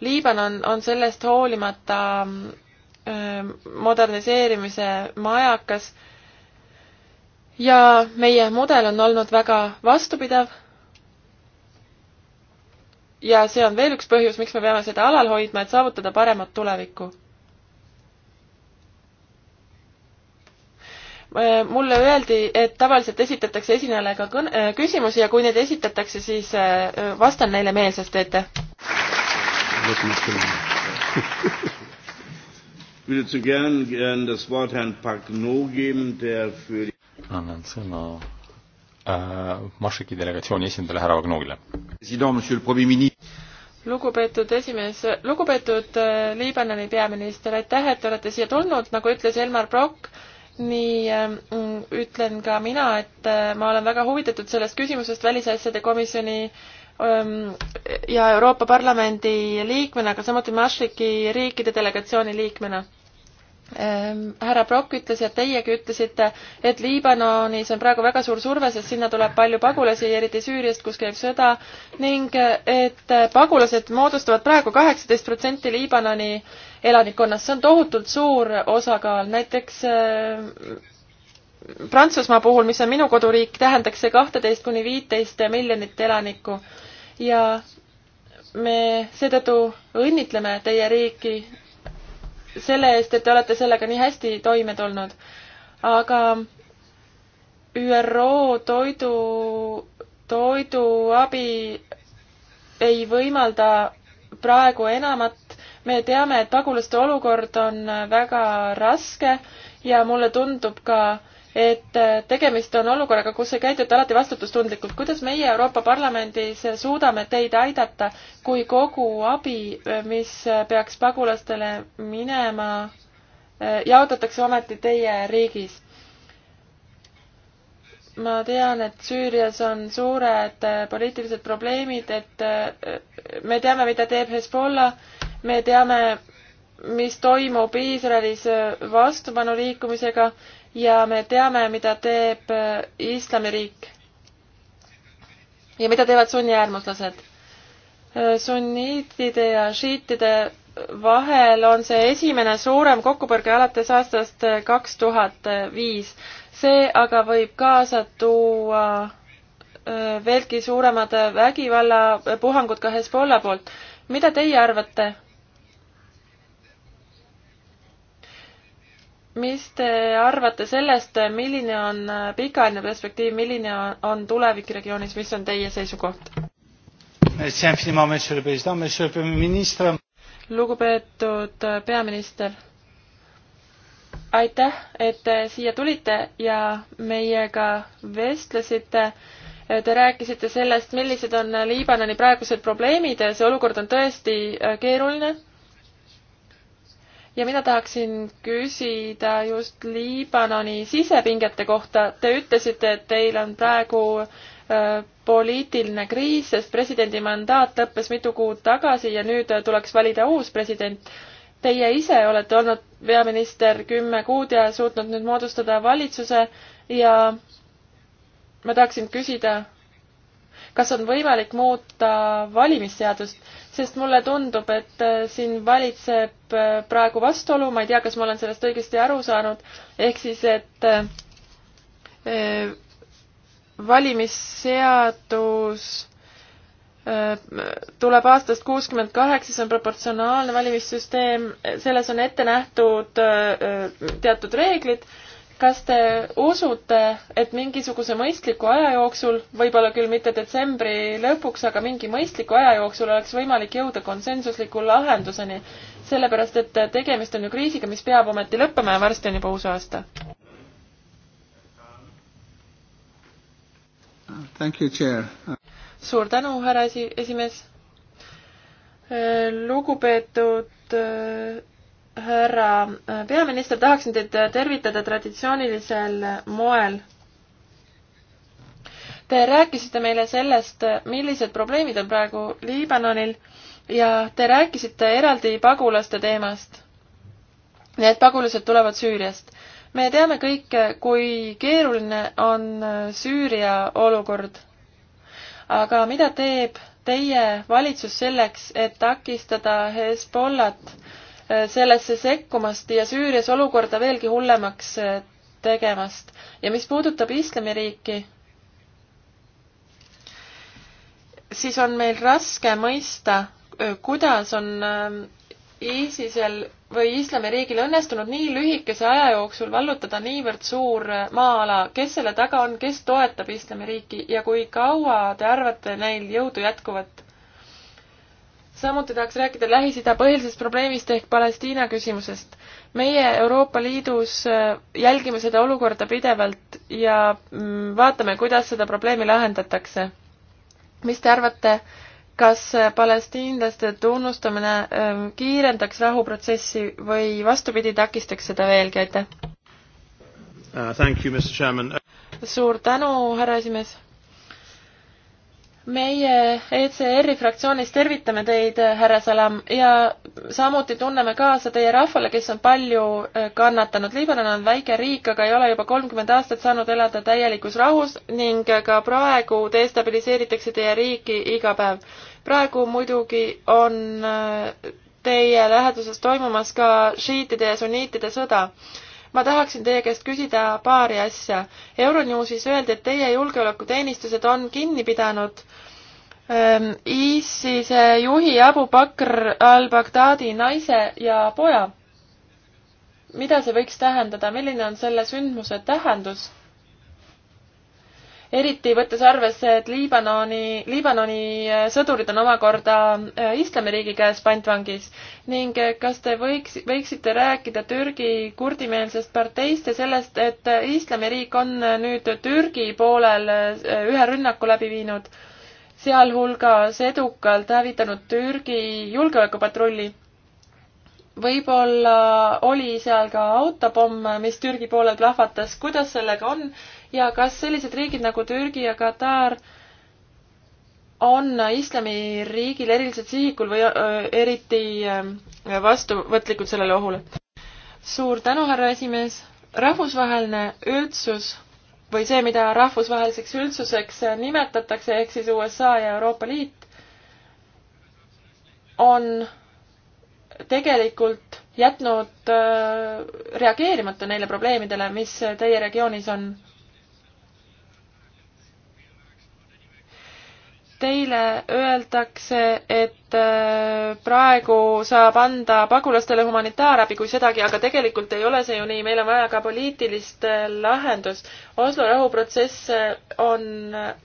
Liibanon on sellest hoolimata ähm, moderniseerimise majakas ma ja meie mudel on olnud väga vastupidav. ja see on veel üks põhjus, miks me peame seda alal hoidma, et saavutada paremat tulevikku. mulle öeldi, et tavaliselt esitatakse esinejale ka kõne, äh, küsimusi ja kui neid esitatakse, siis äh, vastan neile meelsasti ette. Ich würde zu gern, gern das Wort Herrn Pagno geben, der für die annan sõna äh, Mašeki delegatsiooni esindajale härra Vagnulile. lugupeetud esimees, lugupeetud äh, Liibanoni peaminister, aitäh, et te olete siia tulnud, nagu ütles Elmar Brokk, nii äh, ütlen ka mina, et äh, ma olen väga huvitatud sellest küsimusest välisasjade komisjoni äh, ja Euroopa Parlamendi liikmena, aga samuti Maastrichti riikide delegatsiooni liikmena. Ehm, härra Brock ütles ja teiegi ütlesite, et Liibanonis on praegu väga suur surve, sest sinna tuleb palju pagulasi, eriti Süüriast, kus käib sõda ning et pagulased moodustavad praegu kaheksateist protsenti Liibanoni elanikkonnast, see on tohutult suur osakaal, näiteks ehm, Prantsusmaa puhul, mis on minu koduriik, tähendaks see kahteteist kuni viiteist miljonit elanikku ja me seetõttu õnnitleme teie riiki selle eest, et te olete sellega nii hästi toime tulnud. aga ÜRO toidu, toiduabi ei võimalda praegu enamat. me teame, et pagulaste olukord on väga raske ja mulle tundub ka, et äh, tegemist on olukorraga, kus ei käiduta alati vastutustundlikult. kuidas meie Euroopa Parlamendis suudame teid aidata, kui kogu abi, äh, mis äh, peaks pagulastele minema, jaotatakse ometi teie riigis? ma tean, et Süürias on suured poliitilised probleemid, et me teame, mida teeb Hezbollah, me teame, mis toimub Iisraelis vastupanuliikumisega ja me teame, mida teeb äh, Islamiriik ja mida teevad sunniäärmuslased. Äh, sunniitide ja šiitide vahel on see esimene suurem kokkupõrge alates aastast äh, kaks tuhat viis. see aga võib kaasa tuua veelgi suuremad vägivallapuhangud ka Hezbollah poolt. mida teie arvate, mis te arvate sellest, milline on äh, pikaajaline perspektiiv, milline on tulevik regioonis, mis on teie seisukoht? lugupeetud äh, peaminister, aitäh, et te siia tulite ja meiega vestlesite äh, Te rääkisite sellest, millised on Liibanoni praegused probleemid, see olukord on tõesti keeruline ja mina tahaksin küsida just Liibanoni sisepingete kohta. Te ütlesite, et teil on praegu äh, poliitiline kriis, sest presidendi mandaat lõppes mitu kuud tagasi ja nüüd äh, tuleks valida uus president. Teie ise olete olnud peaminister kümme kuud ja suutnud nüüd moodustada valitsuse ja ma tahaksin küsida, kas on võimalik muuta valimisseadust, sest mulle tundub, et äh, siin valitseb äh, praegu vastuolu, ma ei tea, kas ma olen sellest õigesti aru saanud, ehk siis, et äh, valimisseadus tuleb aastast kuuskümmend kaheksa, see on proportsionaalne valimissüsteem, selles on ette nähtud teatud reeglid kas te usute, et mingisuguse mõistliku aja jooksul, võib-olla küll mitte detsembri lõpuks, aga mingi mõistliku aja jooksul oleks võimalik jõuda konsensusliku lahenduseni? sellepärast, et tegemist on ju kriisiga, mis peab ometi lõppema ja varsti on juba uus aasta. suur tänu, härra esi-, esimees. lugupeetud härra äh, peaminister, tahaksin teid äh, tervitada traditsioonilisel äh, moel. Te rääkisite meile sellest, millised probleemid on praegu Liibanonil ja te rääkisite eraldi pagulaste teemast. Need pagulased tulevad Süüriast. me teame kõik, kui keeruline on Süüria olukord. aga mida teeb teie valitsus selleks, et takistada Hezbollat sellesse sekkumast ja Süürias olukorda veelgi hullemaks äh, tegemast. ja mis puudutab islamiriiki, siis on meil raske mõista, äh, kuidas on äh, ISISel või islamiriigil õnnestunud nii lühikese aja jooksul vallutada niivõrd suur maa-ala, kes selle taga on, kes toetab islamiriiki ja kui kaua te arvate neil jõudu jätkuvat? samuti tahaks rääkida Lähis-Ida põhilisest probleemist ehk Palestiina küsimusest. meie Euroopa Liidus äh, jälgime seda olukorda pidevalt ja mm, vaatame, kuidas seda probleemi lahendatakse. mis te arvate, kas äh, palestiinlaste tunnustamine ähm, kiirendaks rahuprotsessi või vastupidi, takistaks seda veelgi, aitäh uh,! suur tänu, härra esimees! meie ECR-i fraktsioonis tervitame teid, härra Salam, ja samuti tunneme kaasa teie rahvale, kes on palju äh, kannatanud. Liibanon on väike riik, aga ei ole juba kolmkümmend aastat saanud elada täielikus rahus ning ka praegu destabiliseeritakse teie riiki iga päev. praegu muidugi on äh, teie läheduses toimumas ka šiitide ja sunniitide sõda ma tahaksin teie käest küsida paari asja. Euronewsis öeldi, et teie julgeolekuteenistused on kinni pidanud ähm, ISISe juhi Abu Bakr al-Baghdadi naise ja poja. mida see võiks tähendada, milline on selle sündmuse tähendus? eriti võttes arvesse, et Liibanoni, Liibanoni äh, sõdurid on omakorda äh, islamiriigi käes pantvangis ning äh, kas te võiks, võiksite rääkida Türgi kurdimeelsest parteist ja sellest, et islamiriik on nüüd Türgi poolel ühe rünnaku läbi viinud, sealhulgas edukalt hävitanud Türgi julgeolekupatrulli? võib-olla oli seal ka autopomm, mis Türgi poolel plahvatas, kuidas sellega on ja kas sellised riigid nagu Türgi ja Katar on islamiriigil eriliselt sihikul või eriti vastuvõtlikud sellele ohule? suur tänu, härra esimees. rahvusvaheline üldsus või see, mida rahvusvaheliseks üldsuseks nimetatakse, ehk siis USA ja Euroopa Liit, on tegelikult jätnud reageerimata neile probleemidele, mis teie regioonis on Teile öeldakse, et äh, praegu saab anda pagulastele humanitaarabi kui sedagi, aga tegelikult ei ole see ju nii, meil on vaja ka poliitilist äh, lahendust. Oslo rahuprotsess äh, on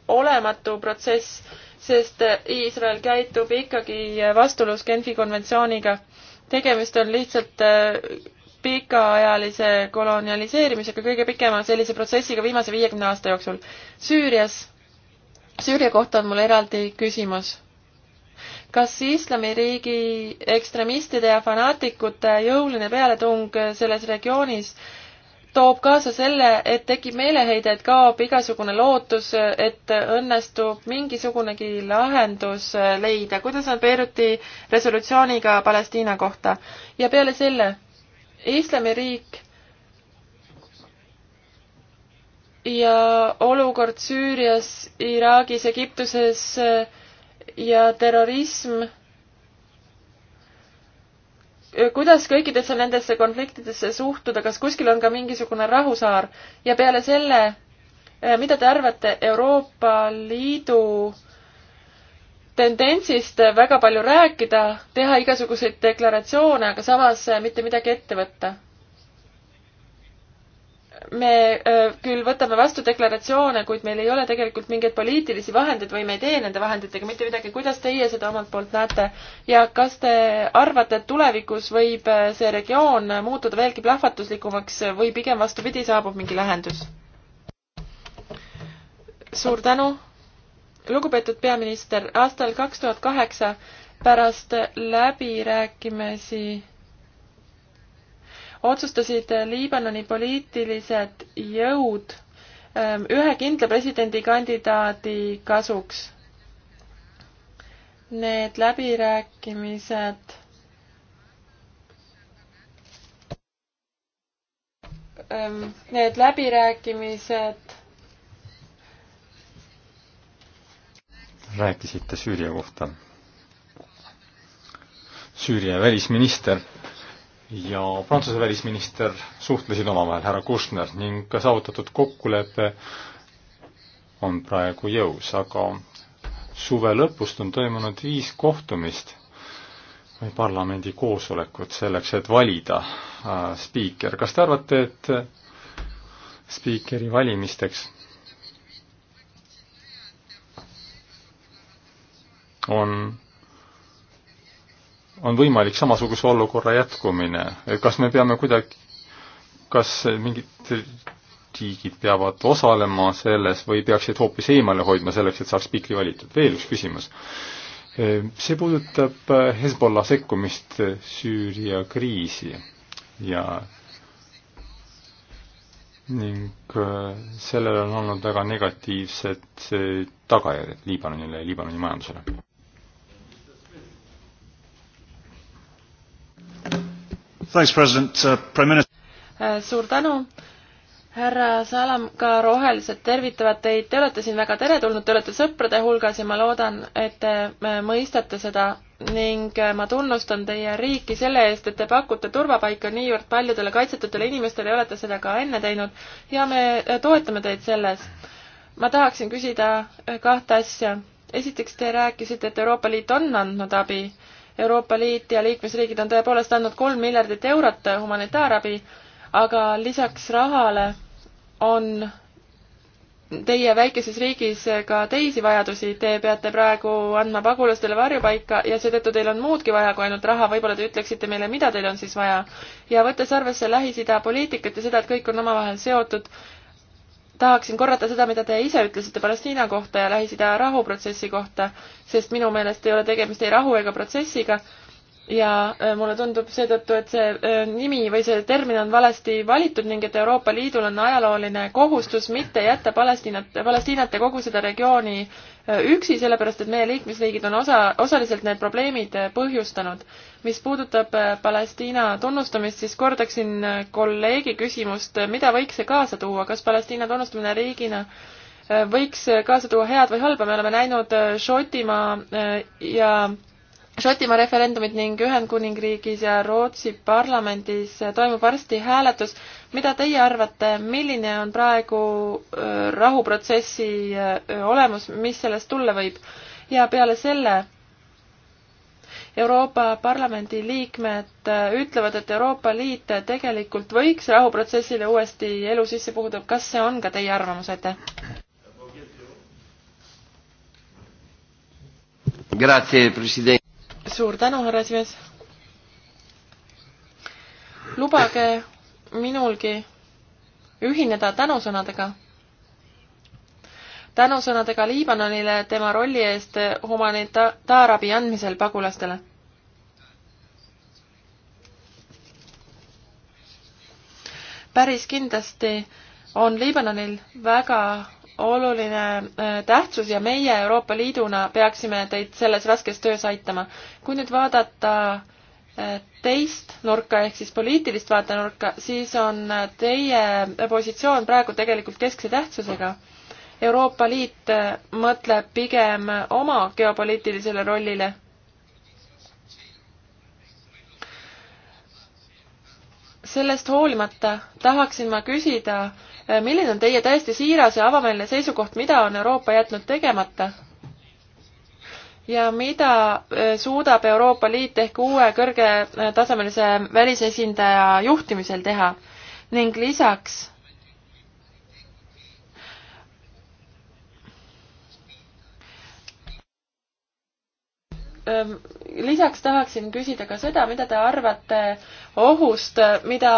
olematu protsess, sest Iisrael käitub ikkagi vastuolus Genfi konventsiooniga. tegemist on lihtsalt pikaajalise kolonialiseerimisega, kõige pikema sellise protsessiga viimase viiekümne aasta jooksul. Süürias Süüria kohta on mul eraldi küsimus. kas islamiriigi ekstremistide ja fanaatikute jõuline pealetung selles regioonis toob kaasa selle, et tekib meeleheide, et kaob igasugune lootus, et õnnestub mingisugunegi lahendus leida. kuidas on Beiruti resolutsiooniga Palestiina kohta? ja peale selle, islamiriik ja olukord Süürias, Iraagis, Egiptuses äh, ja terrorism, kuidas kõikidesse nendesse konfliktidesse suhtuda, kas kuskil on ka mingisugune rahusaar ja peale selle, äh, mida te arvate Euroopa Liidu tendentsist väga palju rääkida, teha igasuguseid deklaratsioone, aga samas äh, mitte midagi ette võtta? me küll võtame vastu deklaratsioone, kuid meil ei ole tegelikult mingeid poliitilisi vahendeid või me ei tee nende vahenditega mitte midagi. kuidas teie seda omalt poolt näete ja kas te arvate, et tulevikus võib see regioon muutuda veelgi plahvatuslikumaks või pigem vastupidi, saabub mingi lahendus? suur tänu, lugupeetud peaminister, aastal kaks tuhat kaheksa pärast läbirääkimisi otsustasid Liibanoni poliitilised jõud ähm, ühe kindla presidendikandidaadi kasuks. Need läbirääkimised ähm, Need läbirääkimised rääkisite Süüria kohta. Süüria välisminister ja Prantsuse välisminister suhtlesid omavahel, härra Kushner, ning ka saavutatud kokkulepe on praegu jõus, aga suve lõpust on toimunud viis kohtumist või parlamendi koosolekut selleks, et valida äh, spiiker. kas te arvate, et äh, spiikeri valimisteks on on võimalik samasuguse olukorra jätkumine, kas me peame kuidagi, kas mingid riigid peavad osalema selles või peaksid hoopis eemale hoidma selleks, et saaks spiikri valitud? veel üks küsimus. see puudutab Hezbollah sekkumist Süüria kriisi ja ning äh, sellel on olnud väga negatiivsed äh, tagajärjed Liibanonile ja Liibanoni majandusele Thanks, president uh,, prime minister. Äh, suur tänu härra Salam, ka rohelised tervitavad teid, te olete siin väga teretulnud, te olete sõprade hulgas ja ma loodan, et te äh, mõistate seda ning äh, ma tunnustan teie riiki selle eest, et te pakute turvapaika niivõrd paljudele kaitsetutele inimestele ja olete seda ka enne teinud ja me toetame teid selles. ma tahaksin küsida kahte asja. esiteks, te rääkisite, et Euroopa Liit on andnud abi Euroopa Liit ja liikmesriigid on tõepoolest andnud kolm miljardit eurot humanitaarabi, aga lisaks rahale on teie väikeses riigis ka teisi vajadusi, te peate praegu andma pagulastele varjupaika ja seetõttu teil on muudki vaja kui ainult raha, võib-olla te ütleksite meile, mida teil on siis vaja. ja võttes arvesse Lähis-Ida poliitikat ja seda, et kõik on omavahel seotud, tahaksin korrata seda, mida te ise ütlesite Palestiina kohta ja Lähis-Ida rahuprotsessi kohta, sest minu meelest ei ole tegemist ei rahu ega protsessiga ja äh, mulle tundub seetõttu, et see äh, nimi või see termin on valesti valitud ning et Euroopa Liidul on ajalooline kohustus mitte jätta Palestiinat, Palestiinat ja kogu seda regiooni üksi, sellepärast et meie liikmesriigid on osa, osaliselt need probleemid äh, põhjustanud. mis puudutab äh, Palestiina tunnustamist, siis kordaksin äh, kolleegi küsimust, mida võiks see kaasa tuua, kas Palestiina tunnustamine riigina võiks kaasa tuua head või halba, me oleme näinud Šotimaa ja Šotimaa referendumid ning Ühendkuningriigis ja Rootsi parlamendis äh, toimub varsti hääletus. mida teie arvate, milline on praegu äh, rahuprotsessi äh, olemus, mis sellest tulla võib? ja peale selle Euroopa Parlamendi liikmed ütlevad, et Euroopa Liit tegelikult võiks rahuprotsessile uuesti elu sisse puhuda. kas see on ka teie arvamus, aitäh? suur tänu, härra esimees. lubage minulgi ühineda tänusõnadega tänusõnadega Liibanonile tema rolli eest humanitaarabi andmisel pagulastele. päris kindlasti on Liibanonil väga oluline äh, tähtsus ja meie Euroopa Liiduna peaksime teid selles raskes töös aitama. kui nüüd vaadata äh, teist nurka ehk siis poliitilist vaatenurka, siis on äh, teie positsioon praegu tegelikult keskse tähtsusega. Euroopa Liit mõtleb pigem oma geopoliitilisele rollile. sellest hoolimata tahaksin ma küsida, Äh, milline on teie täiesti siiras ja avameelne seisukoht, mida on Euroopa jätnud tegemata? ja mida äh, suudab Euroopa Liit ehk uue kõrgetasemelise välisesindaja juhtimisel teha? ning lisaks lisaks tahaksin küsida ka seda, mida te arvate ohust, mida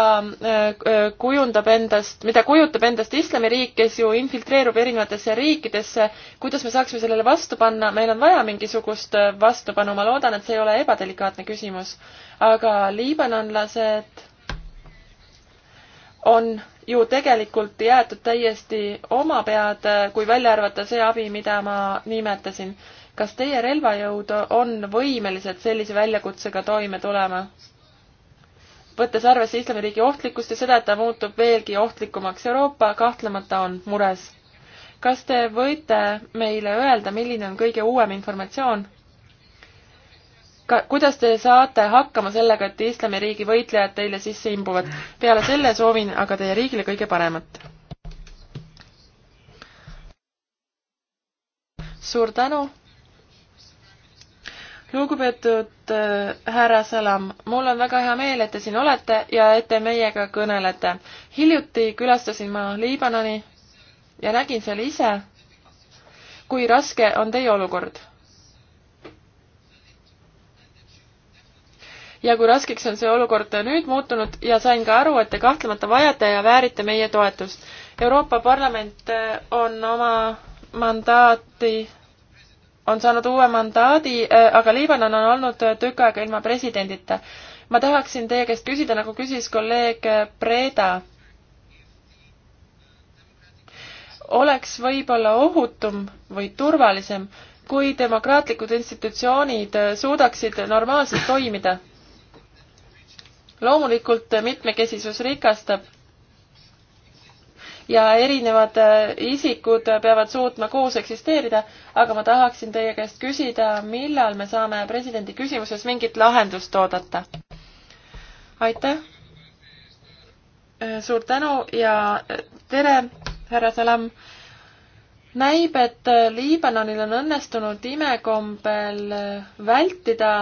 kujundab endast, mida kujutab endast islamiriik, kes ju infiltreerub erinevatesse riikidesse. kuidas me saaksime sellele vastu panna, meil on vaja mingisugust vastupanu, ma loodan, et see ei ole ebadelikaatne küsimus. aga liibanonlased on ju tegelikult jäetud täiesti oma pead, kui välja arvata see abi, mida ma nimetasin kas teie relvajõud on võimelised sellise väljakutsega toime tulema? võttes arvesse islamiriigi ohtlikkust ja seda, et ta muutub veelgi ohtlikumaks, Euroopa kahtlemata on mures. kas te võite meile öelda, milline on kõige uuem informatsioon? ka, kuidas te saate hakkama sellega, et islamiriigi võitlejad teile sisse imbuvad? peale selle soovin aga teie riigile kõige paremat. suur tänu lugupeetud äh, härra Salam, mul on väga hea meel, et te siin olete ja et te meiega kõnelete. hiljuti külastasin ma Liibanoni ja nägin seal ise, kui raske on teie olukord. ja kui raskeks on see olukord nüüd muutunud ja sain ka aru, et te kahtlemata vajate ja väärite meie toetust. Euroopa Parlament äh, on oma mandaati on saanud uue mandaadi, äh, aga Liibanon on olnud äh, tükk aega ilma presidendita. ma tahaksin teie käest küsida, nagu küsis kolleeg Breda. Äh, oleks võib-olla ohutum või turvalisem, kui demokraatlikud institutsioonid suudaksid normaalselt toimida. loomulikult mitmekesisus rikastab, ja erinevad äh, isikud peavad suutma koos eksisteerida, aga ma tahaksin teie käest küsida, millal me saame presidendi küsimuses mingit lahendust oodata? aitäh! Äh, suur tänu ja äh, tere, härra Salam! näib, et Liibanonil on õnnestunud imekombel vältida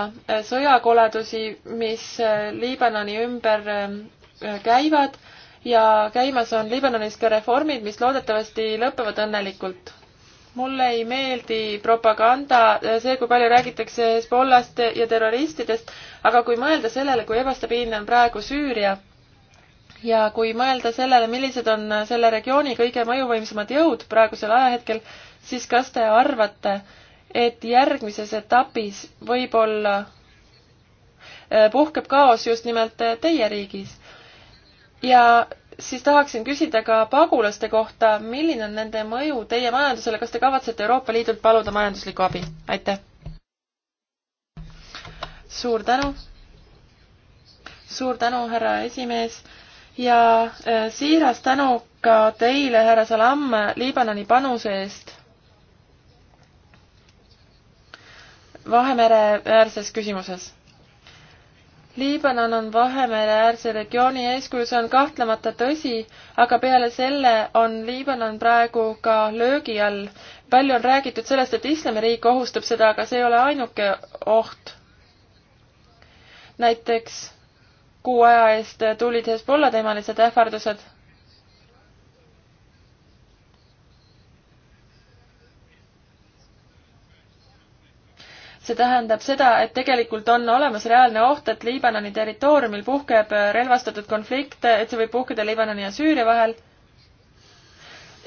sõjakoledusi, mis Liibanoni ümber käivad ja käimas on Liibanonis ka reformid, mis loodetavasti lõpevad õnnelikult. mulle ei meeldi propaganda, see, kui palju räägitakse Hezbollast ja terroristidest, aga kui mõelda sellele, kui ebastabiilne on praegu Süüria ja kui mõelda sellele, millised on selle regiooni kõige mõjuvõimsamad jõud praegusel ajahetkel, siis kas te arvate, et järgmises etapis võib-olla eh, puhkeb kaos just nimelt teie riigis? ja siis tahaksin küsida ka pagulaste kohta, milline on nende mõju teie majandusele, kas te kavatsete Euroopa Liidult paluda majanduslikku abi? aitäh! suur tänu! suur tänu, härra esimees ja äh, siiras tänu ka teile, härra Salam, Liibanoni panuse eest Vahemere äärses küsimuses Liibanon on Vahemere-äärse regiooni eeskuju, see on kahtlemata tõsi, aga peale selle on Liibanon praegu ka löögi all. palju on räägitud sellest, et islamiriik ohustab seda, aga see ei ole ainuke oht. näiteks kuu aja eest tulid Hezbollah teemalised ähvardused see tähendab seda, et tegelikult on olemas reaalne oht, et Liibanoni territooriumil puhkeb relvastatud konflikt, et see võib puhkeda Liibanoni ja Süüria vahel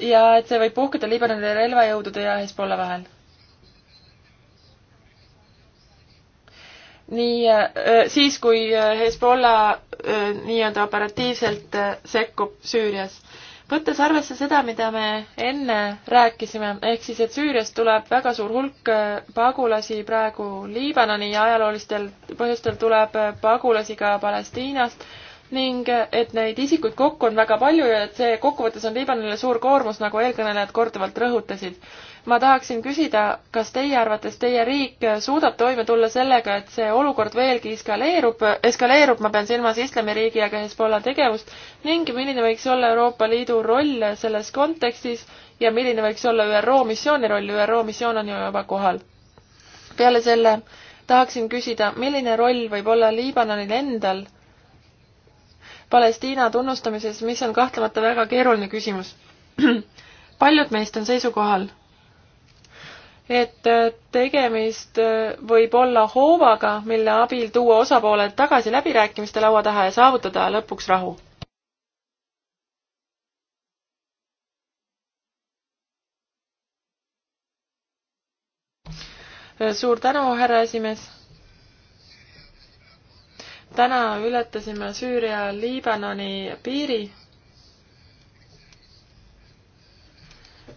ja et see võib puhkeda Liibanoni relvajõudude ja Hezbollah vahel nii siis, kui Hezbollah nii-öelda operatiivselt sekkub Süürias võttes arvesse seda, mida me enne rääkisime, ehk siis, et Süüriast tuleb väga suur hulk äh, pagulasi praegu Liibanoni ja ajaloolistel põhjustel tuleb äh, pagulasi ka Palestiinast ning äh, et neid isikuid kokku on väga palju ja et see kokkuvõttes on Liibanonile suur koormus, nagu eelkõnelejad korduvalt rõhutasid ma tahaksin küsida, kas teie arvates teie riik suudab toime tulla sellega, et see olukord veelgi eskaleerub, eskaleerub, ma pean silmas Islamiriigi ja Hezbollah tegevust, ning milline võiks olla Euroopa Liidu roll selles kontekstis ja milline võiks olla ÜRO missiooni roll, ÜRO missioon on ju juba kohal. peale selle tahaksin küsida, milline roll võib olla Liibanonil endal Palestiina tunnustamises, mis on kahtlemata väga keeruline küsimus. [clears throat] paljud meist on seisukohal, et äh, tegemist äh, võib olla hoovaga, mille abil tuua osapooled tagasi läbirääkimiste laua taha ja saavutada lõpuks rahu. suur tänu, härra esimees. täna ületasime Süüria-Liibanoni piiri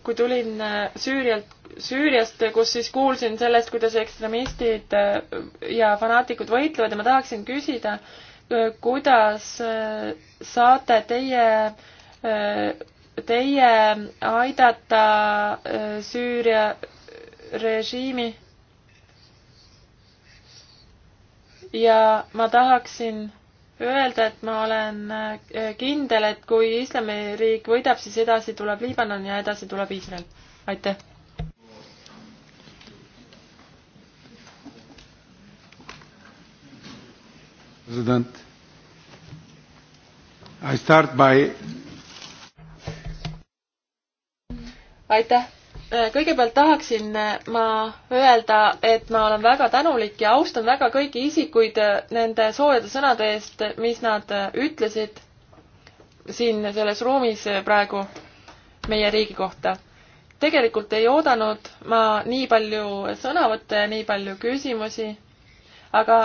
kui tulin äh, Süürialt, Süüriast, kus siis kuulsin sellest, kuidas ekstremistid äh, ja fanaatikud võitlevad ja ma tahaksin küsida, äh, kuidas saate teie, teie aidata Süüria režiimi? ja ma tahaksin öelda, et ma olen äh, kindel, et kui islamiriik võidab, siis edasi tuleb Liibanon ja edasi tuleb Iisrael. aitäh. president. I start by. aitäh Äh, kõigepealt tahaksin äh, ma öelda, et ma olen väga tänulik ja austan väga kõiki isikuid äh, nende soojade sõnade eest, mis nad ütlesid siin selles ruumis praegu meie riigi kohta. tegelikult ei oodanud ma nii palju sõnavõtte ja nii palju küsimusi, aga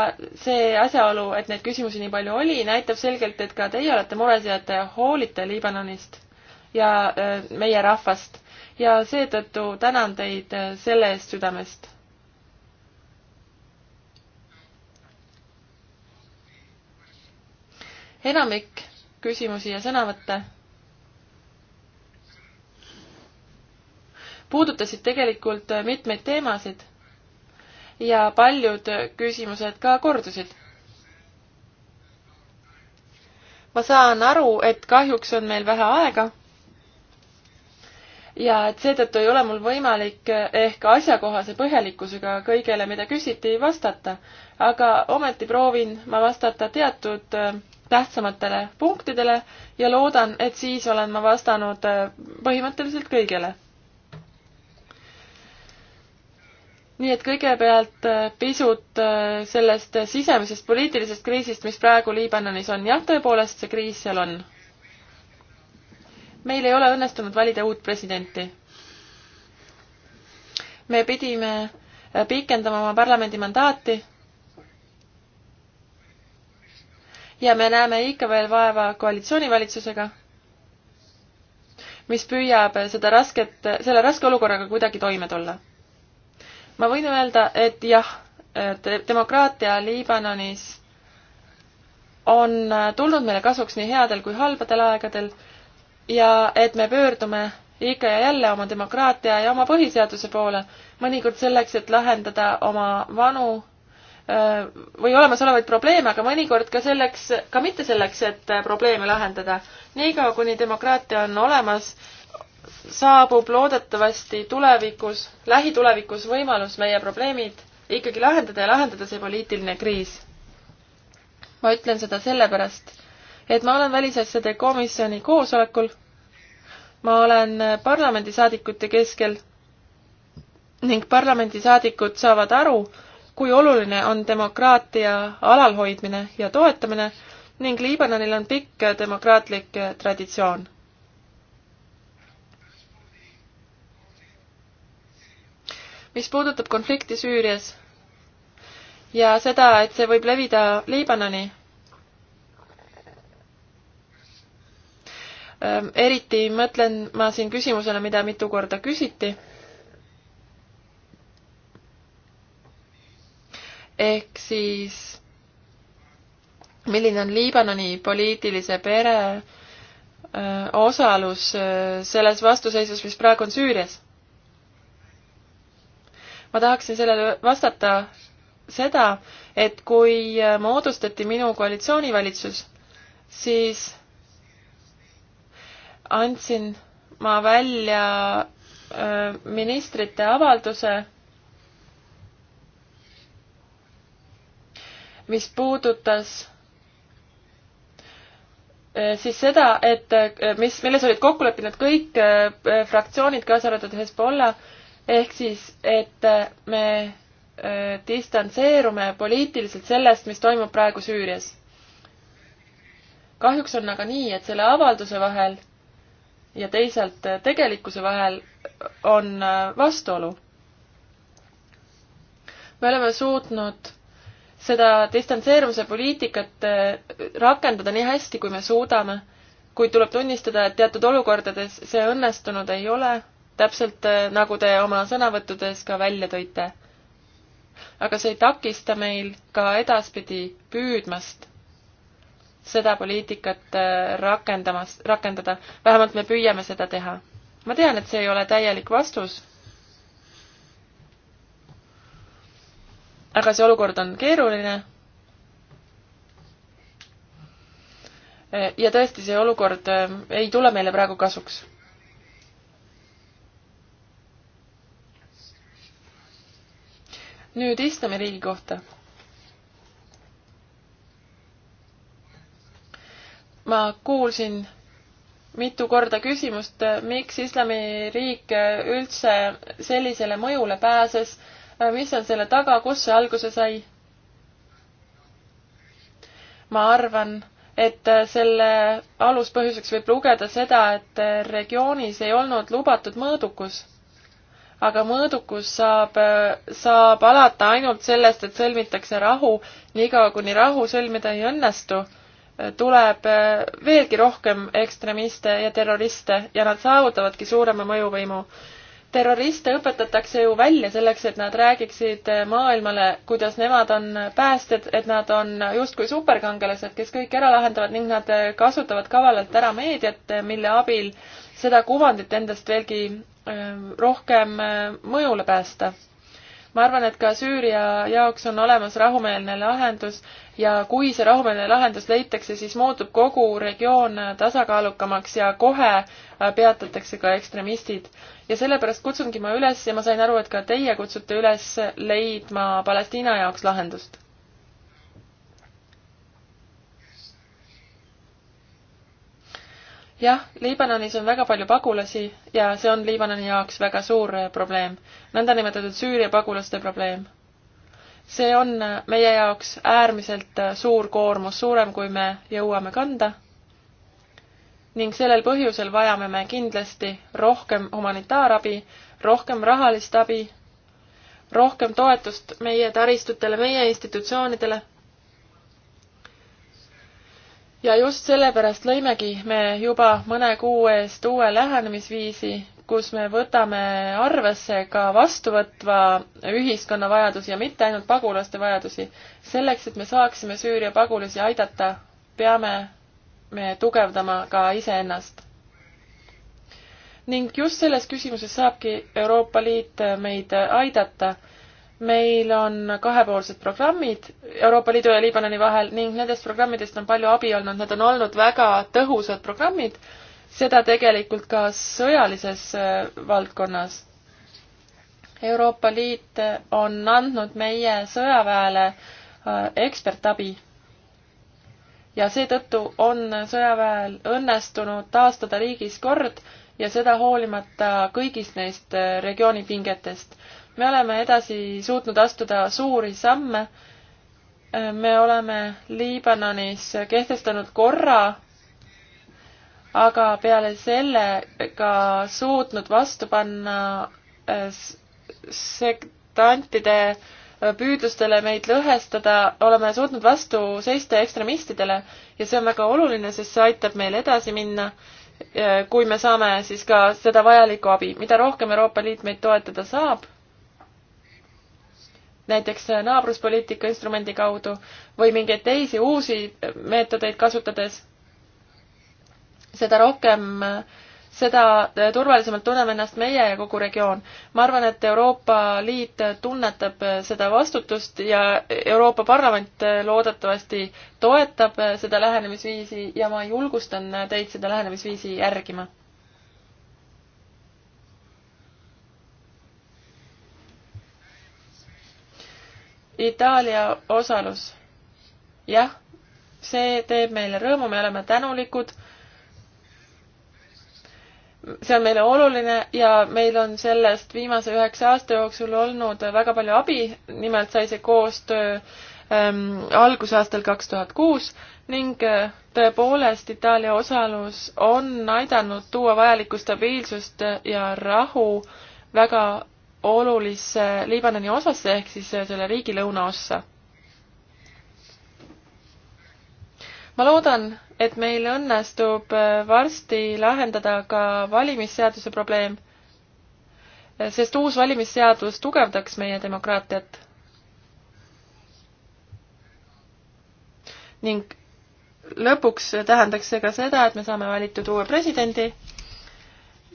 see asjaolu, et neid küsimusi nii palju oli, näitab selgelt, et ka teie olete mures ja et te hoolite Liibanonist ja meie rahvast ja seetõttu tänan teid äh, selle eest südamest. enamik küsimusi ja sõnavõtte puudutasid tegelikult äh, mitmeid teemasid ja paljud küsimused ka kordusid. ma saan aru, et kahjuks on meil vähe aega ja et seetõttu ei ole mul võimalik ehk asjakohase põhjalikkusega kõigele, mida küsiti, vastata. aga ometi proovin ma vastata teatud äh, tähtsamatele punktidele ja loodan, et siis olen ma vastanud äh, põhimõtteliselt kõigele. nii et kõigepealt äh, pisut sellest sisemisest poliitilisest kriisist, mis praegu Liibanonis on. jah, tõepoolest see kriis seal on meil ei ole õnnestunud valida uut presidenti. me pidime äh, pikendama oma parlamendi mandaati. ja me näeme ikka veel vaeva koalitsioonivalitsusega, mis püüab äh, seda rasket, äh, selle raske olukorraga kuidagi toime tulla. ma võin öelda, et jah, demokraatia Liibanonis on tulnud meile kasuks nii headel kui halbadel aegadel ja et me pöördume ikka ja jälle oma demokraatia ja oma põhiseaduse poole, mõnikord selleks, et lahendada oma vanu või olemasolevaid probleeme, aga mõnikord ka selleks, ka mitte selleks, et äh, probleeme lahendada. niikaua, kuni demokraatia on olemas, saabub loodetavasti tulevikus, lähitulevikus võimalus meie probleemid ikkagi lahendada ja lahendada see poliitiline kriis. ma ütlen seda sellepärast et ma olen välisasjade komisjoni koosolekul, ma olen parlamendisaadikute keskel ning parlamendisaadikud saavad aru, kui oluline on demokraatia alalhoidmine ja toetamine ning Liibanonil on pikk demokraatlik traditsioon. mis puudutab konflikti Süürias ja seda, et see võib levida Liibanoni Ehm, eriti mõtlen ma siin küsimusele, mida mitu korda küsiti. ehk siis, milline on Liibanoni poliitilise pere ehm, osalus ehm, selles vastuseisus, mis praegu on Süürias? ma tahaksin sellele vastata seda, et kui moodustati minu koalitsioonivalitsus, siis andsin ma välja äh, ministrite avalduse, mis puudutas äh, siis seda, et äh, mis, milles olid kokku leppinud kõik fraktsioonid, kaasa arvatud Hezbollah, ehk siis, et me distantseerume poliitiliselt sellest, mis toimub praegu Süürias. kahjuks on aga nii, et selle avalduse vahel ja teisalt äh, tegelikkuse vahel äh, on äh, vastuolu. me oleme suutnud seda distantseerumise poliitikat rakendada nii hästi, kui me suudame, kuid tuleb tunnistada, et teatud olukordades see õnnestunud ei ole, täpselt nagu te oma sõnavõttudes ka välja tõite. aga see ei takista meil ka edaspidi püüdmast seda poliitikat äh, rakendamas, rakendada. vähemalt me püüame seda teha. ma tean, et see ei ole täielik vastus. aga see olukord on keeruline. Äh, ja tõesti, see olukord äh, ei tule meile praegu kasuks. nüüd Islami riigi kohta ma kuulsin mitu korda küsimust, miks islamiriik üldse sellisele mõjule pääses, mis on selle taga, kust see alguse sai? ma arvan, et selle aluspõhjuseks võib lugeda seda, et regioonis ei olnud lubatud mõõdukus aga mõõdukus saab, saab alata ainult sellest, et sõlmitakse rahu, niikaua kuni rahu sõlmida ei õnnestu tuleb äh, veelgi rohkem ekstremiste ja terroriste ja nad saavutavadki suurema mõjuvõimu. terroriste õpetatakse ju välja selleks, et nad räägiksid äh, maailmale, kuidas nemad on päästjad, et nad on justkui superkangelased, kes kõik ära lahendavad ning nad äh, kasutavad kavalalt ära meediat, mille abil seda kuvandit endast veelgi rohkem mõjule päästa ma arvan, et ka Süüria jaoks on olemas rahumeelne lahendus, ja kui see rahumeelne lahendus leitakse, siis muutub kogu regioon tasakaalukamaks ja kohe äh, peatatakse ka ekstremistid. ja sellepärast kutsungi ma üles ja ma sain aru, et ka teie kutsute üles leidma Palestiina jaoks lahendust. jah, Liibanonis on väga palju pagulasi ja see on Liibanoni jaoks väga suur äh, probleem, nõndanimetatud Süüria pagulaste probleem see on meie jaoks äärmiselt suur koormus, suurem kui me jõuame kanda. ning sellel põhjusel vajame me kindlasti rohkem humanitaarabi, rohkem rahalist abi, rohkem toetust meie taristutele, meie institutsioonidele. ja just sellepärast lõimegi me juba mõne kuu eest uue lähenemisviisi, kus me võtame arvesse ka vastuvõtva ühiskonna vajadusi ja mitte ainult pagulaste vajadusi. selleks, et me saaksime Süüria pagulasi aidata, peame me tugevdama ka iseennast. ning just selles küsimuses saabki Euroopa Liit meid aidata. meil on kahepoolsed programmid Euroopa Liidu ja Liibanoni vahel ning nendest programmidest on palju abi olnud, need on olnud väga tõhusad programmid seda tegelikult ka sõjalises äh, valdkonnas. Euroopa Liit äh, on andnud meie sõjaväele äh, ekspertabi ja seetõttu on sõjaväel õnnestunud taastada riigis kord ja seda hoolimata kõigist neist regiooni pingetest. me oleme edasi suutnud astuda suuri samme. me oleme Liibanonis kehtestanud korra, aga peale selle ka suutnud vastu panna äh, sektantide äh, püüdlustele meid lõhestada, oleme suutnud vastu seista ekstremistidele ja see on väga oluline, sest see aitab meil edasi minna, äh, kui me saame siis ka seda vajalikku abi. mida rohkem Euroopa Liit meid toetada saab, näiteks naabruspoliitika instrumendi kaudu või mingeid teisi uusi meetodeid kasutades seda rohkem, seda turvalisemalt tunneme ennast meie ja kogu regioon. ma arvan, et Euroopa Liit tunnetab seda vastutust ja Euroopa Parlament loodetavasti toetab seda lähenemisviisi ja ma julgustan teid seda lähenemisviisi järgima. Itaalia osalus. jah, see teeb meile rõõmu, me oleme tänulikud see on meile oluline ja meil on sellest viimase üheksa aasta jooksul olnud väga palju abi, nimelt sai see koostöö ähm, alguse aastal kaks tuhat kuus ning äh, tõepoolest Itaalia osalus on aidanud tuua vajalikku stabiilsust ja rahu väga olulisse Liibanoni osasse ehk siis äh, selle riigi lõunaossa ma loodan, et meil õnnestub äh, varsti lahendada ka valimisseaduse probleem, äh, sest uus valimisseadus tugevdaks meie demokraatiat. ning lõpuks tähendaks see ka seda, et me saame valitud uue presidendi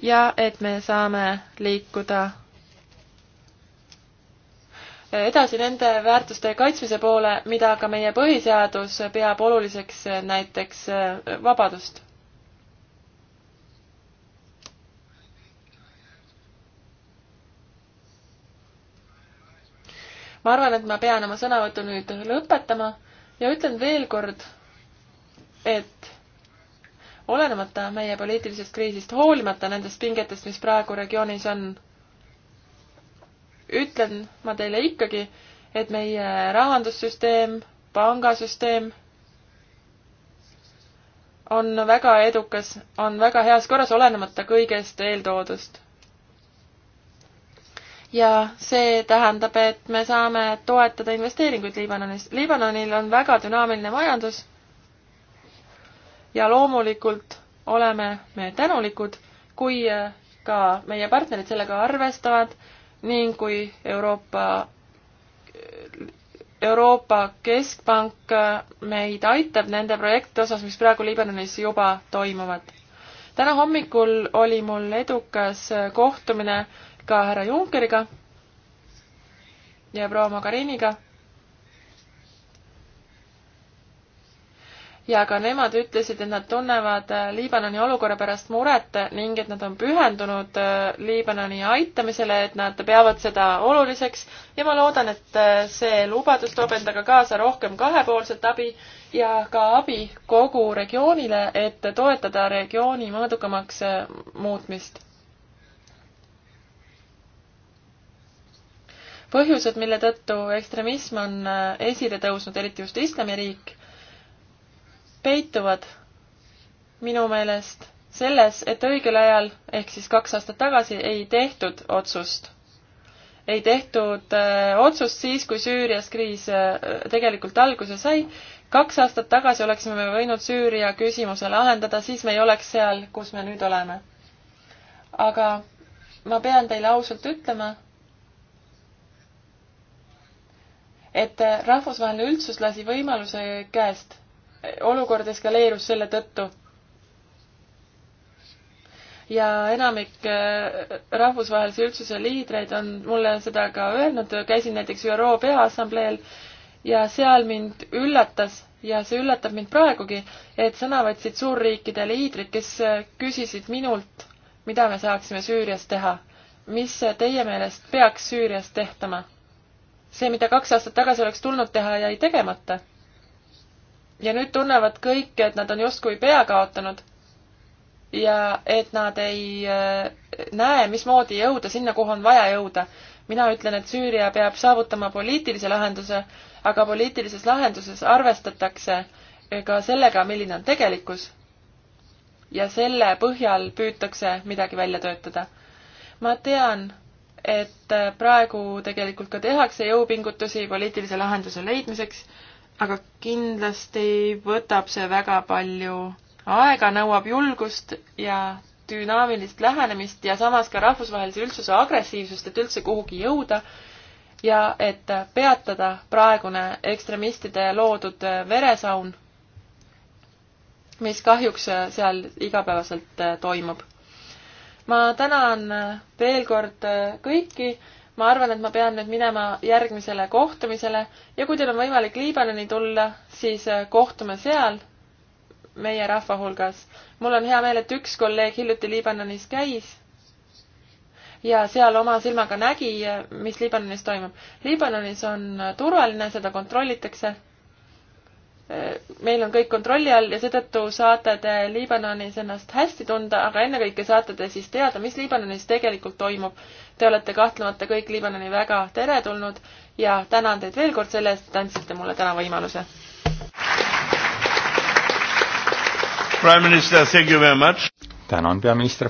ja et me saame liikuda edasi nende väärtuste kaitsmise poole, mida ka meie põhiseadus peab oluliseks, näiteks äh, vabadust. ma arvan, et ma pean oma sõnavõtu nüüd lõpetama ja ütlen veel kord, et olenemata meie poliitilisest kriisist, hoolimata nendest pingetest, mis praegu regioonis on, ütlen ma teile ikkagi, et meie rahandussüsteem, pangasüsteem on väga edukas, on väga heas korras, olenemata kõigest eeltoodust. ja see tähendab, et me saame toetada investeeringuid Liibanonis. Liibanonil on väga dünaamiline majandus ja loomulikult oleme me tänulikud, kui ka meie partnerid sellega arvestavad ning kui Euroopa, Euroopa Keskpank meid aitab nende projektide osas, mis praegu Liibanonis juba toimuvad. täna hommikul oli mul edukas kohtumine ka härra Junckeriga ja proua Magariniga ja ka nemad ütlesid, et nad tunnevad äh, Liibanoni olukorra pärast muret ning et nad on pühendunud äh, Liibanoni aitamisele, et nad peavad seda oluliseks ja ma loodan, et äh, see lubadus toob endaga kaasa rohkem kahepoolset abi ja ka abi kogu regioonile, et toetada regiooni mõõdukamaks muutmist. põhjused, mille tõttu ekstremism on esile tõusnud, eriti just islamiriik peituvad minu meelest selles, et õigel ajal ehk siis kaks aastat tagasi ei tehtud otsust. ei tehtud äh, otsust siis, kui Süürias kriis äh, tegelikult alguse sai. kaks aastat tagasi oleksime me võinud Süüria küsimuse lahendada, siis me ei oleks seal, kus me nüüd oleme. aga ma pean teile ausalt ütlema, et äh, rahvusvaheline üldsus lasi võimaluse käest olukord eskaleerus selle tõttu. ja enamik äh, rahvusvahelise üldsuse liidreid on mulle seda ka öelnud, käisin näiteks ÜRO Peaassambleel ja seal mind üllatas ja see üllatab mind praegugi, et sõna võtsid suurriikide liidrid, kes äh, küsisid minult, mida me saaksime Süürias teha. mis teie meelest peaks Süürias tehtama? see, mida kaks aastat tagasi oleks tulnud teha, jäi tegemata ja nüüd tunnevad kõik, et nad on justkui pea kaotanud ja et nad ei äh, näe, mismoodi jõuda sinna, kuhu on vaja jõuda. mina ütlen, et Süüria peab saavutama poliitilise lahenduse, aga poliitilises lahenduses arvestatakse ka sellega, milline on tegelikkus. ja selle põhjal püütakse midagi välja töötada. ma tean, et praegu tegelikult ka tehakse jõupingutusi poliitilise lahenduse leidmiseks aga kindlasti võtab see väga palju aega, nõuab julgust ja dünaamilist lähenemist ja samas ka rahvusvahelise üldsuse agressiivsust, et üldse kuhugi jõuda ja et peatada praegune ekstremistide loodud veresaun, mis kahjuks seal igapäevaselt toimub. ma tänan veel kord kõiki ma arvan, et ma pean nüüd minema järgmisele kohtumisele ja kui teil on võimalik Liibanoni tulla, siis äh, kohtume seal meie rahva hulgas. mul on hea meel, et üks kolleeg hiljuti Liibanonis käis ja seal oma silmaga nägi, äh, mis Liibanonis toimub. Liibanonis on turvaline, seda kontrollitakse meil on kõik kontrolli all ja seetõttu saate te Liibanonis ennast hästi tunda, aga ennekõike saate te siis teada, mis Liibanonis tegelikult toimub. Te olete kahtlemata kõik Liibanoni väga teretulnud ja tänan teid veel kord selle eest, et andsite mulle täna võimaluse. tänan, peaminister.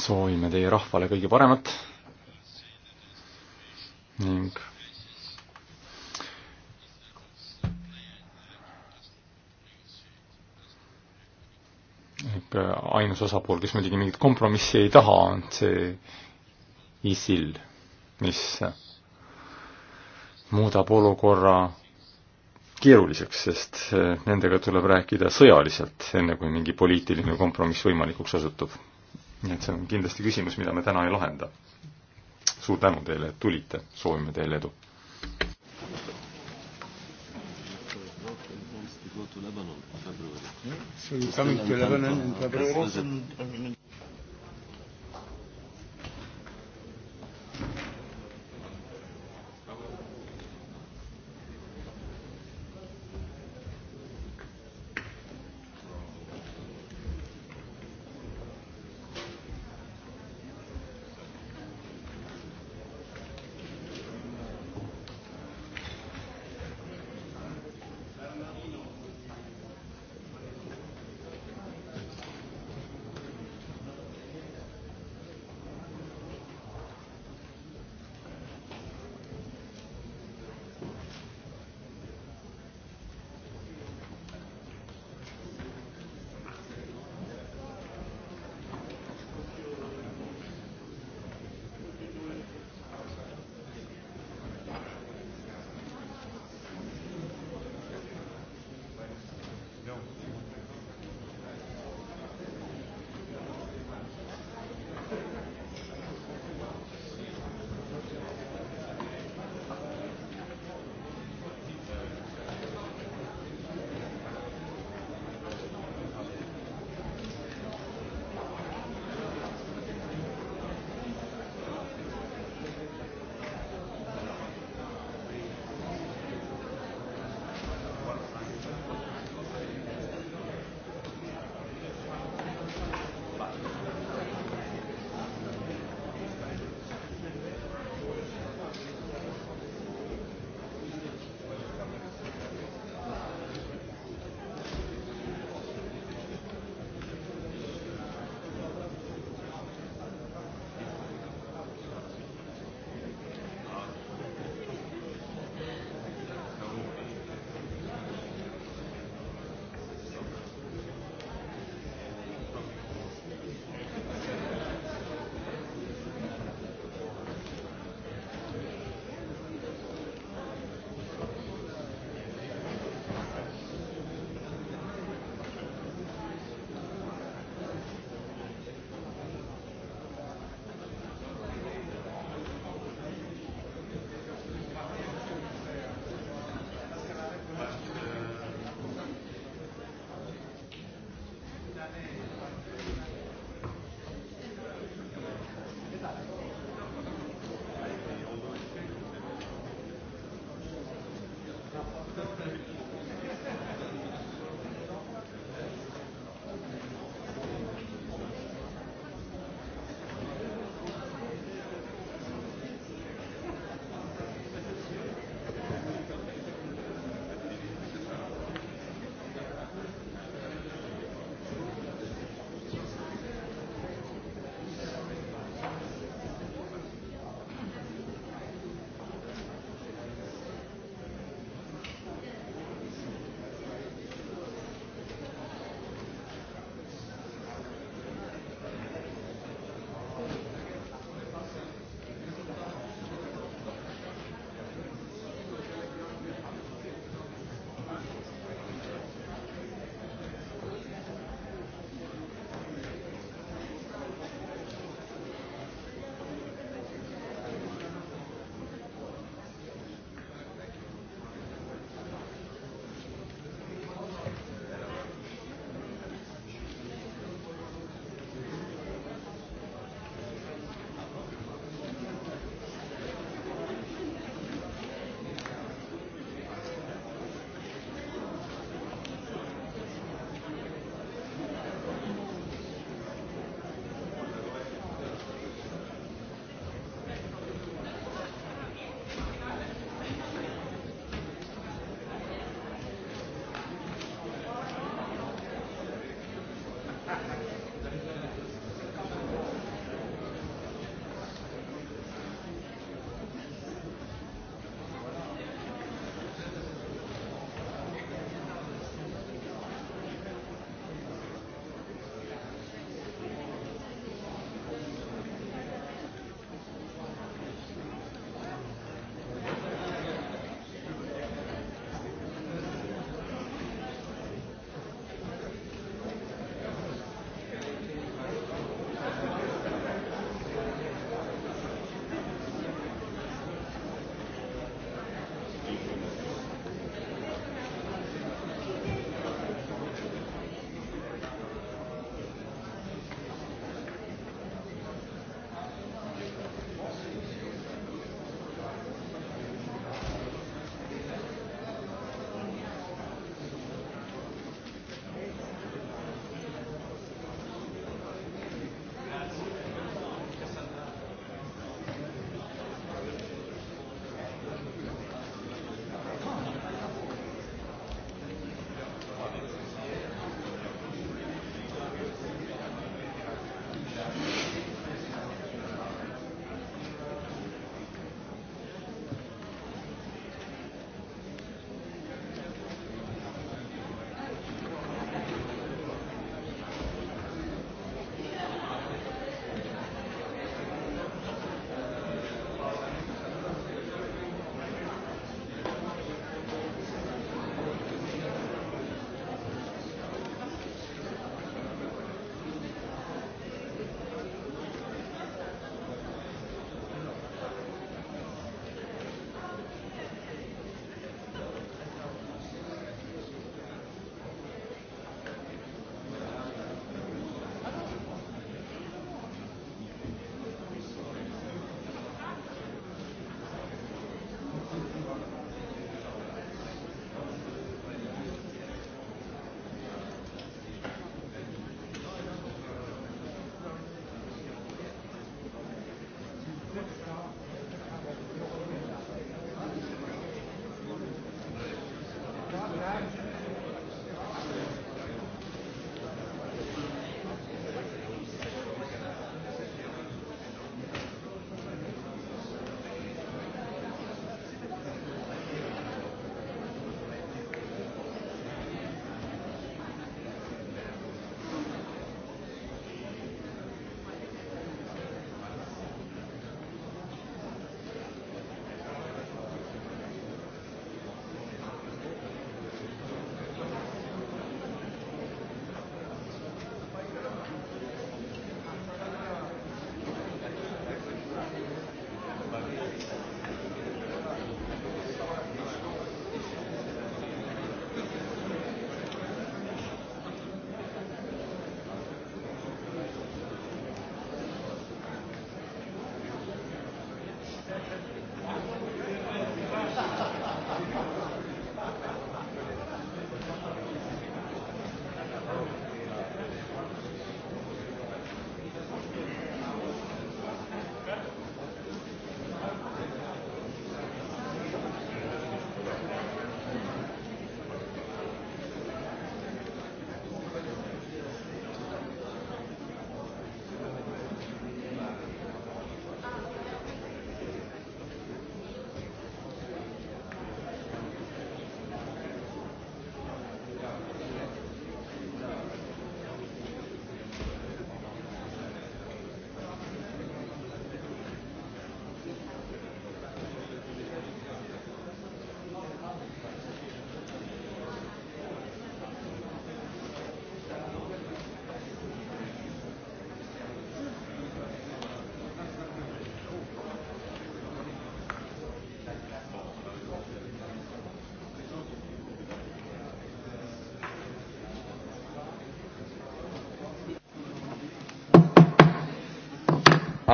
soovime teie rahvale kõige paremat ning ainus osapool, kes muidugi mingit kompromissi ei taha, on see ISIL, mis muudab olukorra keeruliseks, sest nendega tuleb rääkida sõjaliselt, enne kui mingi poliitiline kompromiss võimalikuks osutub. nii et see on kindlasti küsimus, mida me täna ei lahenda. suur tänu teile, et tulite, soovime teile edu! go to Lebanon in February. So you're coming to Lebanon in February?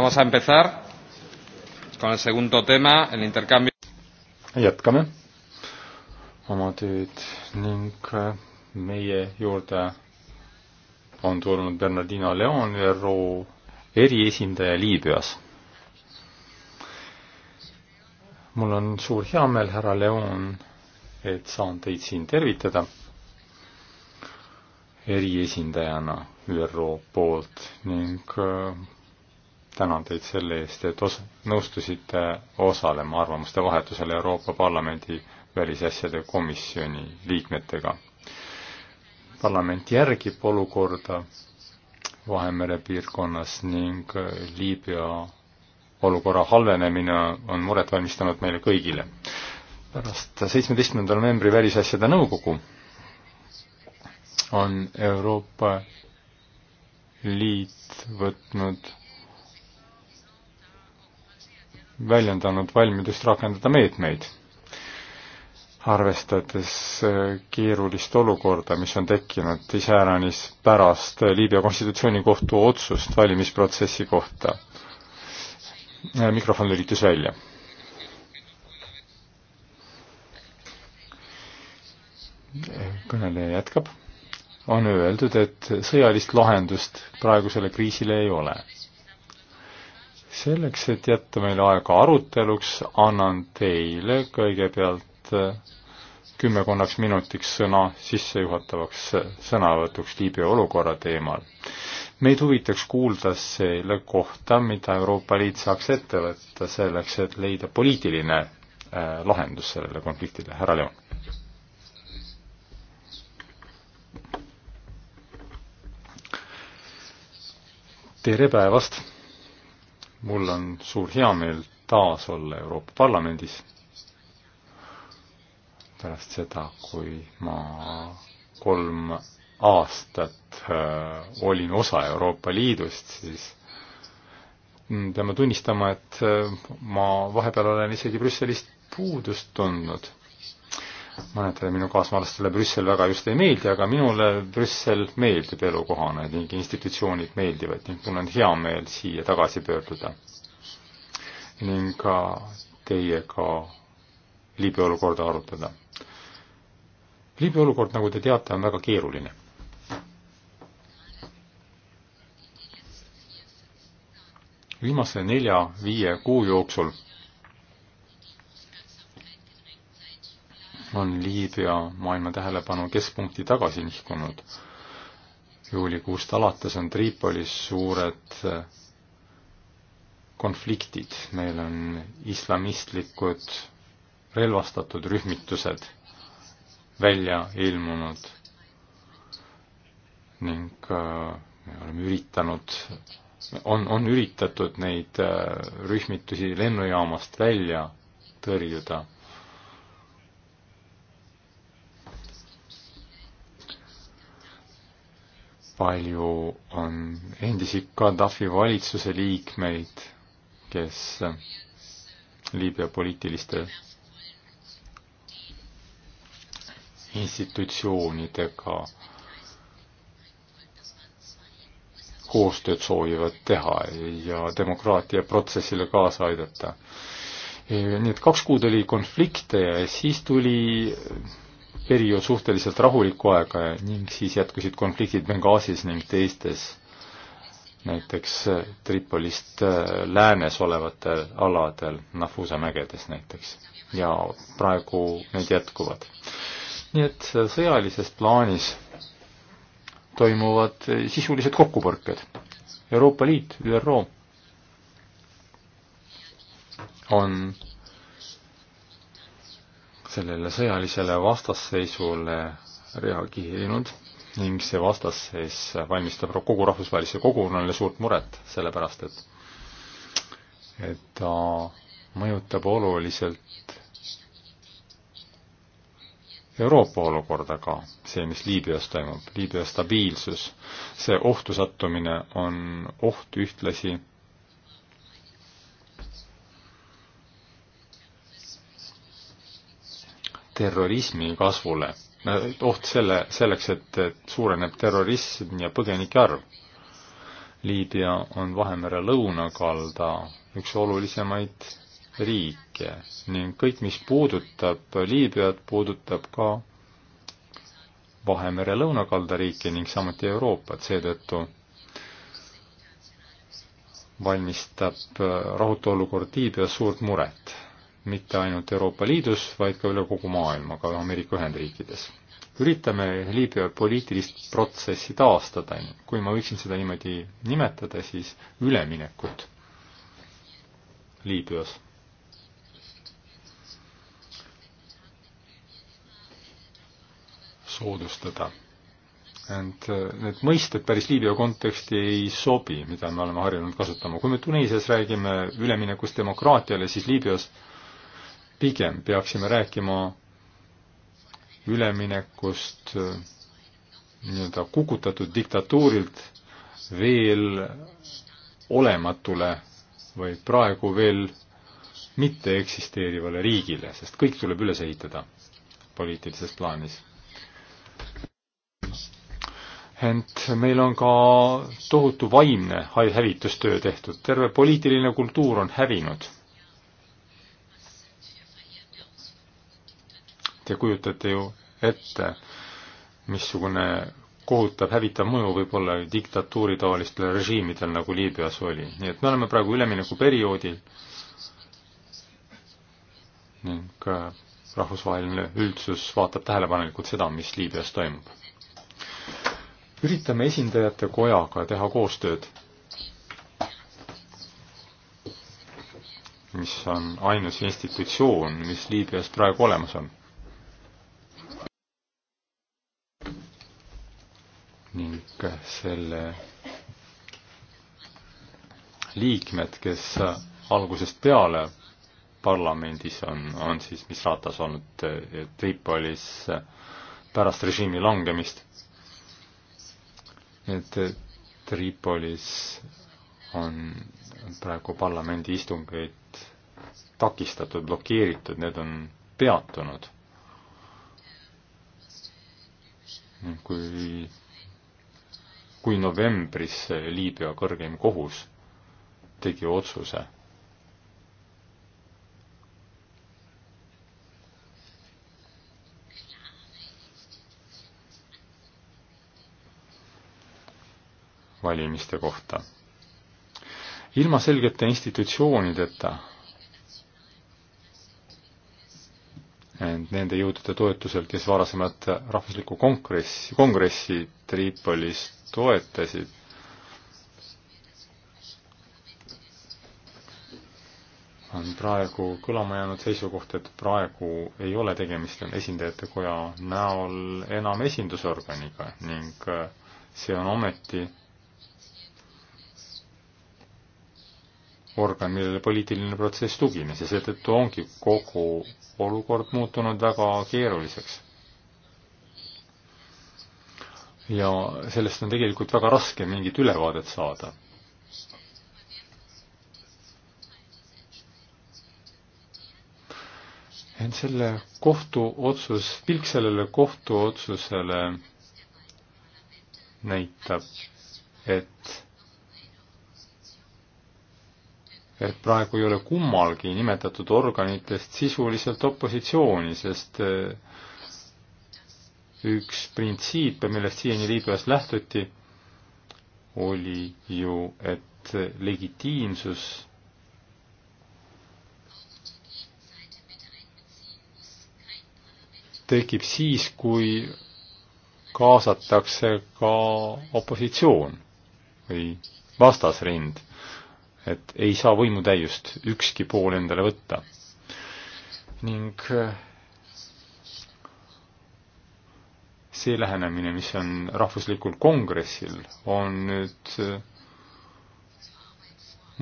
Vamos a empezar con el segundo tema, el intercambio. jätkame oma tööd ning meie juurde on tulnud Bernardino Leon, ÜRO eriesindaja Liibüas. mul on suur heameel, härra Leon, et saan teid siin tervitada eriesindajana ÜRO poolt ning tänan teid selle eest, et os-, nõustusite osalema arvamuste vahetusel Euroopa Parlamendi välisasjade komisjoni liikmetega. parlament järgib olukorda Vahemere piirkonnas ning Liibüa olukorra halvenemine on muret valmistanud meile kõigile. pärast seitsmeteistkümnenda novembri Välisasjade Nõukogu on Euroopa Liit võtnud väljendanud valmidust rakendada meetmeid, arvestades äh, keerulist olukorda, mis on tekkinud iseäranis pärast Liibüa konstitutsioonikohtu otsust valimisprotsessi kohta. Äh, mikrofon lülitus välja. kõneleja jätkab. on öeldud, et sõjalist lahendust praegusele kriisile ei ole selleks, et jätta meile aega aruteluks, annan teile kõigepealt eh, kümmekonnaks minutiks sõna sissejuhatavaks eh, sõnavõtuks Liibüa olukorra teemal. meid huvitaks kuulda selle kohta, mida Euroopa Liit saaks ette võtta selleks, et leida poliitiline eh, lahendus sellele konfliktile. härra Leon. tere päevast mul on suur heameel taas olla Euroopa Parlamendis pärast seda, kui ma kolm aastat äh, olin osa Euroopa Liidust, siis peame tunnistama, et äh, ma vahepeal olen isegi Brüsselist puudust tundnud mõnedele minu kaasmaalastele Brüssel väga just ei meeldi, aga minule Brüssel meeldib elukohana ning institutsioonid meeldivad ning mul on hea meel siia tagasi pöörduda. ning ka teiega Liibüa olukorda arutada. Liibüa olukord, nagu te teate, on väga keeruline viimase nelja-viie kuu jooksul on Liibüa maailma tähelepanu keskpunkti tagasi nihkunud. juulikuust alates on Tripolis suured äh, konfliktid, meil on islamistlikud relvastatud rühmitused välja ilmunud ning äh, me oleme üritanud, on, on üritatud neid äh, rühmitusi lennujaamast välja tõrjuda palju on endisi Gaddafi valitsuse liikmeid, kes Liibüa poliitiliste institutsioonidega koostööd soovivad teha ja demokraatia protsessile kaasa aidata. nii et kaks kuud oli konflikte ja siis tuli periood suhteliselt rahulikku aega ning siis jätkusid konfliktid Benghazis ning teistes näiteks äh, Tripolist äh, läänes olevatel aladel, Nafusa mägedes näiteks. ja praegu need jätkuvad. nii et äh, sõjalises plaanis toimuvad sisulised kokkupõrked. Euroopa Liit, ÜRO on sellele sõjalisele vastasseisule reageerinud ning see vastasseis valmistab kogu rahvusvahelise kogukonnale suurt muret, sellepärast et et ta mõjutab oluliselt Euroopa olukorda ka, see, mis Liibüas toimub, Liibüa stabiilsus, see ohtu sattumine on oht ühtlasi terrorismi kasvule, oht selle, selleks, et, et suureneb terrorism ja põgenike arv. Liibüa on Vahemere lõunakalda üks olulisemaid riike ning kõik, mis puudutab Liibüat, puudutab ka Vahemere lõunakalda riike ning samuti Euroopat, seetõttu valmistab äh, rahutu olukord Liibüas suurt muret mitte ainult Euroopa Liidus, vaid ka üle kogu maailma, ka Ameerika Ühendriikides. üritame Liibüa poliitilist protsessi taastada, kui ma võiksin seda niimoodi nimetada, siis üleminekut Liibüas. soodustada ent äh, need mõisted päris Liibüa konteksti ei sobi, mida me oleme harjunud kasutama. kui me Tuneesias räägime üleminekust demokraatiale, siis Liibüas pigem peaksime rääkima üleminekust äh, nii-öelda kukutatud diktatuurilt veel olematule või praegu veel mitte eksisteerivale riigile, sest kõik tuleb üles ehitada poliitilises plaanis ent meil on ka tohutu vaimne hävitustöö tehtud, terve poliitiline kultuur on hävinud. Te kujutate ju ette, missugune kohutav, hävitav mõju võib olla diktatuuritaolistel režiimidel, nagu Liibüas oli. nii et me oleme praegu üleminekuperioodil ning äh, rahvusvaheline üldsus vaatab tähelepanelikult seda, mis Liibüas toimub. üritame esindajate kojaga teha koostööd, mis on ainus institutsioon, mis Liibüas praegu olemas on ning selle liikmed, kes algusest peale parlamendis on, on siis mis ratas olnud eh, Tripolis pärast režiimi langemist. et eh, Tripolis on praegu parlamendi istungeid takistatud, blokeeritud, need on peatunud. kui kui novembris Liibüa kõrgeim kohus tegi otsuse valimiste kohta. ilma selgete institutsioonideta nende jõudude toetusel, kes varasemat rahvuslikku kongressi, kongressi Tripolis toetasid. on praegu kõlama jäänud seisukoht, et praegu ei ole tegemist esindajate koja näol enam esindusorganiga ning see on ometi organ, millele poliitiline protsess tugines ja seetõttu ongi kogu olukord muutunud väga keeruliseks. ja sellest on tegelikult väga raske mingit ülevaadet saada. ent selle kohtuotsus, pilk sellele kohtuotsusele näitab, et et praegu ei ole kummalgi nimetatud organitest sisuliselt opositsiooni, sest eh, üks printsiipe, millest siiani Liibüas lähtuti, oli ju, et legitiimsus tekib siis, kui kaasatakse ka opositsioon või vastasrind et ei saa võimutäiust ükski pool endale võtta. ning äh, see lähenemine, mis on rahvuslikul kongressil, on nüüd äh,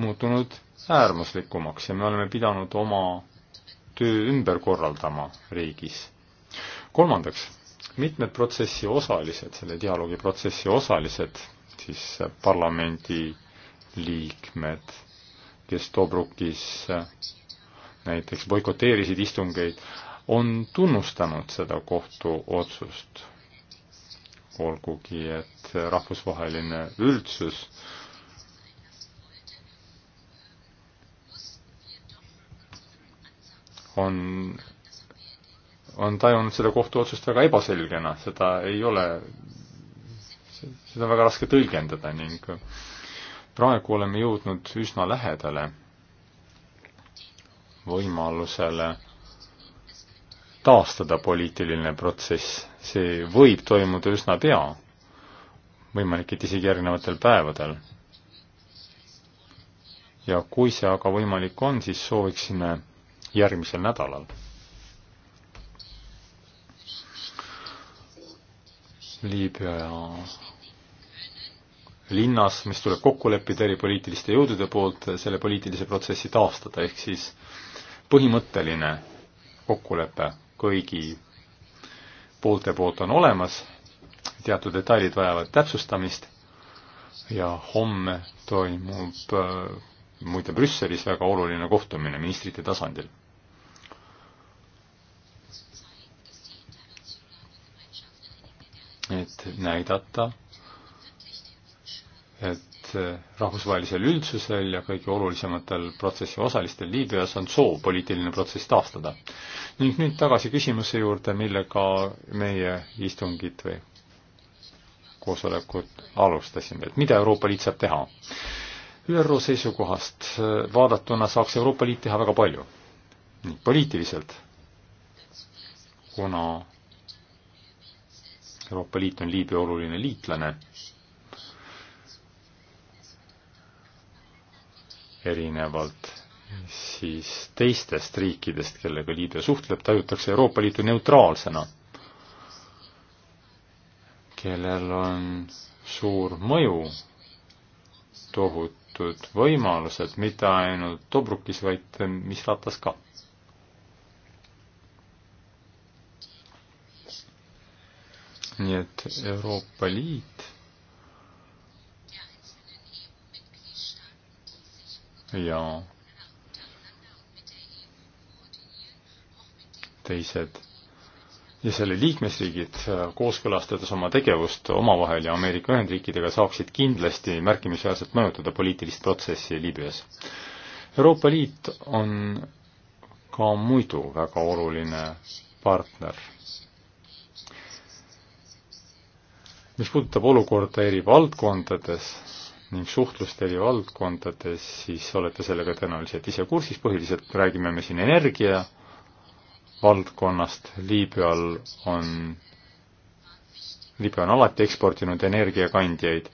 muutunud äärmuslikumaks ja me oleme pidanud oma töö ümber korraldama riigis. kolmandaks, mitmed protsessi osalised, selle dialoogiprotsessi osalised, siis parlamendi liikmed, kes Tobrukis äh, näiteks boikoteerisid istungeid, on tunnustanud seda kohtuotsust. olgugi, et rahvusvaheline üldsus on, on tajunud seda kohtuotsust väga ebaselgena, seda ei ole, seda on väga raske tõlgendada ning praegu oleme jõudnud üsna lähedale võimalusele taastada poliitiline protsess, see võib toimuda üsna pea, võimalik, et isegi järgnevatel päevadel. ja kui see aga võimalik on, siis sooviksime järgmisel nädalal Liibüa ja linnas, mis tuleb kokku leppida eri poliitiliste jõudude poolt, selle poliitilise protsessi taastada, ehk siis põhimõtteline kokkulepe kõigi poolte poolt on olemas, teatud detailid vajavad täpsustamist ja homme toimub äh, muide Brüsselis väga oluline kohtumine ministrite tasandil et näidata, et eh, rahvusvahelisel üldsusel ja kõige olulisematel protsessi osalistel Liibüas on soov poliitiline protsess taastada. ning nüüd tagasi küsimuse juurde, millega meie istungit või koosolekut alustasime, et mida Euroopa Liit saab teha. ÜRO seisukohast eh, vaadatuna saaks Euroopa Liit teha väga palju, nii poliitiliselt, kuna Euroopa Liit on Liibüa oluline liitlane erinevalt siis teistest riikidest, kellega liidu suhtleb, tajutakse Euroopa Liitu neutraalsena, kellel on suur mõju, tohutud võimalused, mitte ainult Tobrukis, vaid mis ratas ka. nii et Euroopa Liit ja teised ja selle liikmesriigid äh, kooskõlastades oma tegevust omavahel ja Ameerika Ühendriikidega saaksid kindlasti märkimisväärselt mõjutada poliitilist protsessi Liibüas. Euroopa Liit on ka muidu väga oluline partner. mis puudutab olukorda eri valdkondades, ning suhtlust eri valdkondades, siis olete sellega tõenäoliselt ise kursis, põhiliselt räägime me siin energia valdkonnast, Liibüal on, Liibüa on alati eksportinud energiakandjaid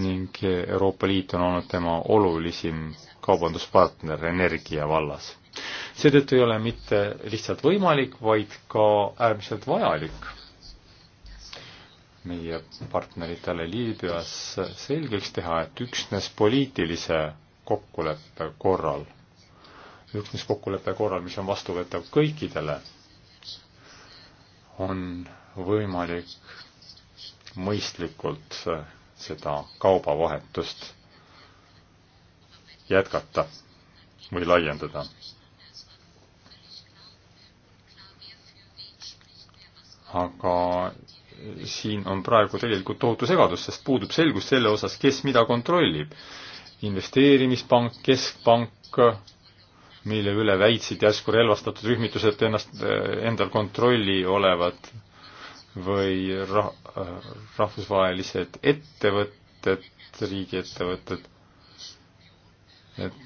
ning Euroopa Liit on olnud tema olulisim kaubanduspartner energia vallas. seetõttu ei ole mitte lihtsalt võimalik, vaid ka äärmiselt vajalik meie partneritele Liibüas selgeks teha, et üksnes poliitilise kokkuleppe korral, üksnes kokkuleppe korral, mis on vastuvõetav kõikidele, on võimalik mõistlikult seda kaubavahetust jätkata või laiendada. aga siin on praegu tegelikult tohutu segadus, sest puudub selgus selle osas, kes mida kontrollib. investeerimispank, keskpank, mille üle väitsid järsku relvastatud rühmitused ennast, endal kontrolli olevat või rah-, rahvusvahelised ettevõtted, riigiettevõtted, et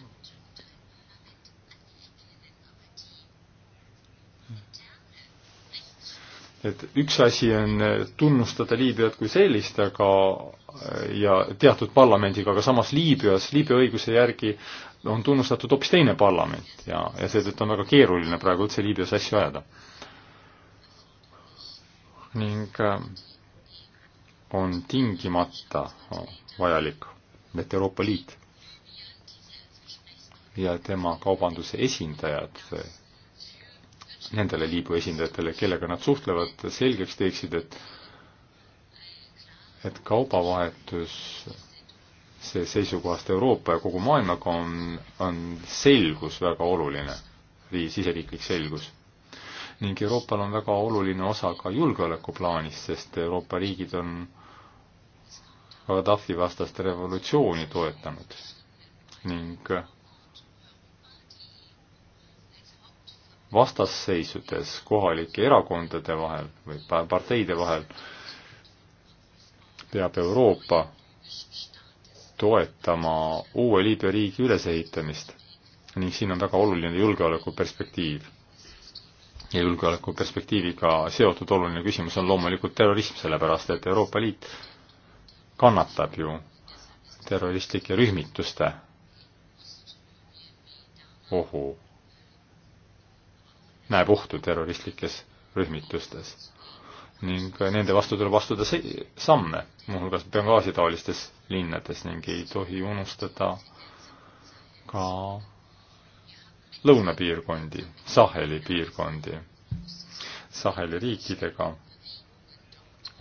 et üks asi on äh, tunnustada Liibüat kui sellist, aga äh, ja teatud parlamendiga, aga samas Liibüas, Liibüa õiguse järgi on tunnustatud hoopis teine parlament ja, ja seetõttu on väga keeruline praegu üldse Liibüas asju ajada. ning äh, on tingimata vajalik, et Euroopa Liit ja tema kaubanduse esindajad nendele Liibüa esindajatele, kellega nad suhtlevad, selgeks teeksid, et et kaubavahetus see seisukohast Euroopa ja kogu maailmaga on, on selgus väga oluline, siseriiklik selgus. ning Euroopal on väga oluline osa ka julgeolekuplaanis, sest Euroopa riigid on Gaddafi vastast revolutsiooni toetanud ning vastasseisudes kohalike erakondade vahel või parteide vahel, peab Euroopa toetama uue liiduriigi ülesehitamist ning siin on väga oluline julgeolekuperspektiiv. ja julgeolekuperspektiiviga seotud oluline küsimus on loomulikult terrorism, sellepärast et Euroopa Liit kannatab ju terroristlike rühmituste ohu näeb ohtu terroristlikes rühmitustes. ning nende vastu tuleb astuda samme, muuhulgas Benghazi-taolistes linnades ning ei tohi unustada ka lõunapiirkondi, Saheli piirkondi. Saheli riikidega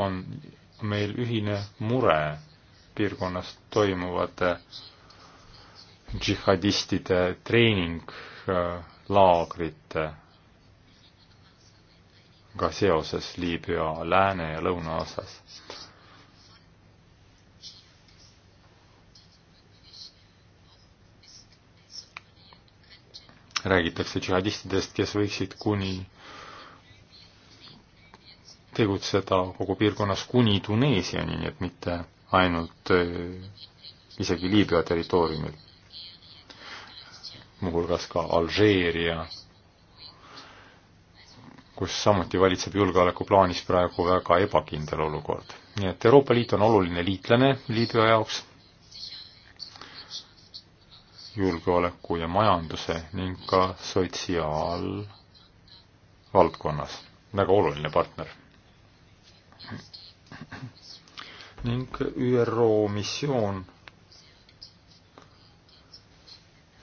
on meil ühine mure piirkonnas toimuvate džihadistide treeninglaagrite ka seoses Liibüa lääne ja lõunaosas. räägitakse džihadistidest, kes võiksid kuni tegutseda kogu piirkonnas kuni Tuneesiani, nii et mitte ainult äh, isegi Liibüa territooriumil. muuhulgas ka Alžeeria kus samuti valitseb julgeolekuplaanis praegu väga ebakindel olukord. nii et Euroopa Liit on oluline liitlane liidu jaoks julgeoleku ja majanduse ning ka sotsiaalvaldkonnas, väga oluline partner. ning ÜRO missioon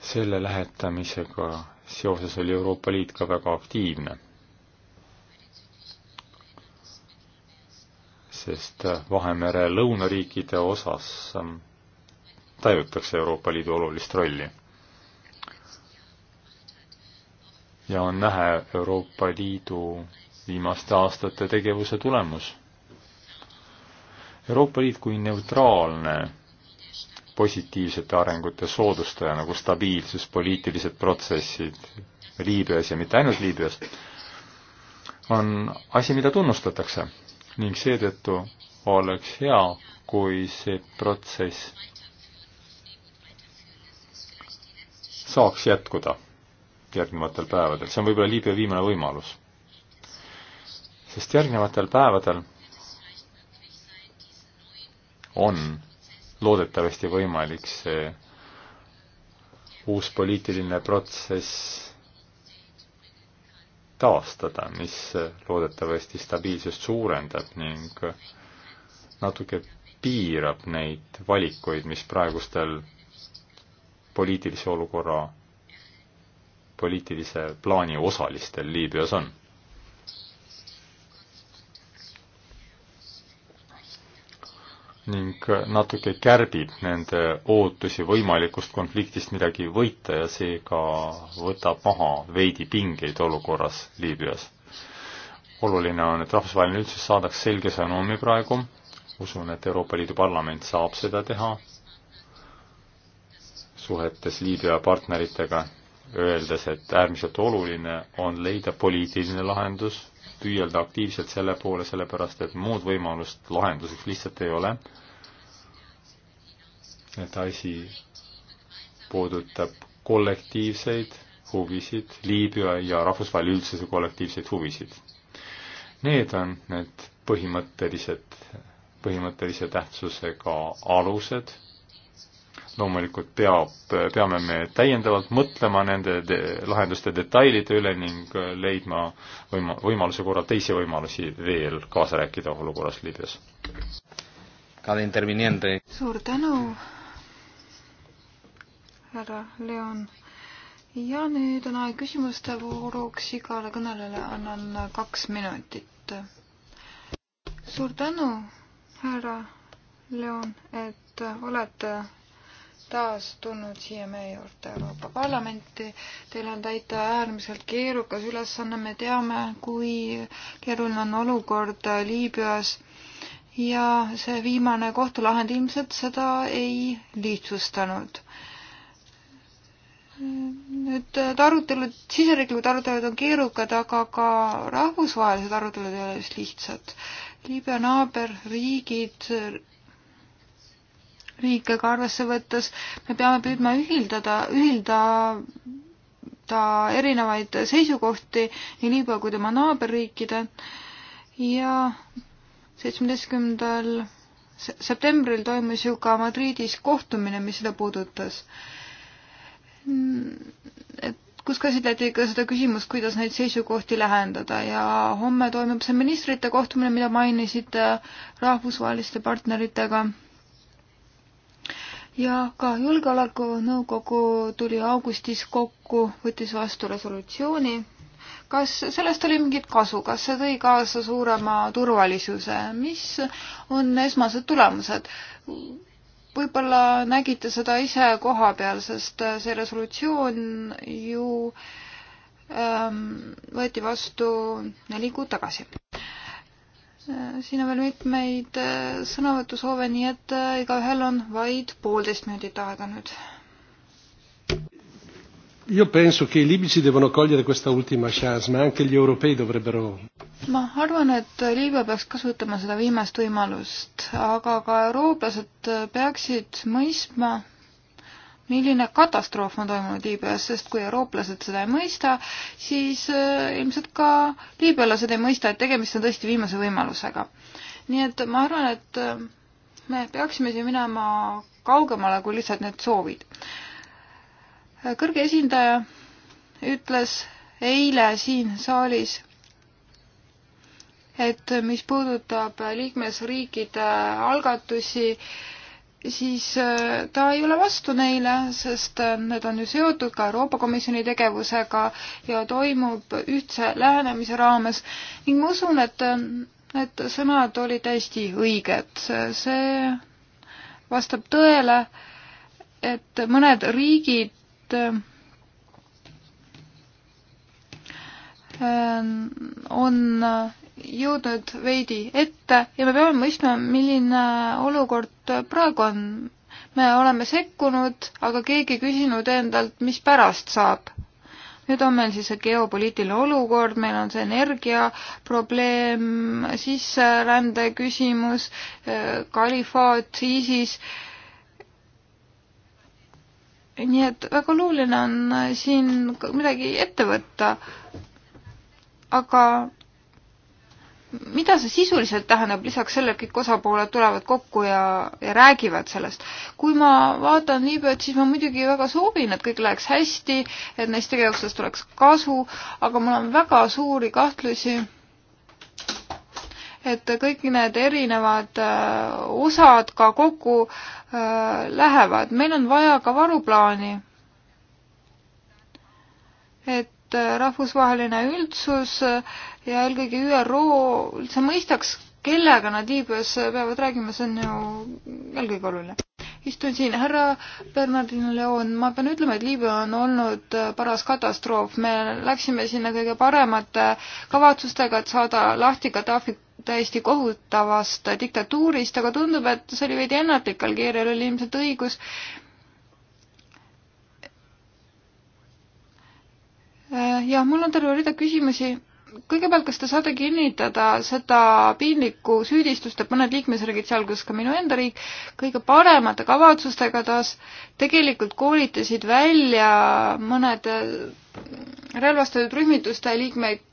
selle lähetamisega seoses oli Euroopa Liit ka väga aktiivne sest äh, Vahemere lõunariikide osas ähm, tajutakse Euroopa Liidu olulist rolli. ja on nähe Euroopa Liidu viimaste aastate tegevuse tulemus. Euroopa Liit kui neutraalne positiivsete arengute soodustaja nagu stabiilsus, poliitilised protsessid Liibüas ja mitte ainult Liibüas, on asi, mida tunnustatakse ning seetõttu oleks hea, kui see protsess saaks jätkuda järgnevatel päevadel, see on võib-olla Liibüa viimane võimalus. sest järgnevatel päevadel on loodetavasti võimalik see uus poliitiline protsess taastada, mis loodetavasti stabiilsust suurendab ning natuke piirab neid valikuid, mis praegustel poliitilise olukorra, poliitilise plaani osalistel Liibüas on ning natuke kärbib nende ootusi võimalikust konfliktist midagi võita ja seega võtab maha veidi pingeid olukorras Liibüas. oluline on, et rahvusvaheline üldsus saadaks selge sõnumi praegu, usun, et Euroopa Liidu Parlament saab seda teha suhetes Liibüa partneritega, öeldes, et äärmiselt oluline on leida poliitiline lahendus püüelda aktiivselt selle poole, sellepärast et muud võimalust lahenduseks lihtsalt ei ole. et asi puudutab kollektiivseid huvisid, Liibüa ja rahvusvahelise üldsuse kollektiivseid huvisid. Need on need põhimõttelised, põhimõttelise tähtsusega alused loomulikult peab, peame me täiendavalt mõtlema nende de, lahenduste detailide üle ning leidma võima-, võimaluse korral teisi võimalusi veel kaasa rääkida olukorras Liibüas. suur tänu, härra Leon. ja nüüd on aeg küsimuste vooruks, igale kõnelejale annan kaks minutit. suur tänu, härra Leon, et olete taas tulnud siia meie juurde Euroopa Parlamenti. Teil on täita äärmiselt keerukas ülesanne, me teame, kui keeruline on olukord Liibüas ja see viimane kohtulahend ilmselt seda ei lihtsustanud. Need arutelud, siseriiklikud arutelud on keerukad, aga ka rahvusvahelised arutelud ei ole just lihtsad. Liibüa naaberriigid riike ka arvesse võttes, me peame püüdma ühildada, ühilda ta erinevaid seisukohti nii Liibüa kui tema naaberriikide ja seitsmeteistkümnendal septembril toimus ju ka Madridis kohtumine, mis seda puudutas. et kus käsitleti ka seda küsimust, kuidas neid seisukohti lähendada ja homme toimub see ministrite kohtumine, mida mainisite rahvusvaheliste partneritega ja ka Julgeolekunõukogu tuli augustis kokku, võttis vastu resolutsiooni. kas sellest oli mingit kasu, kas see tõi kaasa suurema turvalisuse, mis on esmased tulemused? võib-olla nägite seda ise koha peal, sest see resolutsioon ju ähm, võeti vastu neli kuud tagasi siin on veel mitmeid äh, sõnavõtusoove, nii et äh, igaühel on vaid poolteist minutit aega nüüd. Io penso che i libici devono cogliere questa ultima chance, ma anche gli europei dovrebbero. ma arvan, et Liibüa peaks kasutama seda viimast võimalust, aga ka eurooplased peaksid mõistma, milline katastroof on toimunud Liibüas, sest kui eurooplased seda ei mõista, siis äh, ilmselt ka liibüalased ei mõista, et tegemist on tõesti viimase võimalusega. nii et ma arvan, et äh, me peaksime siin minema kaugemale kui lihtsalt need soovid. Äh, kõrge esindaja ütles eile siin saalis, et mis puudutab liikmesriikide algatusi, siis äh, ta ei ole vastu neile, sest äh, need on ju seotud ka Euroopa Komisjoni tegevusega ja toimub ühtse lähenemise raames ning ma usun, et need äh, sõnad olid täiesti õiged. see vastab tõele, et mõned riigid on jõudnud veidi ette ja me peame mõistma, milline olukord praegu on. me oleme sekkunud, aga keegi ei küsinud endalt, mis pärast saab. nüüd on meil siis see geopoliitiline olukord, meil on see energiaprobleem, sisserände küsimus, kalifaat, ISIS nii et väga oluline on siin midagi ette võtta. aga mida see sisuliselt tähendab, lisaks sellele kõik osapooled tulevad kokku ja, ja räägivad sellest. kui ma vaatan Liibüat, siis ma muidugi väga soovin, et kõik läheks hästi, et neist tegevustest oleks kasu, aga mul on väga suuri kahtlusi, et kõik need erinevad äh, osad ka kokku äh, lähevad. meil on vaja ka varuplaani. et Äh, rahvusvaheline üldsus äh, ja eelkõige ÜRO üldse mõistaks, kellega nad Liibüas äh, peavad rääkima, see on ju eelkõige oluline. istun siin, härra Bernardino Leon, ma pean ütlema, et Liibüa on olnud paras katastroof, me läksime sinna kõige paremate kavatsustega, et saada lahti Gaddafi täiesti kohutavast diktatuurist, aga tundub, et see oli veidi ennatlik, Algeerial oli ilmselt õigus Äh, jah, mul on terve rida küsimusi. kõigepealt, kas te saate kinnitada seda piinlikku süüdistust, et mõned liikmesriigid, sealhulgas ka minu enda riik, kõige paremate kavatsustega taas tegelikult koolitasid välja mõned äh, relvastatud rühmituste liikmeid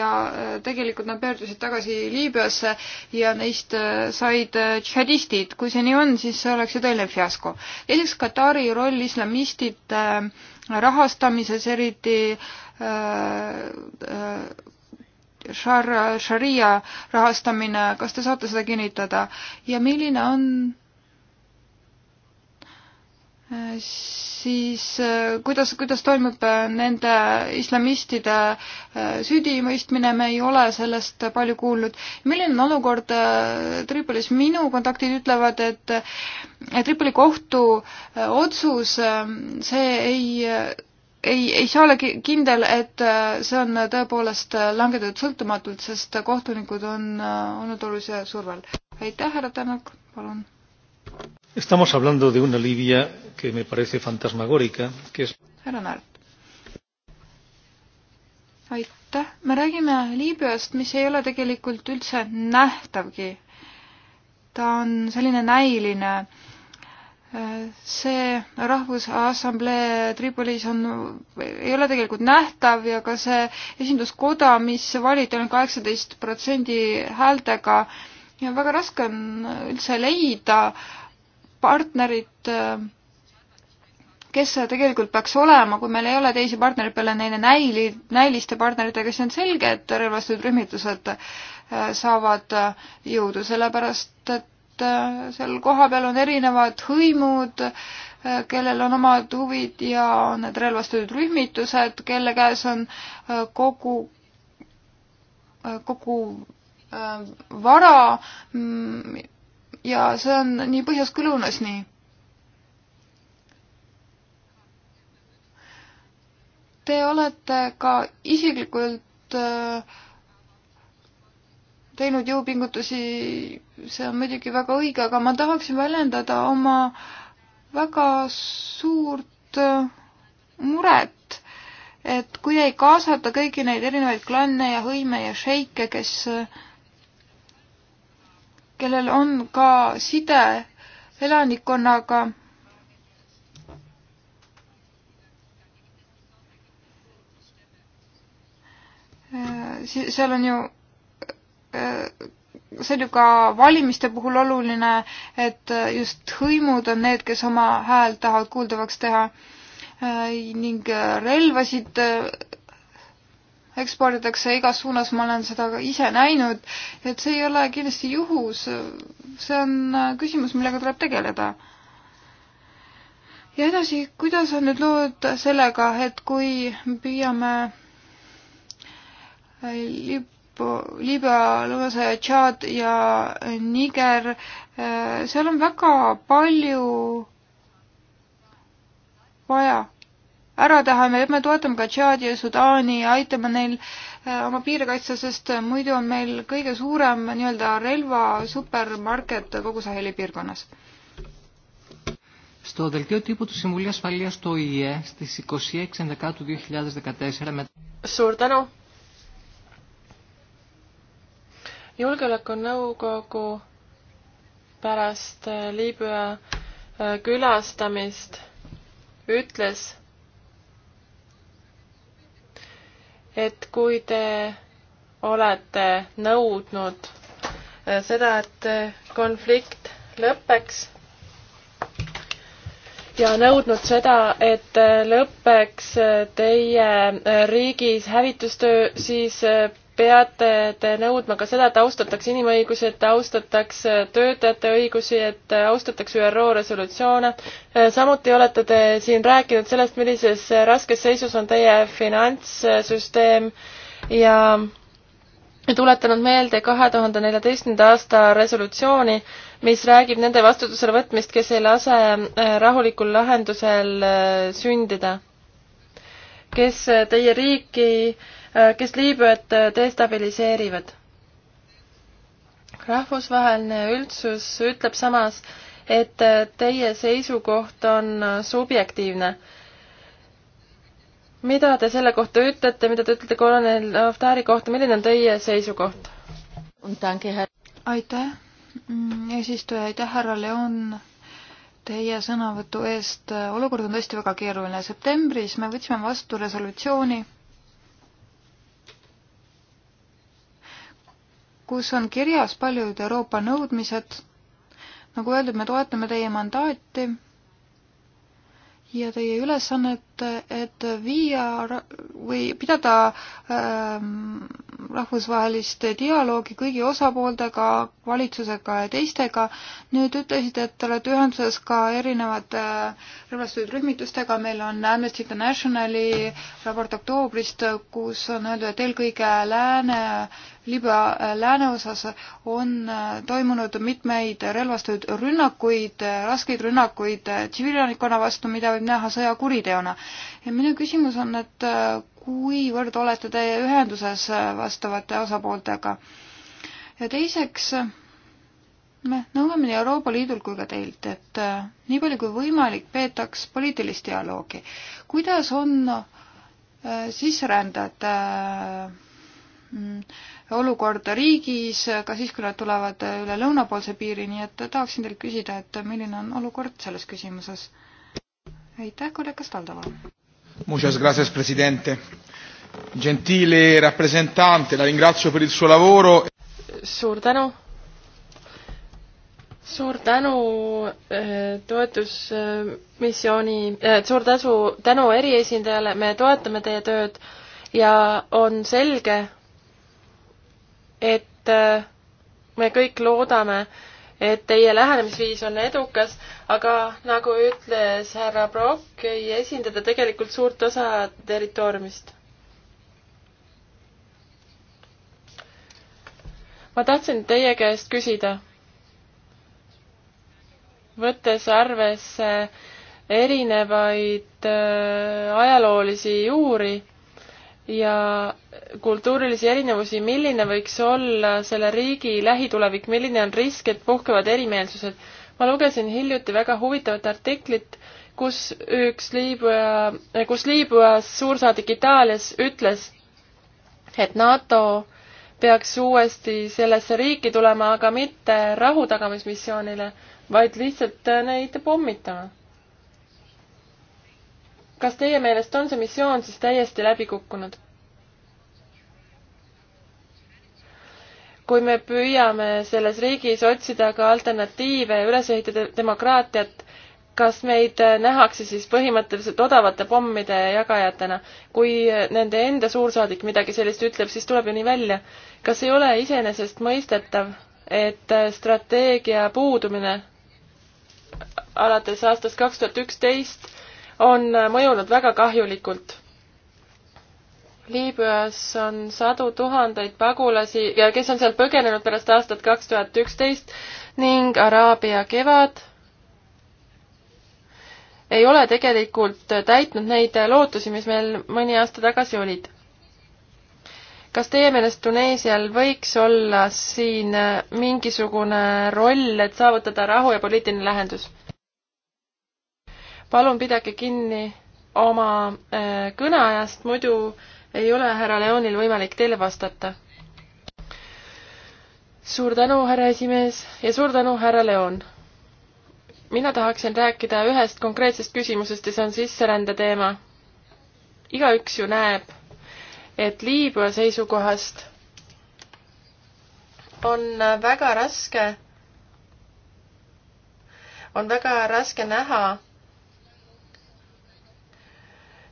ja äh, tegelikult nad pöördusid tagasi Liibüasse ja neist said džihadistid. kui see nii on, siis see oleks ju tõeline fiasko. teiseks Katari roll islamistide äh, rahastamises, eriti šar-, äh, äh, šaria rahastamine, kas te saate seda kinnitada ja milline on siis äh, kuidas, kuidas toimub äh, nende islamistide äh, süüdimõistmine, me ei ole sellest palju kuulnud. milline on olukord Tripolis? minu kontaktid ütlevad, et Tripoli kohtu otsus, see ei ei, ei saa olla kindel, et see on tõepoolest langetatud sõltumatult, sest kohtunikud on olnud olulise survel. aitäh, härra Tänak, palun Estamos hablando de una Libia que me parece fantasmagórica, kes härra Naart. aitäh, me räägime Liibüast, mis ei ole tegelikult üldse nähtavgi. ta on selline näiline. see Rahvusassamblee Tripolis on, ei ole tegelikult nähtav ja ka see esinduskoda, mis valiti ainult kaheksateist protsendi häältega ja väga raske on üldse leida äh, partnerid, kes see tegelikult peaks olema, kui meil ei ole teisi partnereid peale neile näili, näiliste partneritega, siis on selge, et relvastatud rühmitused äh, saavad äh, jõudu, sellepärast et äh, seal kohapeal on erinevad hõimud, kellel on omad huvid ja on need relvastatud rühmitused, kelle käes on kogu, kogu vara, mm, ja see on nii põhjas kui lõunas nii. Te olete ka isiklikult äh, teinud jõupingutusi, see on muidugi väga õige, aga ma tahaksin väljendada oma väga suurt äh, muret et kui ei kaasata kõiki neid erinevaid klanne ja hõime ja šeike, kes äh, kellel on ka side elanikkonnaga. seal on ju, see on ju ka valimiste puhul oluline, et just hõimud on need, kes oma häält tahavad kuuldavaks teha ning relvasid eksporditakse igas suunas, ma olen seda ka ise näinud, et see ei ole kindlasti juhus. see on äh, küsimus, millega tuleb tegeleda. ja edasi, kuidas on nüüd lood sellega, et kui püüame Liibu, äh, Liibüa, Lõunase Tšaad ja Niger, äh, seal on väga palju vaja ära teha, me peame toetama ka Tšaadi ja Sudaani ja aitama neil äh, oma piire kaitsta, sest äh, muidu on meil kõige suurem nii-öelda relva supermarket kogu Saheli piirkonnas. Στο δελτίο τύπου του Συμβουλίου Ασφαλείας του ΟΗΕ στις 26 Δεκάτου 2014 με... Suur tänu! julgeolekunõukogu pärast äh, Liibüa külastamist ütles et kui te olete nõudnud äh, seda, et äh, konflikt lõpeks ja nõudnud seda, et äh, lõpeks teie riigis hävitustöö, siis peate te nõudma ka seda, et austatakse inimõigusi, et austataks töötajate õigusi, et austataks ÜRO resolutsioone. samuti olete te siin rääkinud sellest, millises raskes seisus on teie finantssüsteem ja tuletanud meelde kahe tuhande neljateistkümnenda aasta resolutsiooni, mis räägib nende vastutusele võtmist, kes ei lase rahulikul lahendusel sündida. kes teie riiki äh, Äh, kes Liibüat äh, destabiliseerivad. rahvusvaheline üldsus ütleb samas, et äh, teie seisukoht on subjektiivne. mida te selle kohta ütlete, mida te ütlete kolonel Aftari kohta, milline on teie seisukoht? aitäh, mm, eesistuja, aitäh, härra Leon teie sõnavõtu eest. olukord on tõesti väga keeruline. septembris me võtsime vastu resolutsiooni kus on kirjas paljud Euroopa nõudmised. nagu öeldud, me toetame teie mandaati ja teie ülesannet, et viia või pidada ähm, rahvusvahelist dialoogi kõigi osapooltega, valitsusega ja teistega. nüüd ütlesite, et te olete ühenduses ka erinevate äh, relvastatud rühmitustega, meil on Amnesty Internationali raport oktoobrist, kus on öeldud, et eelkõige Lääne äh, Liibüa äh, lääneosas on äh, toimunud mitmeid relvastatud rünnakuid, äh, raskeid rünnakuid tsiviilelanikkonna vastu, mida võib näha sõjakuriteona. ja minu küsimus on, et kuivõrd olete te ühenduses vastavate osapooltega? ja teiseks, me nõuame nii Euroopa Liidult kui ka teilt, et nii palju kui võimalik peetaks poliitilist dialoogi. kuidas on sisserändajate mm, olukorda riigis ka siis, kui nad tulevad üle lõunapoolse piiri, nii et tahaksin teilt küsida, et milline on olukord selles küsimuses. aitäh, kolleeg Kastaldova. Muchas gracias, presidente. Gentile rappresentante, la ringrazio per il suo lavoro. suur tänu. suur tänu eh, toetusmissiooni, eh, suur tasu, tänu eriesindajale, me toetame teie tööd ja on selge, et äh, me kõik loodame, et teie lähenemisviis on edukas, aga nagu ütles härra Brock, ei esinda ta tegelikult suurt osa territooriumist. ma tahtsin teie käest küsida, võttes arvesse erinevaid äh, ajaloolisi juuri ja kultuurilisi erinevusi, milline võiks olla selle riigi lähitulevik, milline on risk, et puhkevad erimeelsused. ma lugesin hiljuti väga huvitavat artiklit, kus üks Liibüa, kus Liibüas suursaadik Itaalias ütles, et NATO peaks uuesti sellesse riiki tulema, aga mitte rahu tagamismissioonile, vaid lihtsalt neid pommitama kas teie meelest on see missioon siis täiesti läbi kukkunud? kui me püüame selles riigis otsida ka alternatiive ja üles ehitada demokraatiat, kas meid nähakse siis põhimõtteliselt odavate pommide jagajatena? kui nende enda suursaadik midagi sellist ütleb, siis tuleb ju nii välja. kas ei ole iseenesestmõistetav, et strateegia puudumine alates aastast kaks tuhat üksteist on mõjunud väga kahjulikult. Liibüas on sadu tuhandeid pagulasi ja kes on sealt põgenenud pärast aastat kaks tuhat üksteist ning Araabia kevad ei ole tegelikult täitnud neid lootusi, mis meil mõni aasta tagasi olid. kas teie meelest Tuneesial võiks olla siin mingisugune roll, et saavutada rahu ja poliitiline lahendus? palun pidage kinni oma äh, kõneajast, muidu ei ole härra Leonil võimalik teile vastata. suur tänu, härra esimees ja suur tänu, härra Leon. mina tahaksin rääkida ühest konkreetsest küsimusest ja see on sisserände teema. igaüks ju näeb, et Liibüa seisukohast on väga raske, on väga raske näha,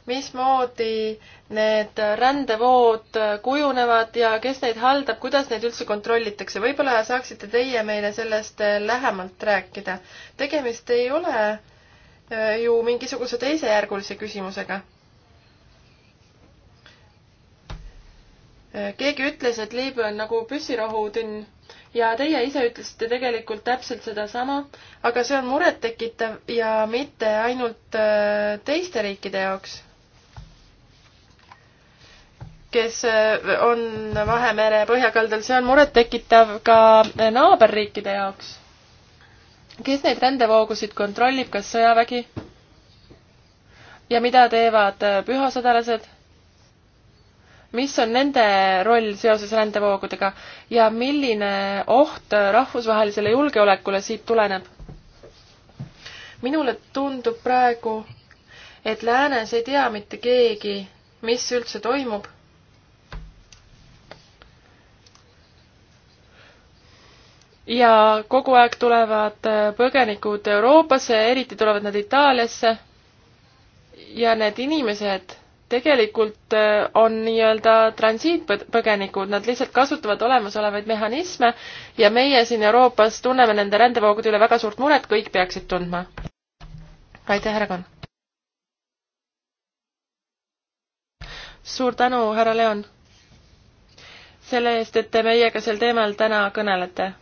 mismoodi need rändevood kujunevad ja kes neid haldab, kuidas neid üldse kontrollitakse, võib-olla saaksite teie meile sellest lähemalt rääkida. tegemist ei ole äh, ju mingisuguse teisejärgulise küsimusega. Äh, keegi ütles, et Liibüa on nagu püssirohutünn ja teie ise ütlesite tegelikult täpselt sedasama, aga see on murettekitav ja mitte ainult äh, teiste riikide jaoks kes eh, on Vahemere põhjakaldal, see on murettekitav ka naaberriikide jaoks. kes neid rändevoogusid kontrollib, kas sõjavägi? ja mida teevad eh, pühasõdalased? mis on nende roll seoses rändevoogudega ja milline oht rahvusvahelisele julgeolekule siit tuleneb? minule tundub praegu, et läänes ei tea mitte keegi, mis üldse toimub ja kogu aeg tulevad äh, põgenikud Euroopasse, eriti tulevad nad Itaaliasse. ja need inimesed tegelikult äh, on nii-öelda transiitpõgenikud, nad lihtsalt kasutavad olemasolevaid mehhanisme ja meie siin Euroopas tunneme nende rändevoogude üle väga suurt muret, kõik peaksid tundma. aitäh, härra Kann! suur tänu, härra Leon, selle eest, et te meiega sel teemal täna kõnelete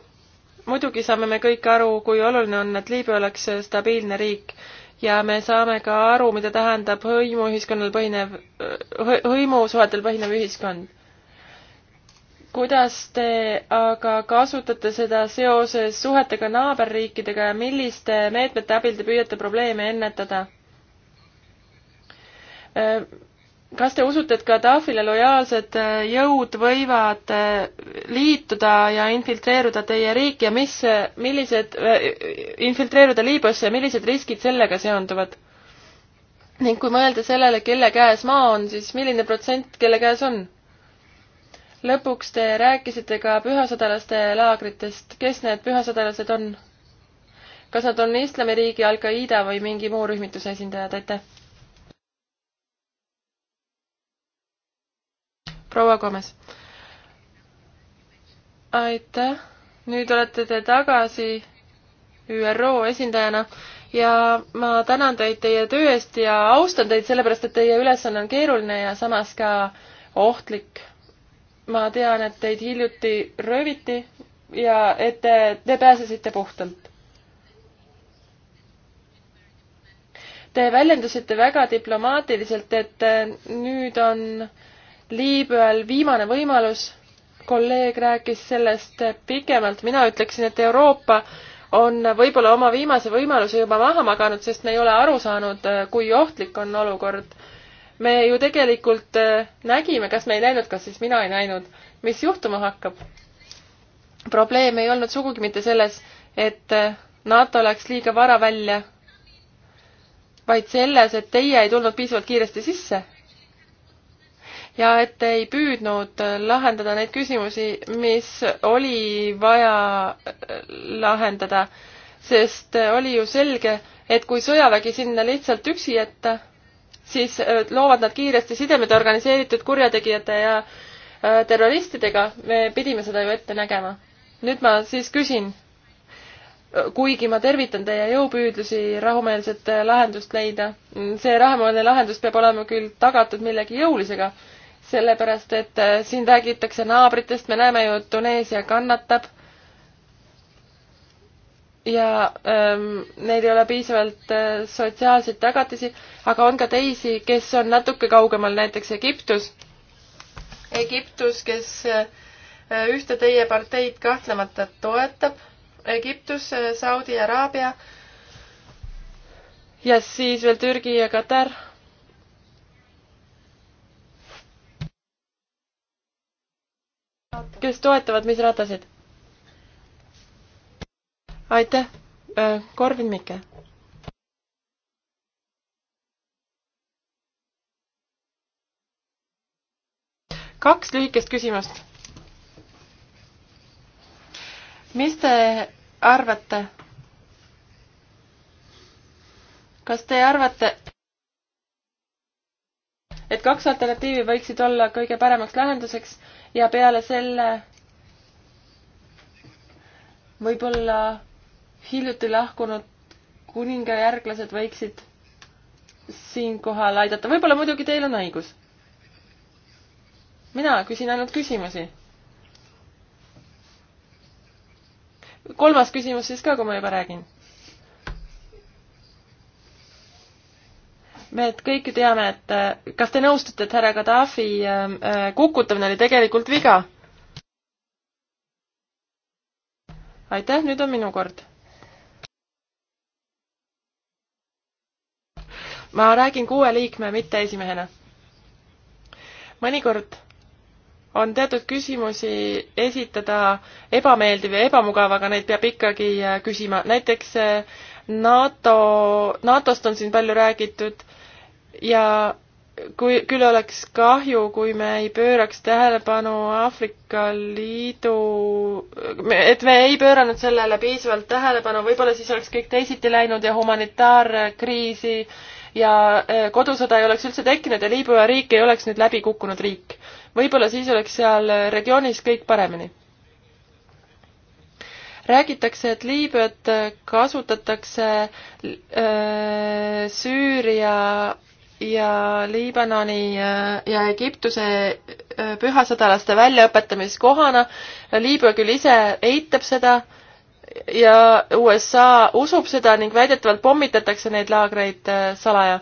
muidugi saame me kõik aru, kui oluline on, et Liibüa oleks stabiilne riik ja me saame ka aru, mida tähendab hõimuühiskonnal põhinev, hõimusuhetel põhinev ühiskond. kuidas te aga kasutate seda seoses suhetega naaberriikidega ja milliste meetmete abil te püüate probleeme ennetada? kas te usute, et Gaddafile lojaalsed äh, jõud võivad äh, liituda ja infiltreeruda teie riiki ja mis, äh, millised, infiltreeruda Liibüasse ja millised riskid sellega seonduvad? ning kui mõelda sellele, kelle käes maa on, siis milline protsent kelle käes on? lõpuks te rääkisite ka pühasõdalaste laagritest, kes need pühasõdalased on? kas nad on islamiriigi Al-Qaeda või mingi muu rühmituse esindajad, aitäh! proua Gomes. aitäh, nüüd olete te tagasi ÜRO esindajana ja ma tänan teid teie töö eest ja austan teid sellepärast, et teie ülesanne on keeruline ja samas ka ohtlik. ma tean, et teid hiljuti rööviti ja et te, te pääsesite puhtalt. Te väljendusite väga diplomaatiliselt, et nüüd on äh, Liibüal viimane võimalus, kolleeg rääkis sellest pikemalt, mina ütleksin, et Euroopa on võib-olla oma viimase võimaluse juba maha maganud, sest me ei ole aru saanud, kui ohtlik on olukord. me ju tegelikult eh, nägime, kas me ei näinud, kas siis mina ei näinud, mis juhtuma hakkab. probleem ei olnud sugugi mitte selles, et eh, NATO läks liiga vara välja, vaid selles, et teie ei tulnud piisavalt kiiresti sisse ja et ei püüdnud lahendada neid küsimusi, mis oli vaja lahendada, sest oli ju selge, et kui sõjavägi sinna lihtsalt üksi jätta, siis äh, loovad nad kiiresti sidemed organiseeritud kurjategijate ja äh, terroristidega, me pidime seda ju ette nägema. nüüd ma siis küsin, kuigi ma tervitan teie jõupüüdlusi rahumeelset äh, lahendust leida, see rahumeelne lahendus peab olema küll tagatud millegi jõulisega sellepärast et äh, siin räägitakse naabritest, me näeme ju, et Tuneesia kannatab. ja ähm, neil ei ole piisavalt äh, sotsiaalseid tagatisi, aga on ka teisi, kes on natuke kaugemal, näiteks Egiptus. Egiptus, kes äh, ühte teie parteid kahtlemata toetab. Egiptus äh,, Saudi Araabia ja siis veel Türgi ja Katar kes toetavad, mis ratasid? aitäh, äh, Korvin Mikke. kaks lühikest küsimust. mis te arvate? kas te arvate, et kaks alternatiivi võiksid olla kõige paremaks lahenduseks ja peale selle võib-olla hiljuti lahkunud kuningajärglased võiksid siinkohal aidata. võib-olla muidugi teil on õigus. mina küsin ainult küsimusi. kolmas küsimus siis ka, kui ma juba räägin me kõik ju teame, et äh, kas te nõustute, et härra Gaddafi äh, äh, kukutamine oli tegelikult viga? aitäh, nüüd on minu kord. ma räägin kuue liikme, mitte esimehena. mõnikord on teatud küsimusi esitada ebameeldiv ja ebamugav, aga neid peab ikkagi küsima. näiteks NATO, NATO-st on siin palju räägitud ja kui, küll oleks kahju, kui me ei pööraks tähelepanu Aafrika Liidu, et me ei pööranud sellele piisavalt tähelepanu, võib-olla siis oleks kõik teisiti läinud ja humanitaarkriisi ja äh, kodusõda ei oleks üldse tekkinud ja Liibüa riik ei oleks nüüd läbi kukkunud riik. võib-olla siis oleks seal regioonis kõik paremini. räägitakse, et Liibüat kasutatakse öö, äh, Süüria ja Liibanoni äh, ja Egiptuse äh, pühasõdalaste väljaõpetamiskohana. Liibüa küll ise eitab seda ja USA usub seda ning väidetavalt pommitatakse neid laagreid äh, salaja.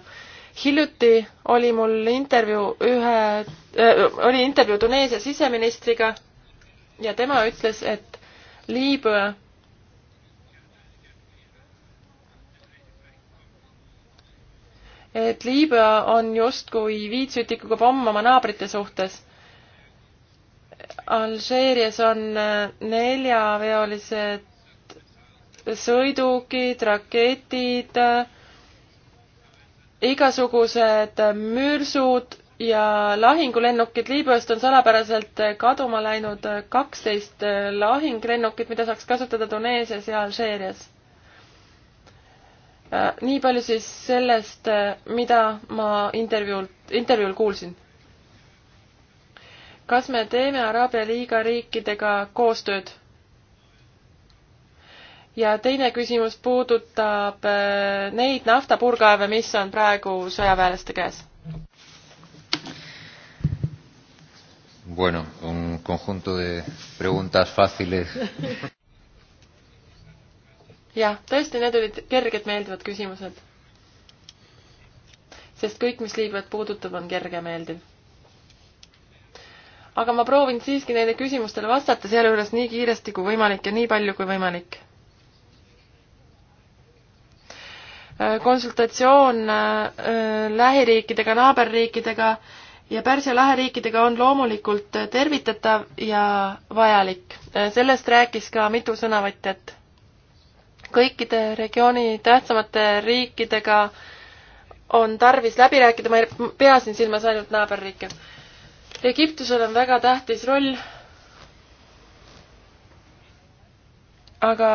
hiljuti oli mul intervjuu ühe äh,, oli intervjuu Tuneesia siseministriga ja tema ütles, et Liibüa et Liibüa on justkui viitsütikuga pomm oma naabrite suhtes. Alžeerias on äh, neljaveolised sõidukid, raketid, äh, igasugused äh, mürsud ja lahingulennukid Liibüast on salapäraselt kaduma läinud kaksteist lahinglennukit, mida saaks kasutada Tuneesias ja Alžeerias Äh, nii palju siis sellest, äh, mida ma intervjuult, intervjuul kuulsin. kas me teeme Araabia liiga riikidega koostööd? ja teine küsimus puudutab äh, neid naftapurgaeve, mis on praegu sõjaväelaste käes. Bueno, un conjunto de preguntas fáciles [laughs] jah, tõesti, need olid kerged meeldivad küsimused. sest kõik, mis liivat puudutab, on kergemeeldiv. aga ma proovin siiski neile küsimustele vastata, sealjuures nii kiiresti kui võimalik ja nii palju kui võimalik. Äh, konsultatsioon äh, lähiriikidega, naaberriikidega ja Pärsia lahe riikidega on loomulikult tervitatav ja vajalik. Äh, sellest rääkis ka mitu sõnavõtjat kõikide regiooni tähtsamate riikidega on tarvis läbi rääkida, ma ei pea siin silmas ainult naaberriike. Egiptusel on väga tähtis roll. aga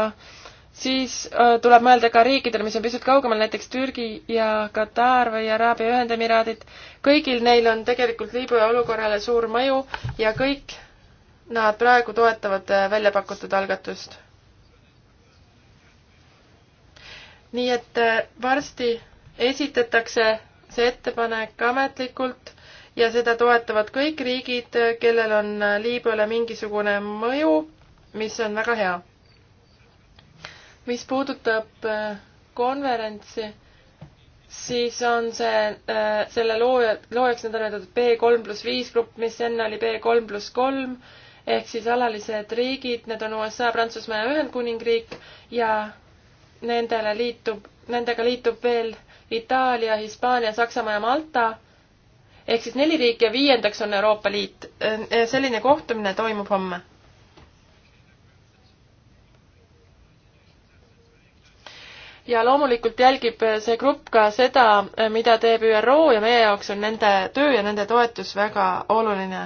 siis äh, tuleb mõelda ka riikidele, mis on pisut kaugemal, näiteks Türgi ja Katar või Araabia Ühendemiraadid. kõigil neil on tegelikult Liibüa olukorrale suur mõju ja kõik nad praegu toetavad äh, välja pakutud algatust nii et äh, varsti esitatakse see ettepanek ametlikult ja seda toetavad kõik riigid, äh, kellel on äh, Liibüale mingisugune mõju, mis on väga hea. mis puudutab konverentsi, siis on see, selle looja, loojaks on nimetatud B kolm pluss viis grupp, mis enne oli B kolm pluss kolm, ehk siis alalised riigid, need on USA, Prantsusmaa ja Ühendkuningriik ja nendele liitub, nendega liitub veel Itaalia, Hispaania, Saksamaa ja Malta ehk siis neli riiki ja viiendaks on Euroopa Liit. Äh, selline kohtumine toimub homme. ja loomulikult jälgib see grupp ka seda, mida teeb ÜRO ja meie jaoks on nende töö ja nende toetus väga oluline.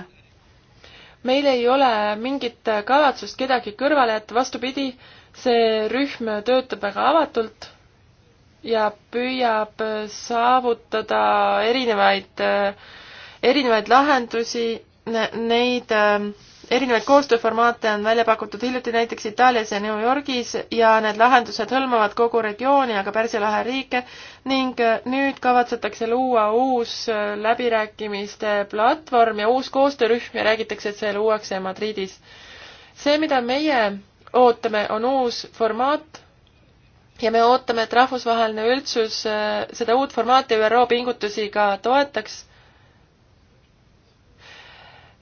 meil ei ole mingit kavatsust kedagi kõrvale jätta, vastupidi, see rühm töötab väga avatult ja püüab saavutada erinevaid, erinevaid lahendusi, neid ähm, erinevaid koostööformaate on välja pakutud hiljuti näiteks Itaalias ja New Yorgis ja need lahendused hõlmavad kogu regiooni, aga Pärsia lahe riike ning äh, nüüd kavatsetakse luua uus äh, läbirääkimiste platvorm ja uus koostöörühm ja räägitakse, et see luuakse Madridis. see, mida meie ootame, on uus formaat ja me ootame, et rahvusvaheline üldsus äh, seda uut formaati ÜRO pingutusi ka toetaks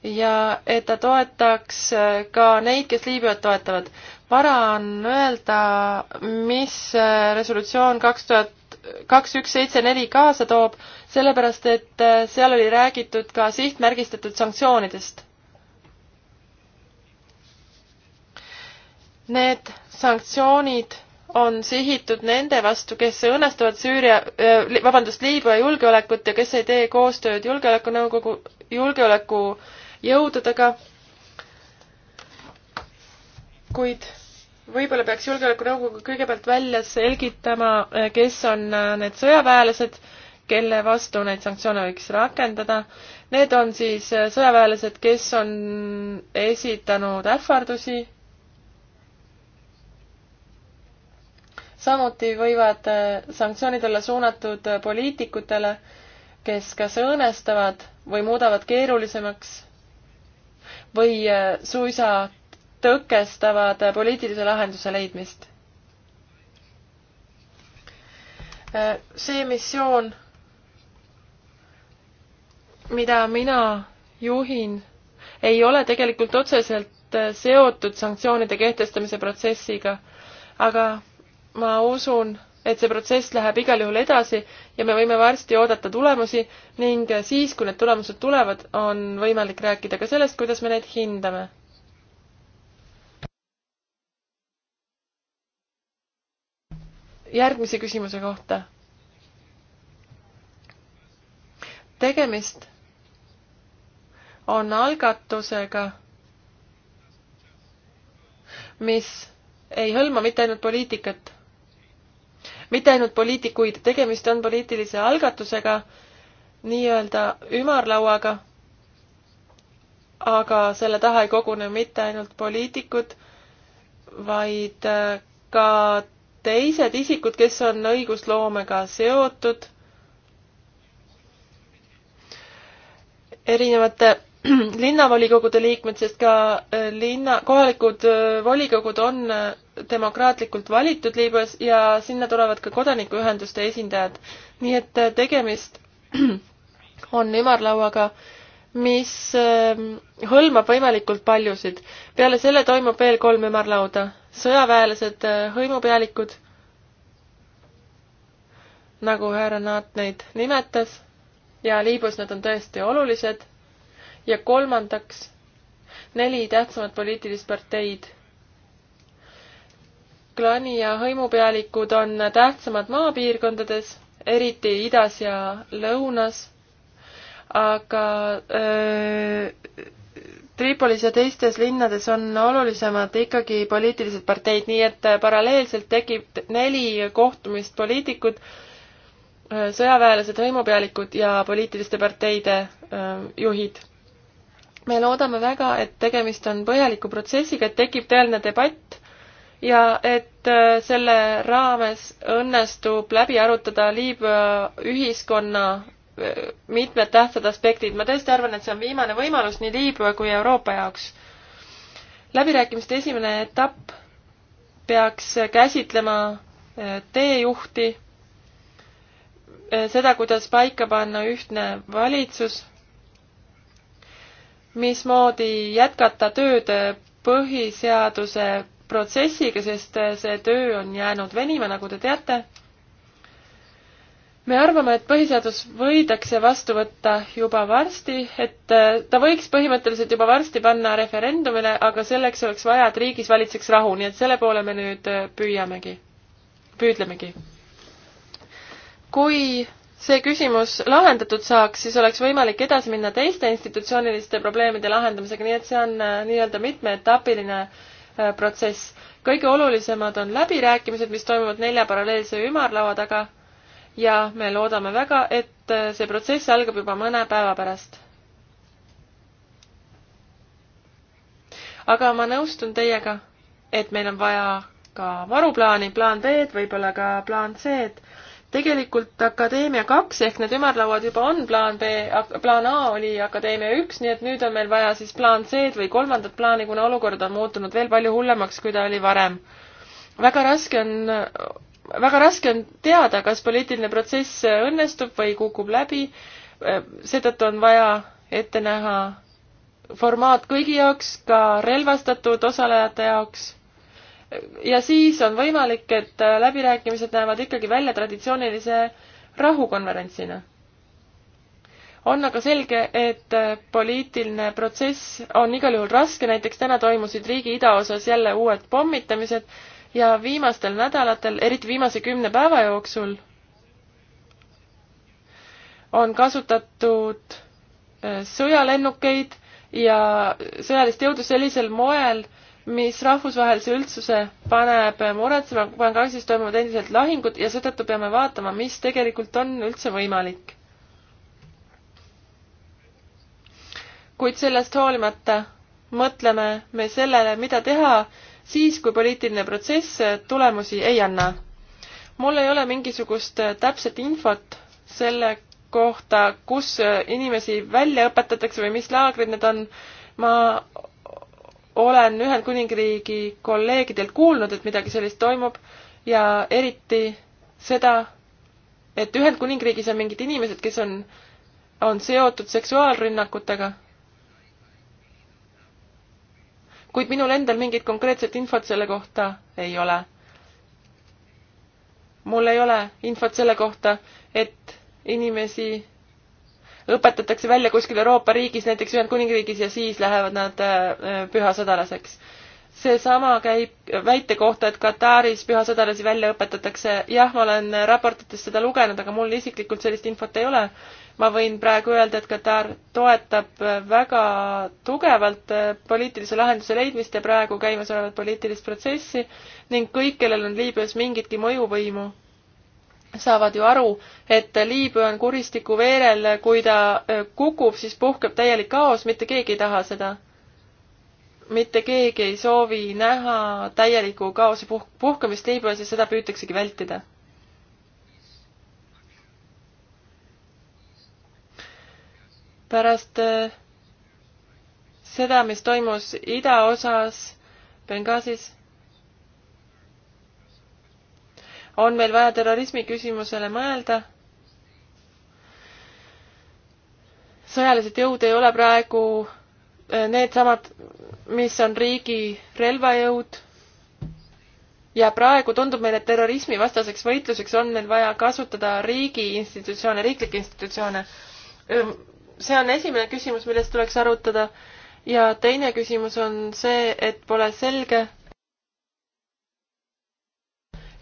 ja et ta toetaks äh, ka neid, kes Liibüat toetavad. vara on öelda, mis äh, resolutsioon kaks tuhat kaks, üks, seitse, neli kaasa toob, sellepärast et seal oli räägitud ka sihtmärgistatud sanktsioonidest Need sanktsioonid on sihitud nende vastu, kes õõnestavad Süüria, vabandust, Liibüa julgeolekut ja kes ei tee koostööd julgeolekunõukogu, julgeolekujõududega. kuid võib-olla peaks julgeolekunõukogu kõigepealt välja selgitama, kes on need sõjaväelased, kelle vastu neid sanktsioone võiks rakendada. Need on siis sõjaväelased, kes on esitanud ähvardusi samuti võivad äh, sanktsioonid olla suunatud äh, poliitikutele, kes kas õõnestavad või muudavad keerulisemaks või äh, suisa tõkestavad poliitilise lahenduse leidmist. see missioon, mida mina juhin, ei ole tegelikult otseselt seotud sanktsioonide kehtestamise protsessiga, aga ma usun, et see protsess läheb igal juhul edasi ja me võime varsti oodata tulemusi ning siis, kui need tulemused tulevad, on võimalik rääkida ka sellest, kuidas me neid hindame. järgmise küsimuse kohta. tegemist on algatusega, mis ei hõlma mitte ainult poliitikat mitte ainult poliitikuid, tegemist on poliitilise algatusega, nii-öelda ümarlauaga, aga selle taha ei kogune mitte ainult poliitikud, vaid äh, ka teised isikud, kes on õigusloomega seotud erinevate [clears throat] linnavolikogude liikmed, sest ka äh, linna, kohalikud äh, volikogud on demokraatlikult valitud Liibüas ja sinna tulevad ka kodanikuühenduste esindajad. nii et äh, tegemist [clears throat] on ümarlauaga, mis ähm, hõlmab võimalikult paljusid. peale selle toimub veel kolm ümarlauda. sõjaväelased, äh, hõimupealikud, nagu härra Naat neid nimetas, ja Liibüas nad on tõesti olulised, ja kolmandaks neli tähtsamat poliitilist parteid klani- ja hõimupealikud on tähtsamad maapiirkondades, eriti idas ja lõunas, aga öö, äh, Tripolis ja teistes linnades on olulisemad ikkagi poliitilised parteid, nii et paralleelselt tekib neli kohtumist poliitikud, äh, sõjaväelased, hõimupealikud ja poliitiliste parteide äh, juhid. me loodame väga, et tegemist on põhjaliku protsessiga, et tekib tõeline debatt ja et äh, selle raames õnnestub läbi arutada Liibüa ühiskonna äh, mitmed tähtsad aspektid. ma tõesti arvan, et see on viimane võimalus nii Liibüa kui Euroopa jaoks. läbirääkimiste esimene etapp peaks käsitlema äh, teejuhti, seda, kuidas paika panna ühtne valitsus, mismoodi jätkata tööd põhiseaduse protsessiga, sest äh, see töö on jäänud venima, nagu te teate. me arvame, et põhiseadus võidakse vastu võtta juba varsti, et äh, ta võiks põhimõtteliselt juba varsti panna referendumile, aga selleks oleks vaja, et riigis valitseks rahu, nii et selle poole me nüüd äh, püüamegi, püüdlemegi. kui see küsimus lahendatud saaks, siis oleks võimalik edasi minna teiste institutsiooniliste probleemide lahendamisega, nii et see on nii-öelda mitmeetapiline äh, Äh, protsess. kõige olulisemad on läbirääkimised, mis toimuvad nelja paralleelse ümarlaua taga ja me loodame väga, et äh, see protsess algab juba mõne päeva pärast. aga ma nõustun teiega, et meil on vaja ka varuplaani, plaan B-d, võib-olla ka plaan C-d tegelikult Akadeemia kaks ehk need ümarlauad juba on plaan B, plaan A oli Akadeemia üks, nii et nüüd on meil vaja siis plaan C-d või kolmandat plaani, kuna olukord on muutunud veel palju hullemaks, kui ta oli varem. väga raske on, väga raske on teada, kas poliitiline protsess õnnestub või kukub läbi. seetõttu on vaja ette näha formaat kõigi jaoks, ka relvastatud osalejate jaoks ja siis on võimalik, et äh, läbirääkimised näevad ikkagi välja traditsioonilise rahukonverentsina. on aga selge, et äh, poliitiline protsess on igal juhul raske, näiteks täna toimusid riigi idaosas jälle uued pommitamised ja viimastel nädalatel, eriti viimase kümne päeva jooksul, on kasutatud äh, sõjalennukeid ja sõjalist jõudu sellisel moel, mis rahvusvahelise üldsuse paneb muretsema, Bangladeshis toimuvad endiselt lahingud ja seetõttu peame vaatama, mis tegelikult on üldse võimalik. kuid sellest hoolimata mõtleme me sellele, mida teha siis, kui poliitiline protsess tulemusi ei anna. mul ei ole mingisugust täpset infot selle kohta, kus inimesi välja õpetatakse või mis laagrid need on. ma olen Ühendkuningriigi kolleegidelt kuulnud, et midagi sellist toimub ja eriti seda, et Ühendkuningriigis on mingid inimesed, kes on, on seotud seksuaalrünnakutega. kuid minul endal mingit konkreetset infot selle kohta ei ole. mul ei ole infot selle kohta, et inimesi õpetatakse välja kuskil Euroopa riigis, näiteks Ühendkuningriigis ja siis lähevad nad äh, pühasõdalaseks. seesama käib väite kohta, et Kataris pühasõdalasi välja õpetatakse. jah, ma olen raportites seda lugenud, aga mul isiklikult sellist infot ei ole. ma võin praegu öelda, et Katar toetab väga tugevalt äh, poliitilise lahenduse leidmist ja praegu käimasolevat poliitilist protsessi ning kõik, kellel on Liibüas mingitki mõjuvõimu saavad ju aru, et Liibüa on kuristiku veerel, kui ta äh, kukub, siis puhkeb täielik kaos, mitte keegi ei taha seda. mitte keegi ei soovi näha täielikku kaose puh-, puhkemist Liibüas ja seda püütaksegi vältida. pärast äh, seda, mis toimus idaosas Benghazis on meil vaja terrorismi küsimusele mõelda. sõjalised jõud ei ole praegu eh, needsamad, mis on riigi relvajõud. ja praegu tundub meile, et terrorismivastaseks võitluseks on meil vaja kasutada riigi institutsioone, riiklikke institutsioone. see on esimene küsimus, millest tuleks arutada. ja teine küsimus on see, et pole selge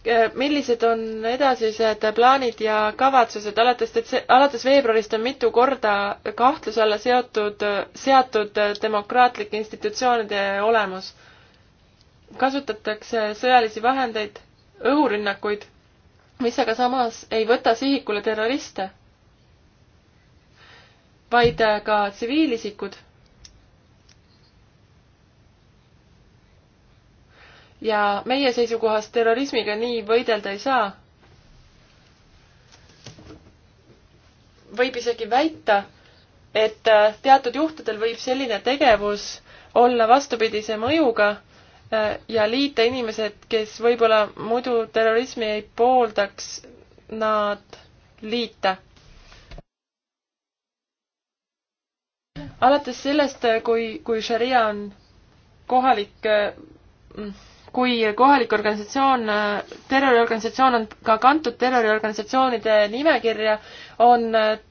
Eh, millised on edasised plaanid ja kavatsused, alates detse-, alates veebruarist on mitu korda kahtluse alla seotud, seatud demokraatlike institutsioonide olemus. kasutatakse sõjalisi vahendeid, õhurünnakuid, mis aga samas ei võta sihikule terroriste, vaid ka tsiviilisikud ja meie seisukohast terrorismiga nii võidelda ei saa. võib isegi väita, et äh, teatud juhtudel võib selline tegevus olla vastupidise mõjuga äh, ja liita inimesed, kes võib-olla muidu terrorismi ei pooldaks, nad liita. alates sellest, äh, kui, kui šaria on kohalik mm, kui kohalik organisatsioon, terroriorganisatsioon on ka kantud terroriorganisatsioonide nimekirja, on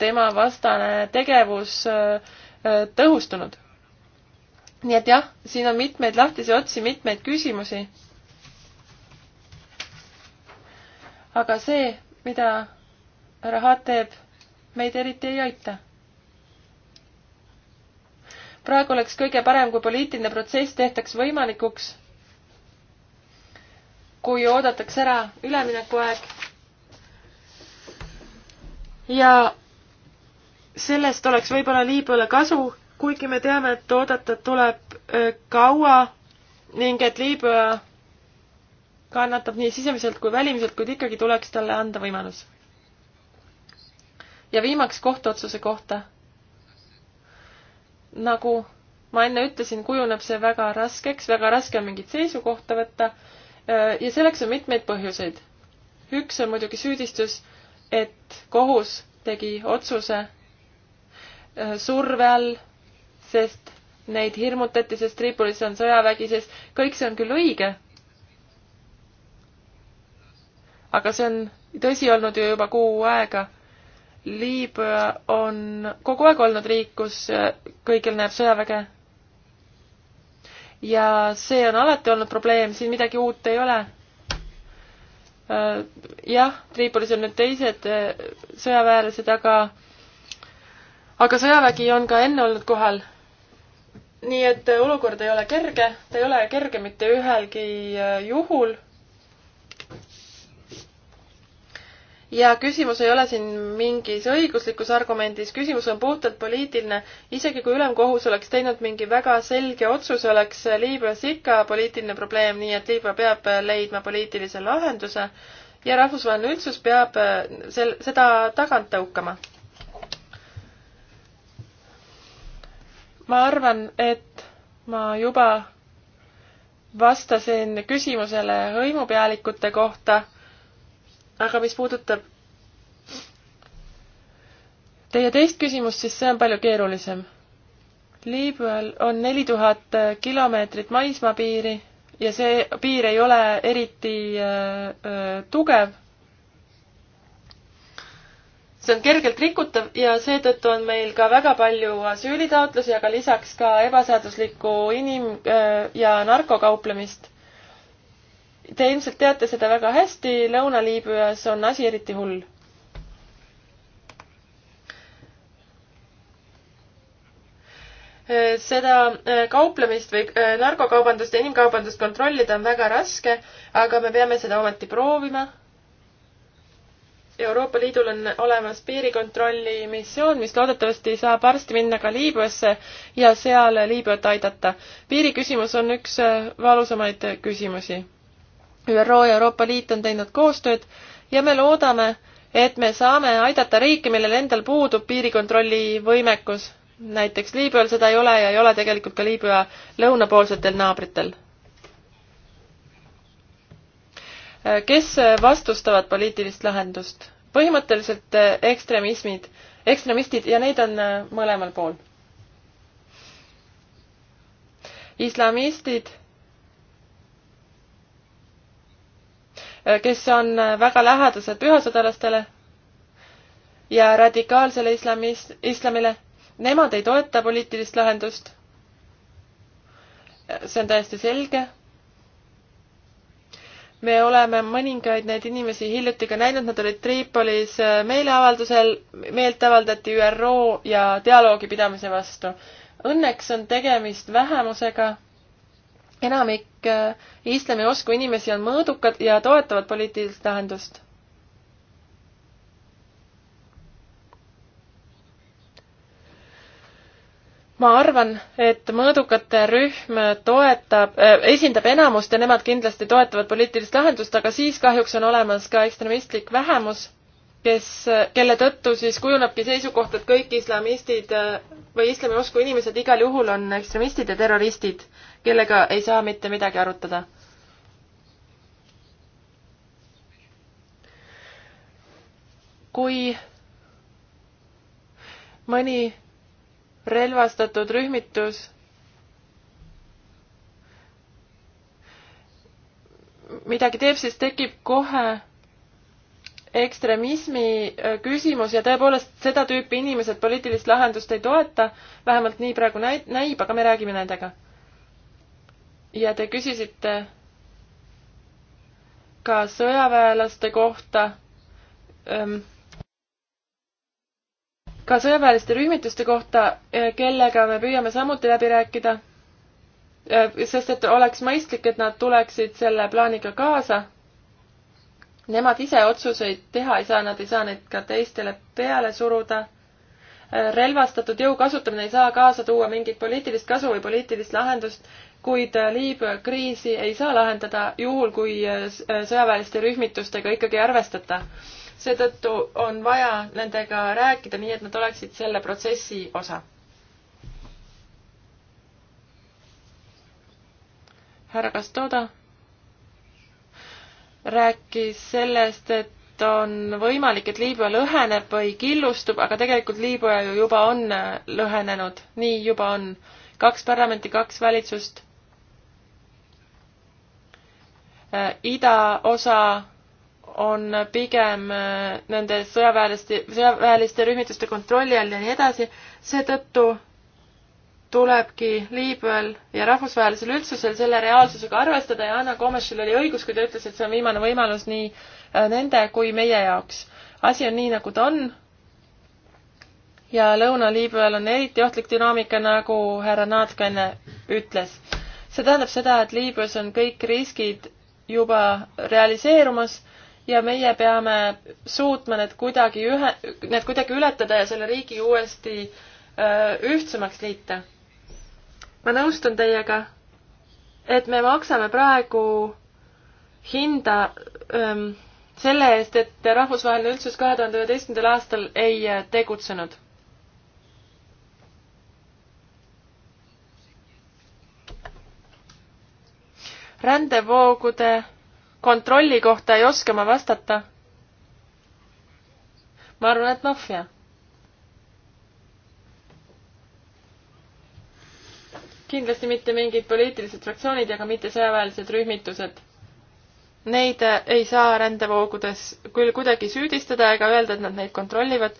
tema vastane tegevus äh, tõhustunud. nii et jah, siin on mitmeid lahtisi otsi, mitmeid küsimusi. aga see, mida rahad teeb, meid eriti ei aita praegu oleks kõige parem, kui poliitiline protsess tehtaks võimalikuks kui oodatakse ära üleminekuaeg. ja sellest oleks võib-olla Liibüale kasu, kuigi me teame, et oodata tuleb äh, kaua ning et Liibüa kannatab nii sisemiselt kui välimiselt, kuid ikkagi tuleks talle anda võimalus. ja viimaks kohtuotsuse kohta. nagu ma enne ütlesin, kujuneb see väga raskeks, väga raske on mingit seisukohta võtta Äh, ja selleks on mitmeid põhjuseid. üks on muidugi süüdistus, et kohus tegi otsuse äh, surve all, sest neid hirmutati, sest Tripolis on sõjavägi, sest kõik see on küll õige. aga see on tõsi olnud ju juba kuu aega. Liibüa on kogu aeg olnud riik, kus äh, kõigil näeb sõjaväge ja see on alati olnud probleem, siin midagi uut ei ole. Äh, jah, Tripolis on nüüd teised äh, sõjaväelased, aga, aga sõjavägi on ka enne olnud kohal. nii et olukord ei ole kerge, ta ei ole kerge mitte ühelgi äh, juhul ja küsimus ei ole siin mingis õiguslikus argumendis, küsimus on puhtalt poliitiline. isegi kui ülemkohus oleks teinud mingi väga selge otsuse, oleks Liibüas ikka poliitiline probleem, nii et Liibüa peab leidma poliitilise lahenduse ja rahvusvaheline üldsus peab äh, sel-, seda tagant tõukama. ma arvan, et ma juba vastasin küsimusele hõimupealikute kohta aga mis puudutab teie teist küsimust, siis see on palju keerulisem. Liibüal on neli tuhat äh, kilomeetrit maismaapiiri ja see piir ei ole eriti äh, äh, tugev. see on kergelt rikutav ja seetõttu on meil ka väga palju asüülitaotlusi, aga lisaks ka ebaseaduslikku inim- äh, ja narkokauplemist Te ilmselt teate seda väga hästi, Lõuna-Liibüas on asi eriti hull. seda äh, kauplemist või äh, narkokaubandust ja inimkaubandust kontrollida on väga raske, aga me peame seda ometi proovima. Euroopa Liidul on olemas piirikontrolli missioon, mis loodetavasti saab varsti minna ka Liibüasse ja seal Liibüat aidata. piiriküsimus on üks äh, valusamaid küsimusi ÜRO ja Euroopa Liit on teinud koostööd ja me loodame, et me saame aidata riike, millel endal puudub piirikontrolli võimekus. näiteks Liibüal seda ei ole ja ei ole tegelikult ka Liibüa lõunapoolsetel naabritel. kes vastustavad poliitilist lahendust? põhimõtteliselt eh, ekstremismid, ekstremistid ja neid on eh, mõlemal pool. islamistid kes on väga lähedased pühasõdalastele ja radikaalsele islamis-, islamile. Nemad ei toeta poliitilist lahendust. see on täiesti selge. me oleme mõningaid neid inimesi hiljuti ka näinud, nad olid Tripolis meeleavaldusel, meelt avaldati ÜRO ja dialoogi pidamise vastu. Õnneks on tegemist vähemusega enamik äh, islamiusku inimesi on mõõdukad ja toetavad poliitilist lahendust. ma arvan, et mõõdukate rühm toetab äh,, esindab enamust ja nemad kindlasti toetavad poliitilist lahendust, aga siis kahjuks on olemas ka ekstremistlik vähemus, kes, äh, kelle tõttu siis kujunebki seisukoht, et kõik islamistid äh, või islamiusku inimesed igal juhul on ekstremistid ja terroristid kellega ei saa mitte midagi arutada. kui mõni relvastatud rühmitus midagi teeb, siis tekib kohe ekstremismi äh, küsimus ja tõepoolest seda tüüpi inimesed poliitilist lahendust ei toeta, vähemalt nii praegu näib, aga me räägime nendega ja te küsisite ka sõjaväelaste kohta, ähm, ka sõjaväeliste rühmituste kohta, äh, kellega me püüame samuti läbi rääkida, äh, sest et oleks mõistlik, et nad tuleksid selle plaaniga kaasa. Nemad ise otsuseid teha ei saa, nad ei saa neid ka teistele peale suruda. Äh, relvastatud jõu kasutamine ei saa kaasa tuua mingit poliitilist kasu või poliitilist lahendust kuid äh, Liibüa kriisi ei saa lahendada juhul, kui äh, äh, sõjaväeliste rühmitustega ikkagi arvestada. seetõttu on vaja nendega rääkida nii, et nad oleksid selle protsessi osa. härra Kastoda rääkis sellest, et on võimalik, et Liibüa lõheneb või killustub, aga tegelikult Liibüa ju juba on lõhenenud, nii juba on. kaks parlamenti, kaks valitsust Äh, idaosa on pigem äh, nende sõjaväeliste, sõjaväeliste rühmituste kontrolli all ja nii edasi, seetõttu tulebki Liibüal ja rahvusvahelisel üldsusel selle reaalsusega arvestada ja Anna Komešil oli õigus, kui ta ütles, et see on viimane võimalus nii äh, nende kui meie jaoks. asi on nii, nagu ta on. ja Lõuna-Liibüal on eriti ohtlik dünaamika, nagu härra Naatk enne ütles. see tähendab seda, et Liibüas on kõik riskid juba realiseerumas ja meie peame suutma need kuidagi ühe, need kuidagi ületada ja selle riigi uuesti äh, ühtsemaks liita. ma nõustun teiega, et me maksame praegu hinda öö, ähm, selle eest, et rahvusvaheline üldsus kahe tuhande üheteistkümnendal aastal ei äh, tegutsenud rändevoogude kontrolli kohta ei oska ma vastata. ma arvan, et maffia. kindlasti mitte mingid poliitilised fraktsioonid ja ka mitte sõjaväelised rühmitused. Neid äh, ei saa rändevoogudes küll kuidagi süüdistada ega öelda, et nad neid kontrollivad,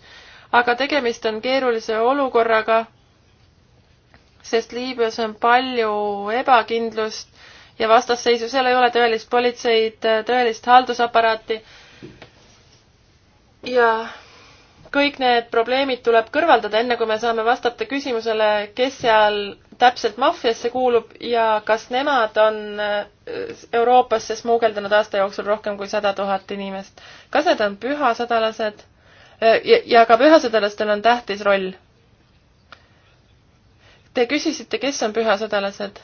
aga tegemist on keerulise olukorraga, sest Liibüas on palju ebakindlust ja vastasseisu, seal ei ole tõelist politseid, tõelist haldusaparaati. ja kõik need probleemid tuleb kõrvaldada, enne kui me saame vastata küsimusele, kes seal täpselt maffiasse kuulub ja kas nemad on äh, Euroopasse smuugeldanud aasta jooksul rohkem kui sada tuhat inimest. kas need on pühasõdalased? Äh, ja ka pühasõdalastel on tähtis roll. Te küsisite, kes on pühasõdalased?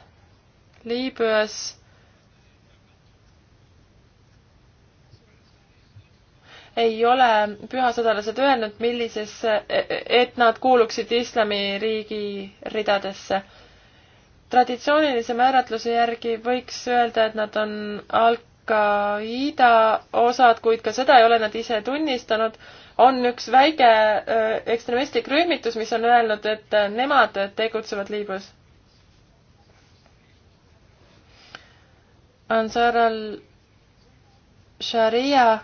Liibüas ei ole pühasõdalased öelnud, millisesse, et nad kuuluksid islamiriigi ridadesse. traditsioonilise määratluse järgi võiks öelda, et nad on Al-Qaeda osad, kuid ka seda ei ole nad ise tunnistanud. on üks väike äh, ekstremistlik rühmitus, mis on öelnud, et äh, nemad tegutsevad Liibüas Ansar al-Sharia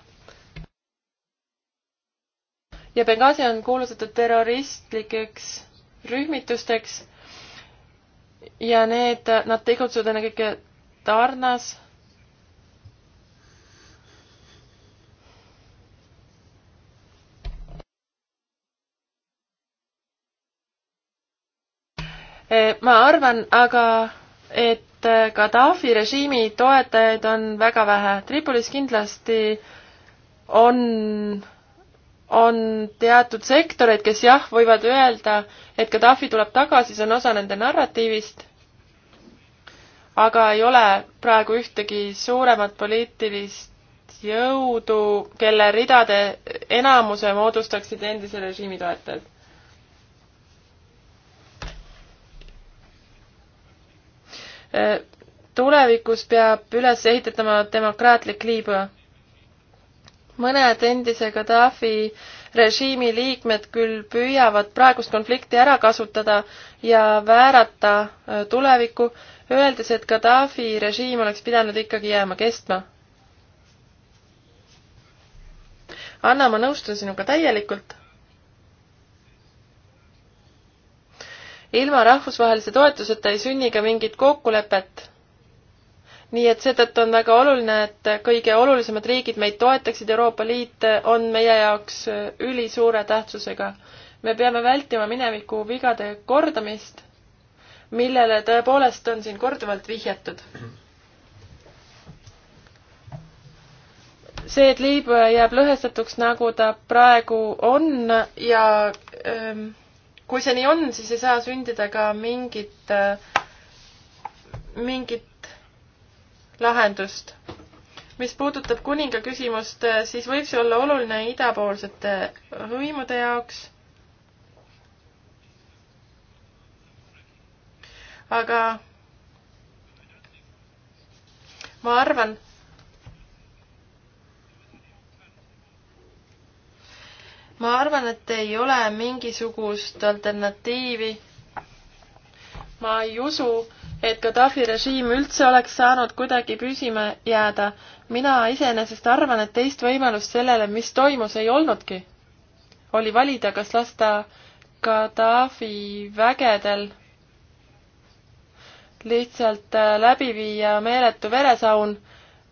ja Benghazi on kuulutatud terroristlikeks rühmitusteks ja need, nad tegutsevad ennekõike Tarnas. Eh, ma arvan aga, et Gaddafi režiimi toetajaid on väga vähe. Tripolis kindlasti on, on teatud sektoreid, kes jah, võivad öelda, et Gaddafi tuleb tagasi, see on osa nende narratiivist, aga ei ole praegu ühtegi suuremat poliitilist jõudu, kelle ridade enamuse moodustaksid endise režiimi toetajad Äh, tulevikus peab üles ehitatama demokraatlik Liibüa. mõned endise Gaddafi režiimi liikmed küll püüavad praegust konflikti ära kasutada ja väärata äh, tulevikku, öeldes, et Gaddafi režiim oleks pidanud ikkagi jääma kestma. Anna, ma nõustun sinuga täielikult ilma rahvusvahelise toetuseta ei sünni ka mingit kokkulepet. nii et seetõttu on väga oluline, et kõige olulisemad riigid meid toetaksid, Euroopa Liit on meie jaoks ülisuure tähtsusega. me peame vältima mineviku vigade kordamist, millele tõepoolest on siin korduvalt vihjatud. see, et Liibüa jääb lõhestatuks, nagu ta praegu on ja ähm, kui see nii on, siis ei saa sündida ka mingit, mingit lahendust. mis puudutab kuninga küsimust, siis võib see olla oluline idapoolsete hõimude jaoks. aga ma arvan, ma arvan, et ei ole mingisugust alternatiivi. ma ei usu, et Gaddafi režiim üldse oleks saanud kuidagi püsima jääda. mina iseenesest arvan, et teist võimalust sellele, mis toimus, ei olnudki. oli valida, kas lasta Gaddafi vägedel lihtsalt äh, läbi viia meeletu veresaun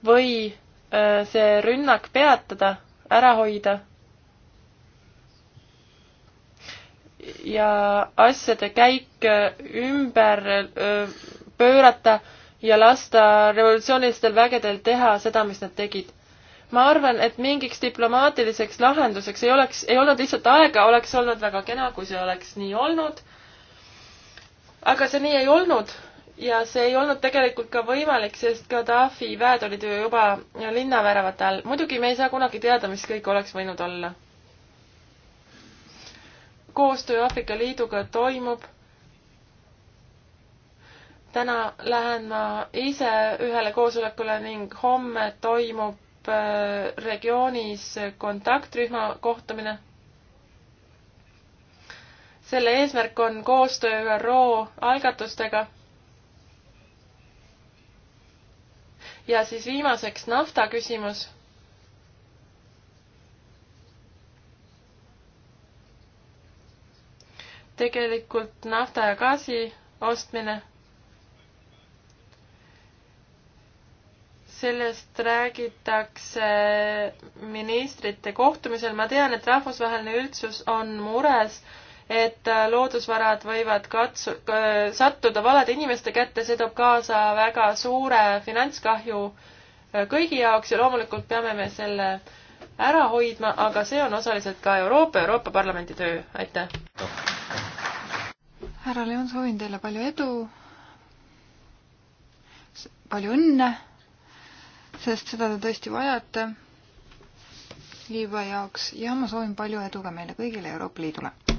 või äh, see rünnak peatada, ära hoida ja asjade käik äh, ümber äh, pöörata ja lasta revolutsioonilistel vägedel teha seda, mis nad tegid. ma arvan, et mingiks diplomaatiliseks lahenduseks ei oleks, ei olnud lihtsalt aega, oleks olnud väga kena, kui see oleks nii olnud. aga see nii ei olnud ja see ei olnud tegelikult ka võimalik, sest Gaddafi väed olid ju juba linnaväravate all. muidugi me ei saa kunagi teada, mis kõik oleks võinud olla koostöö Aafrika Liiduga toimub. täna lähen ma ise ühele koosolekule ning homme toimub äh, regioonis kontaktrühma kohtumine. selle eesmärk on koostöö ÜRO algatustega. ja siis viimaseks nafta küsimus tegelikult nafta ja gaasi ostmine. sellest räägitakse ministrite kohtumisel, ma tean, et rahvusvaheline üldsus on mures, et loodusvarad võivad katsu-, sattuda valade inimeste kätte, see toob kaasa väga suure finantskahju kõigi jaoks ja loomulikult peame me selle ära hoidma, aga see on osaliselt ka Euroopa, Euroopa Parlamendi töö, aitäh! härra Leon, soovin teile palju edu, palju õnne, sest seda te tõesti vajate Liibüa jaoks ja ma soovin palju edu ka meile kõigile Euroopa Liidule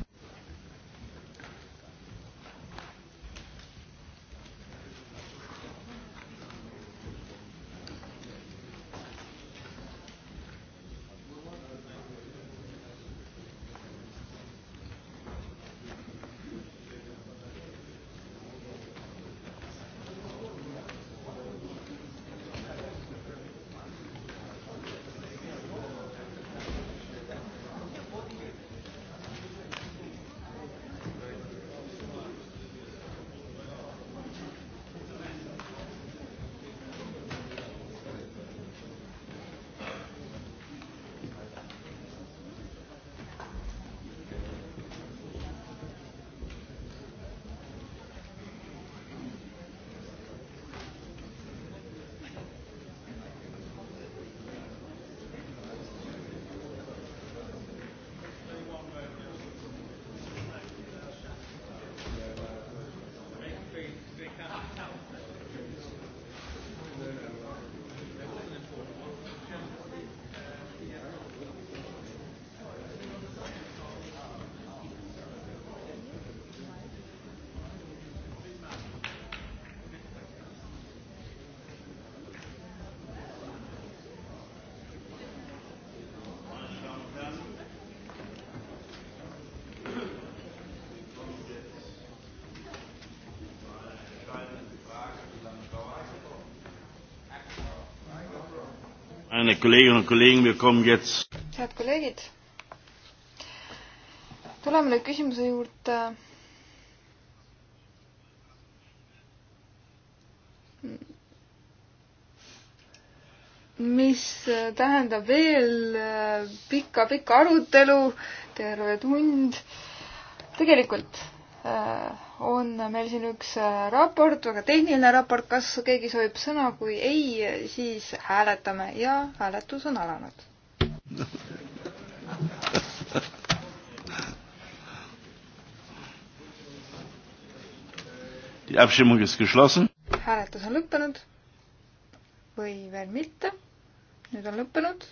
Kolleginnen und Kollegen, wir kommen jetzt. head kolleegid, tuleme nüüd küsimuse juurde. mis tähendab veel pikka-pikka äh, arutelu, terve tund. tegelikult äh, on meil siin üks äh, raport, väga tehniline raport, kas keegi soovib sõna, kui ei, siis hääletame ja hääletus on alanud. hääletus on lõppenud või veel mitte. nüüd on lõppenud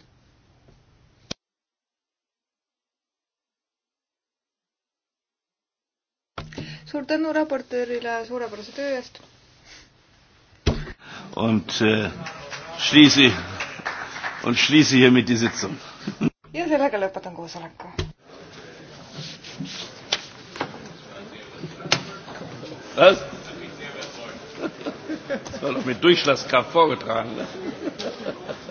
suur tänu raportöörile suurepärase töö eest. Und äh, schließe, und schließe hiermit die Sitzung. ja sellega lõpetan koosoleku. Was? Das war doch mit Durchschlagskraft vorgetragen. Ne?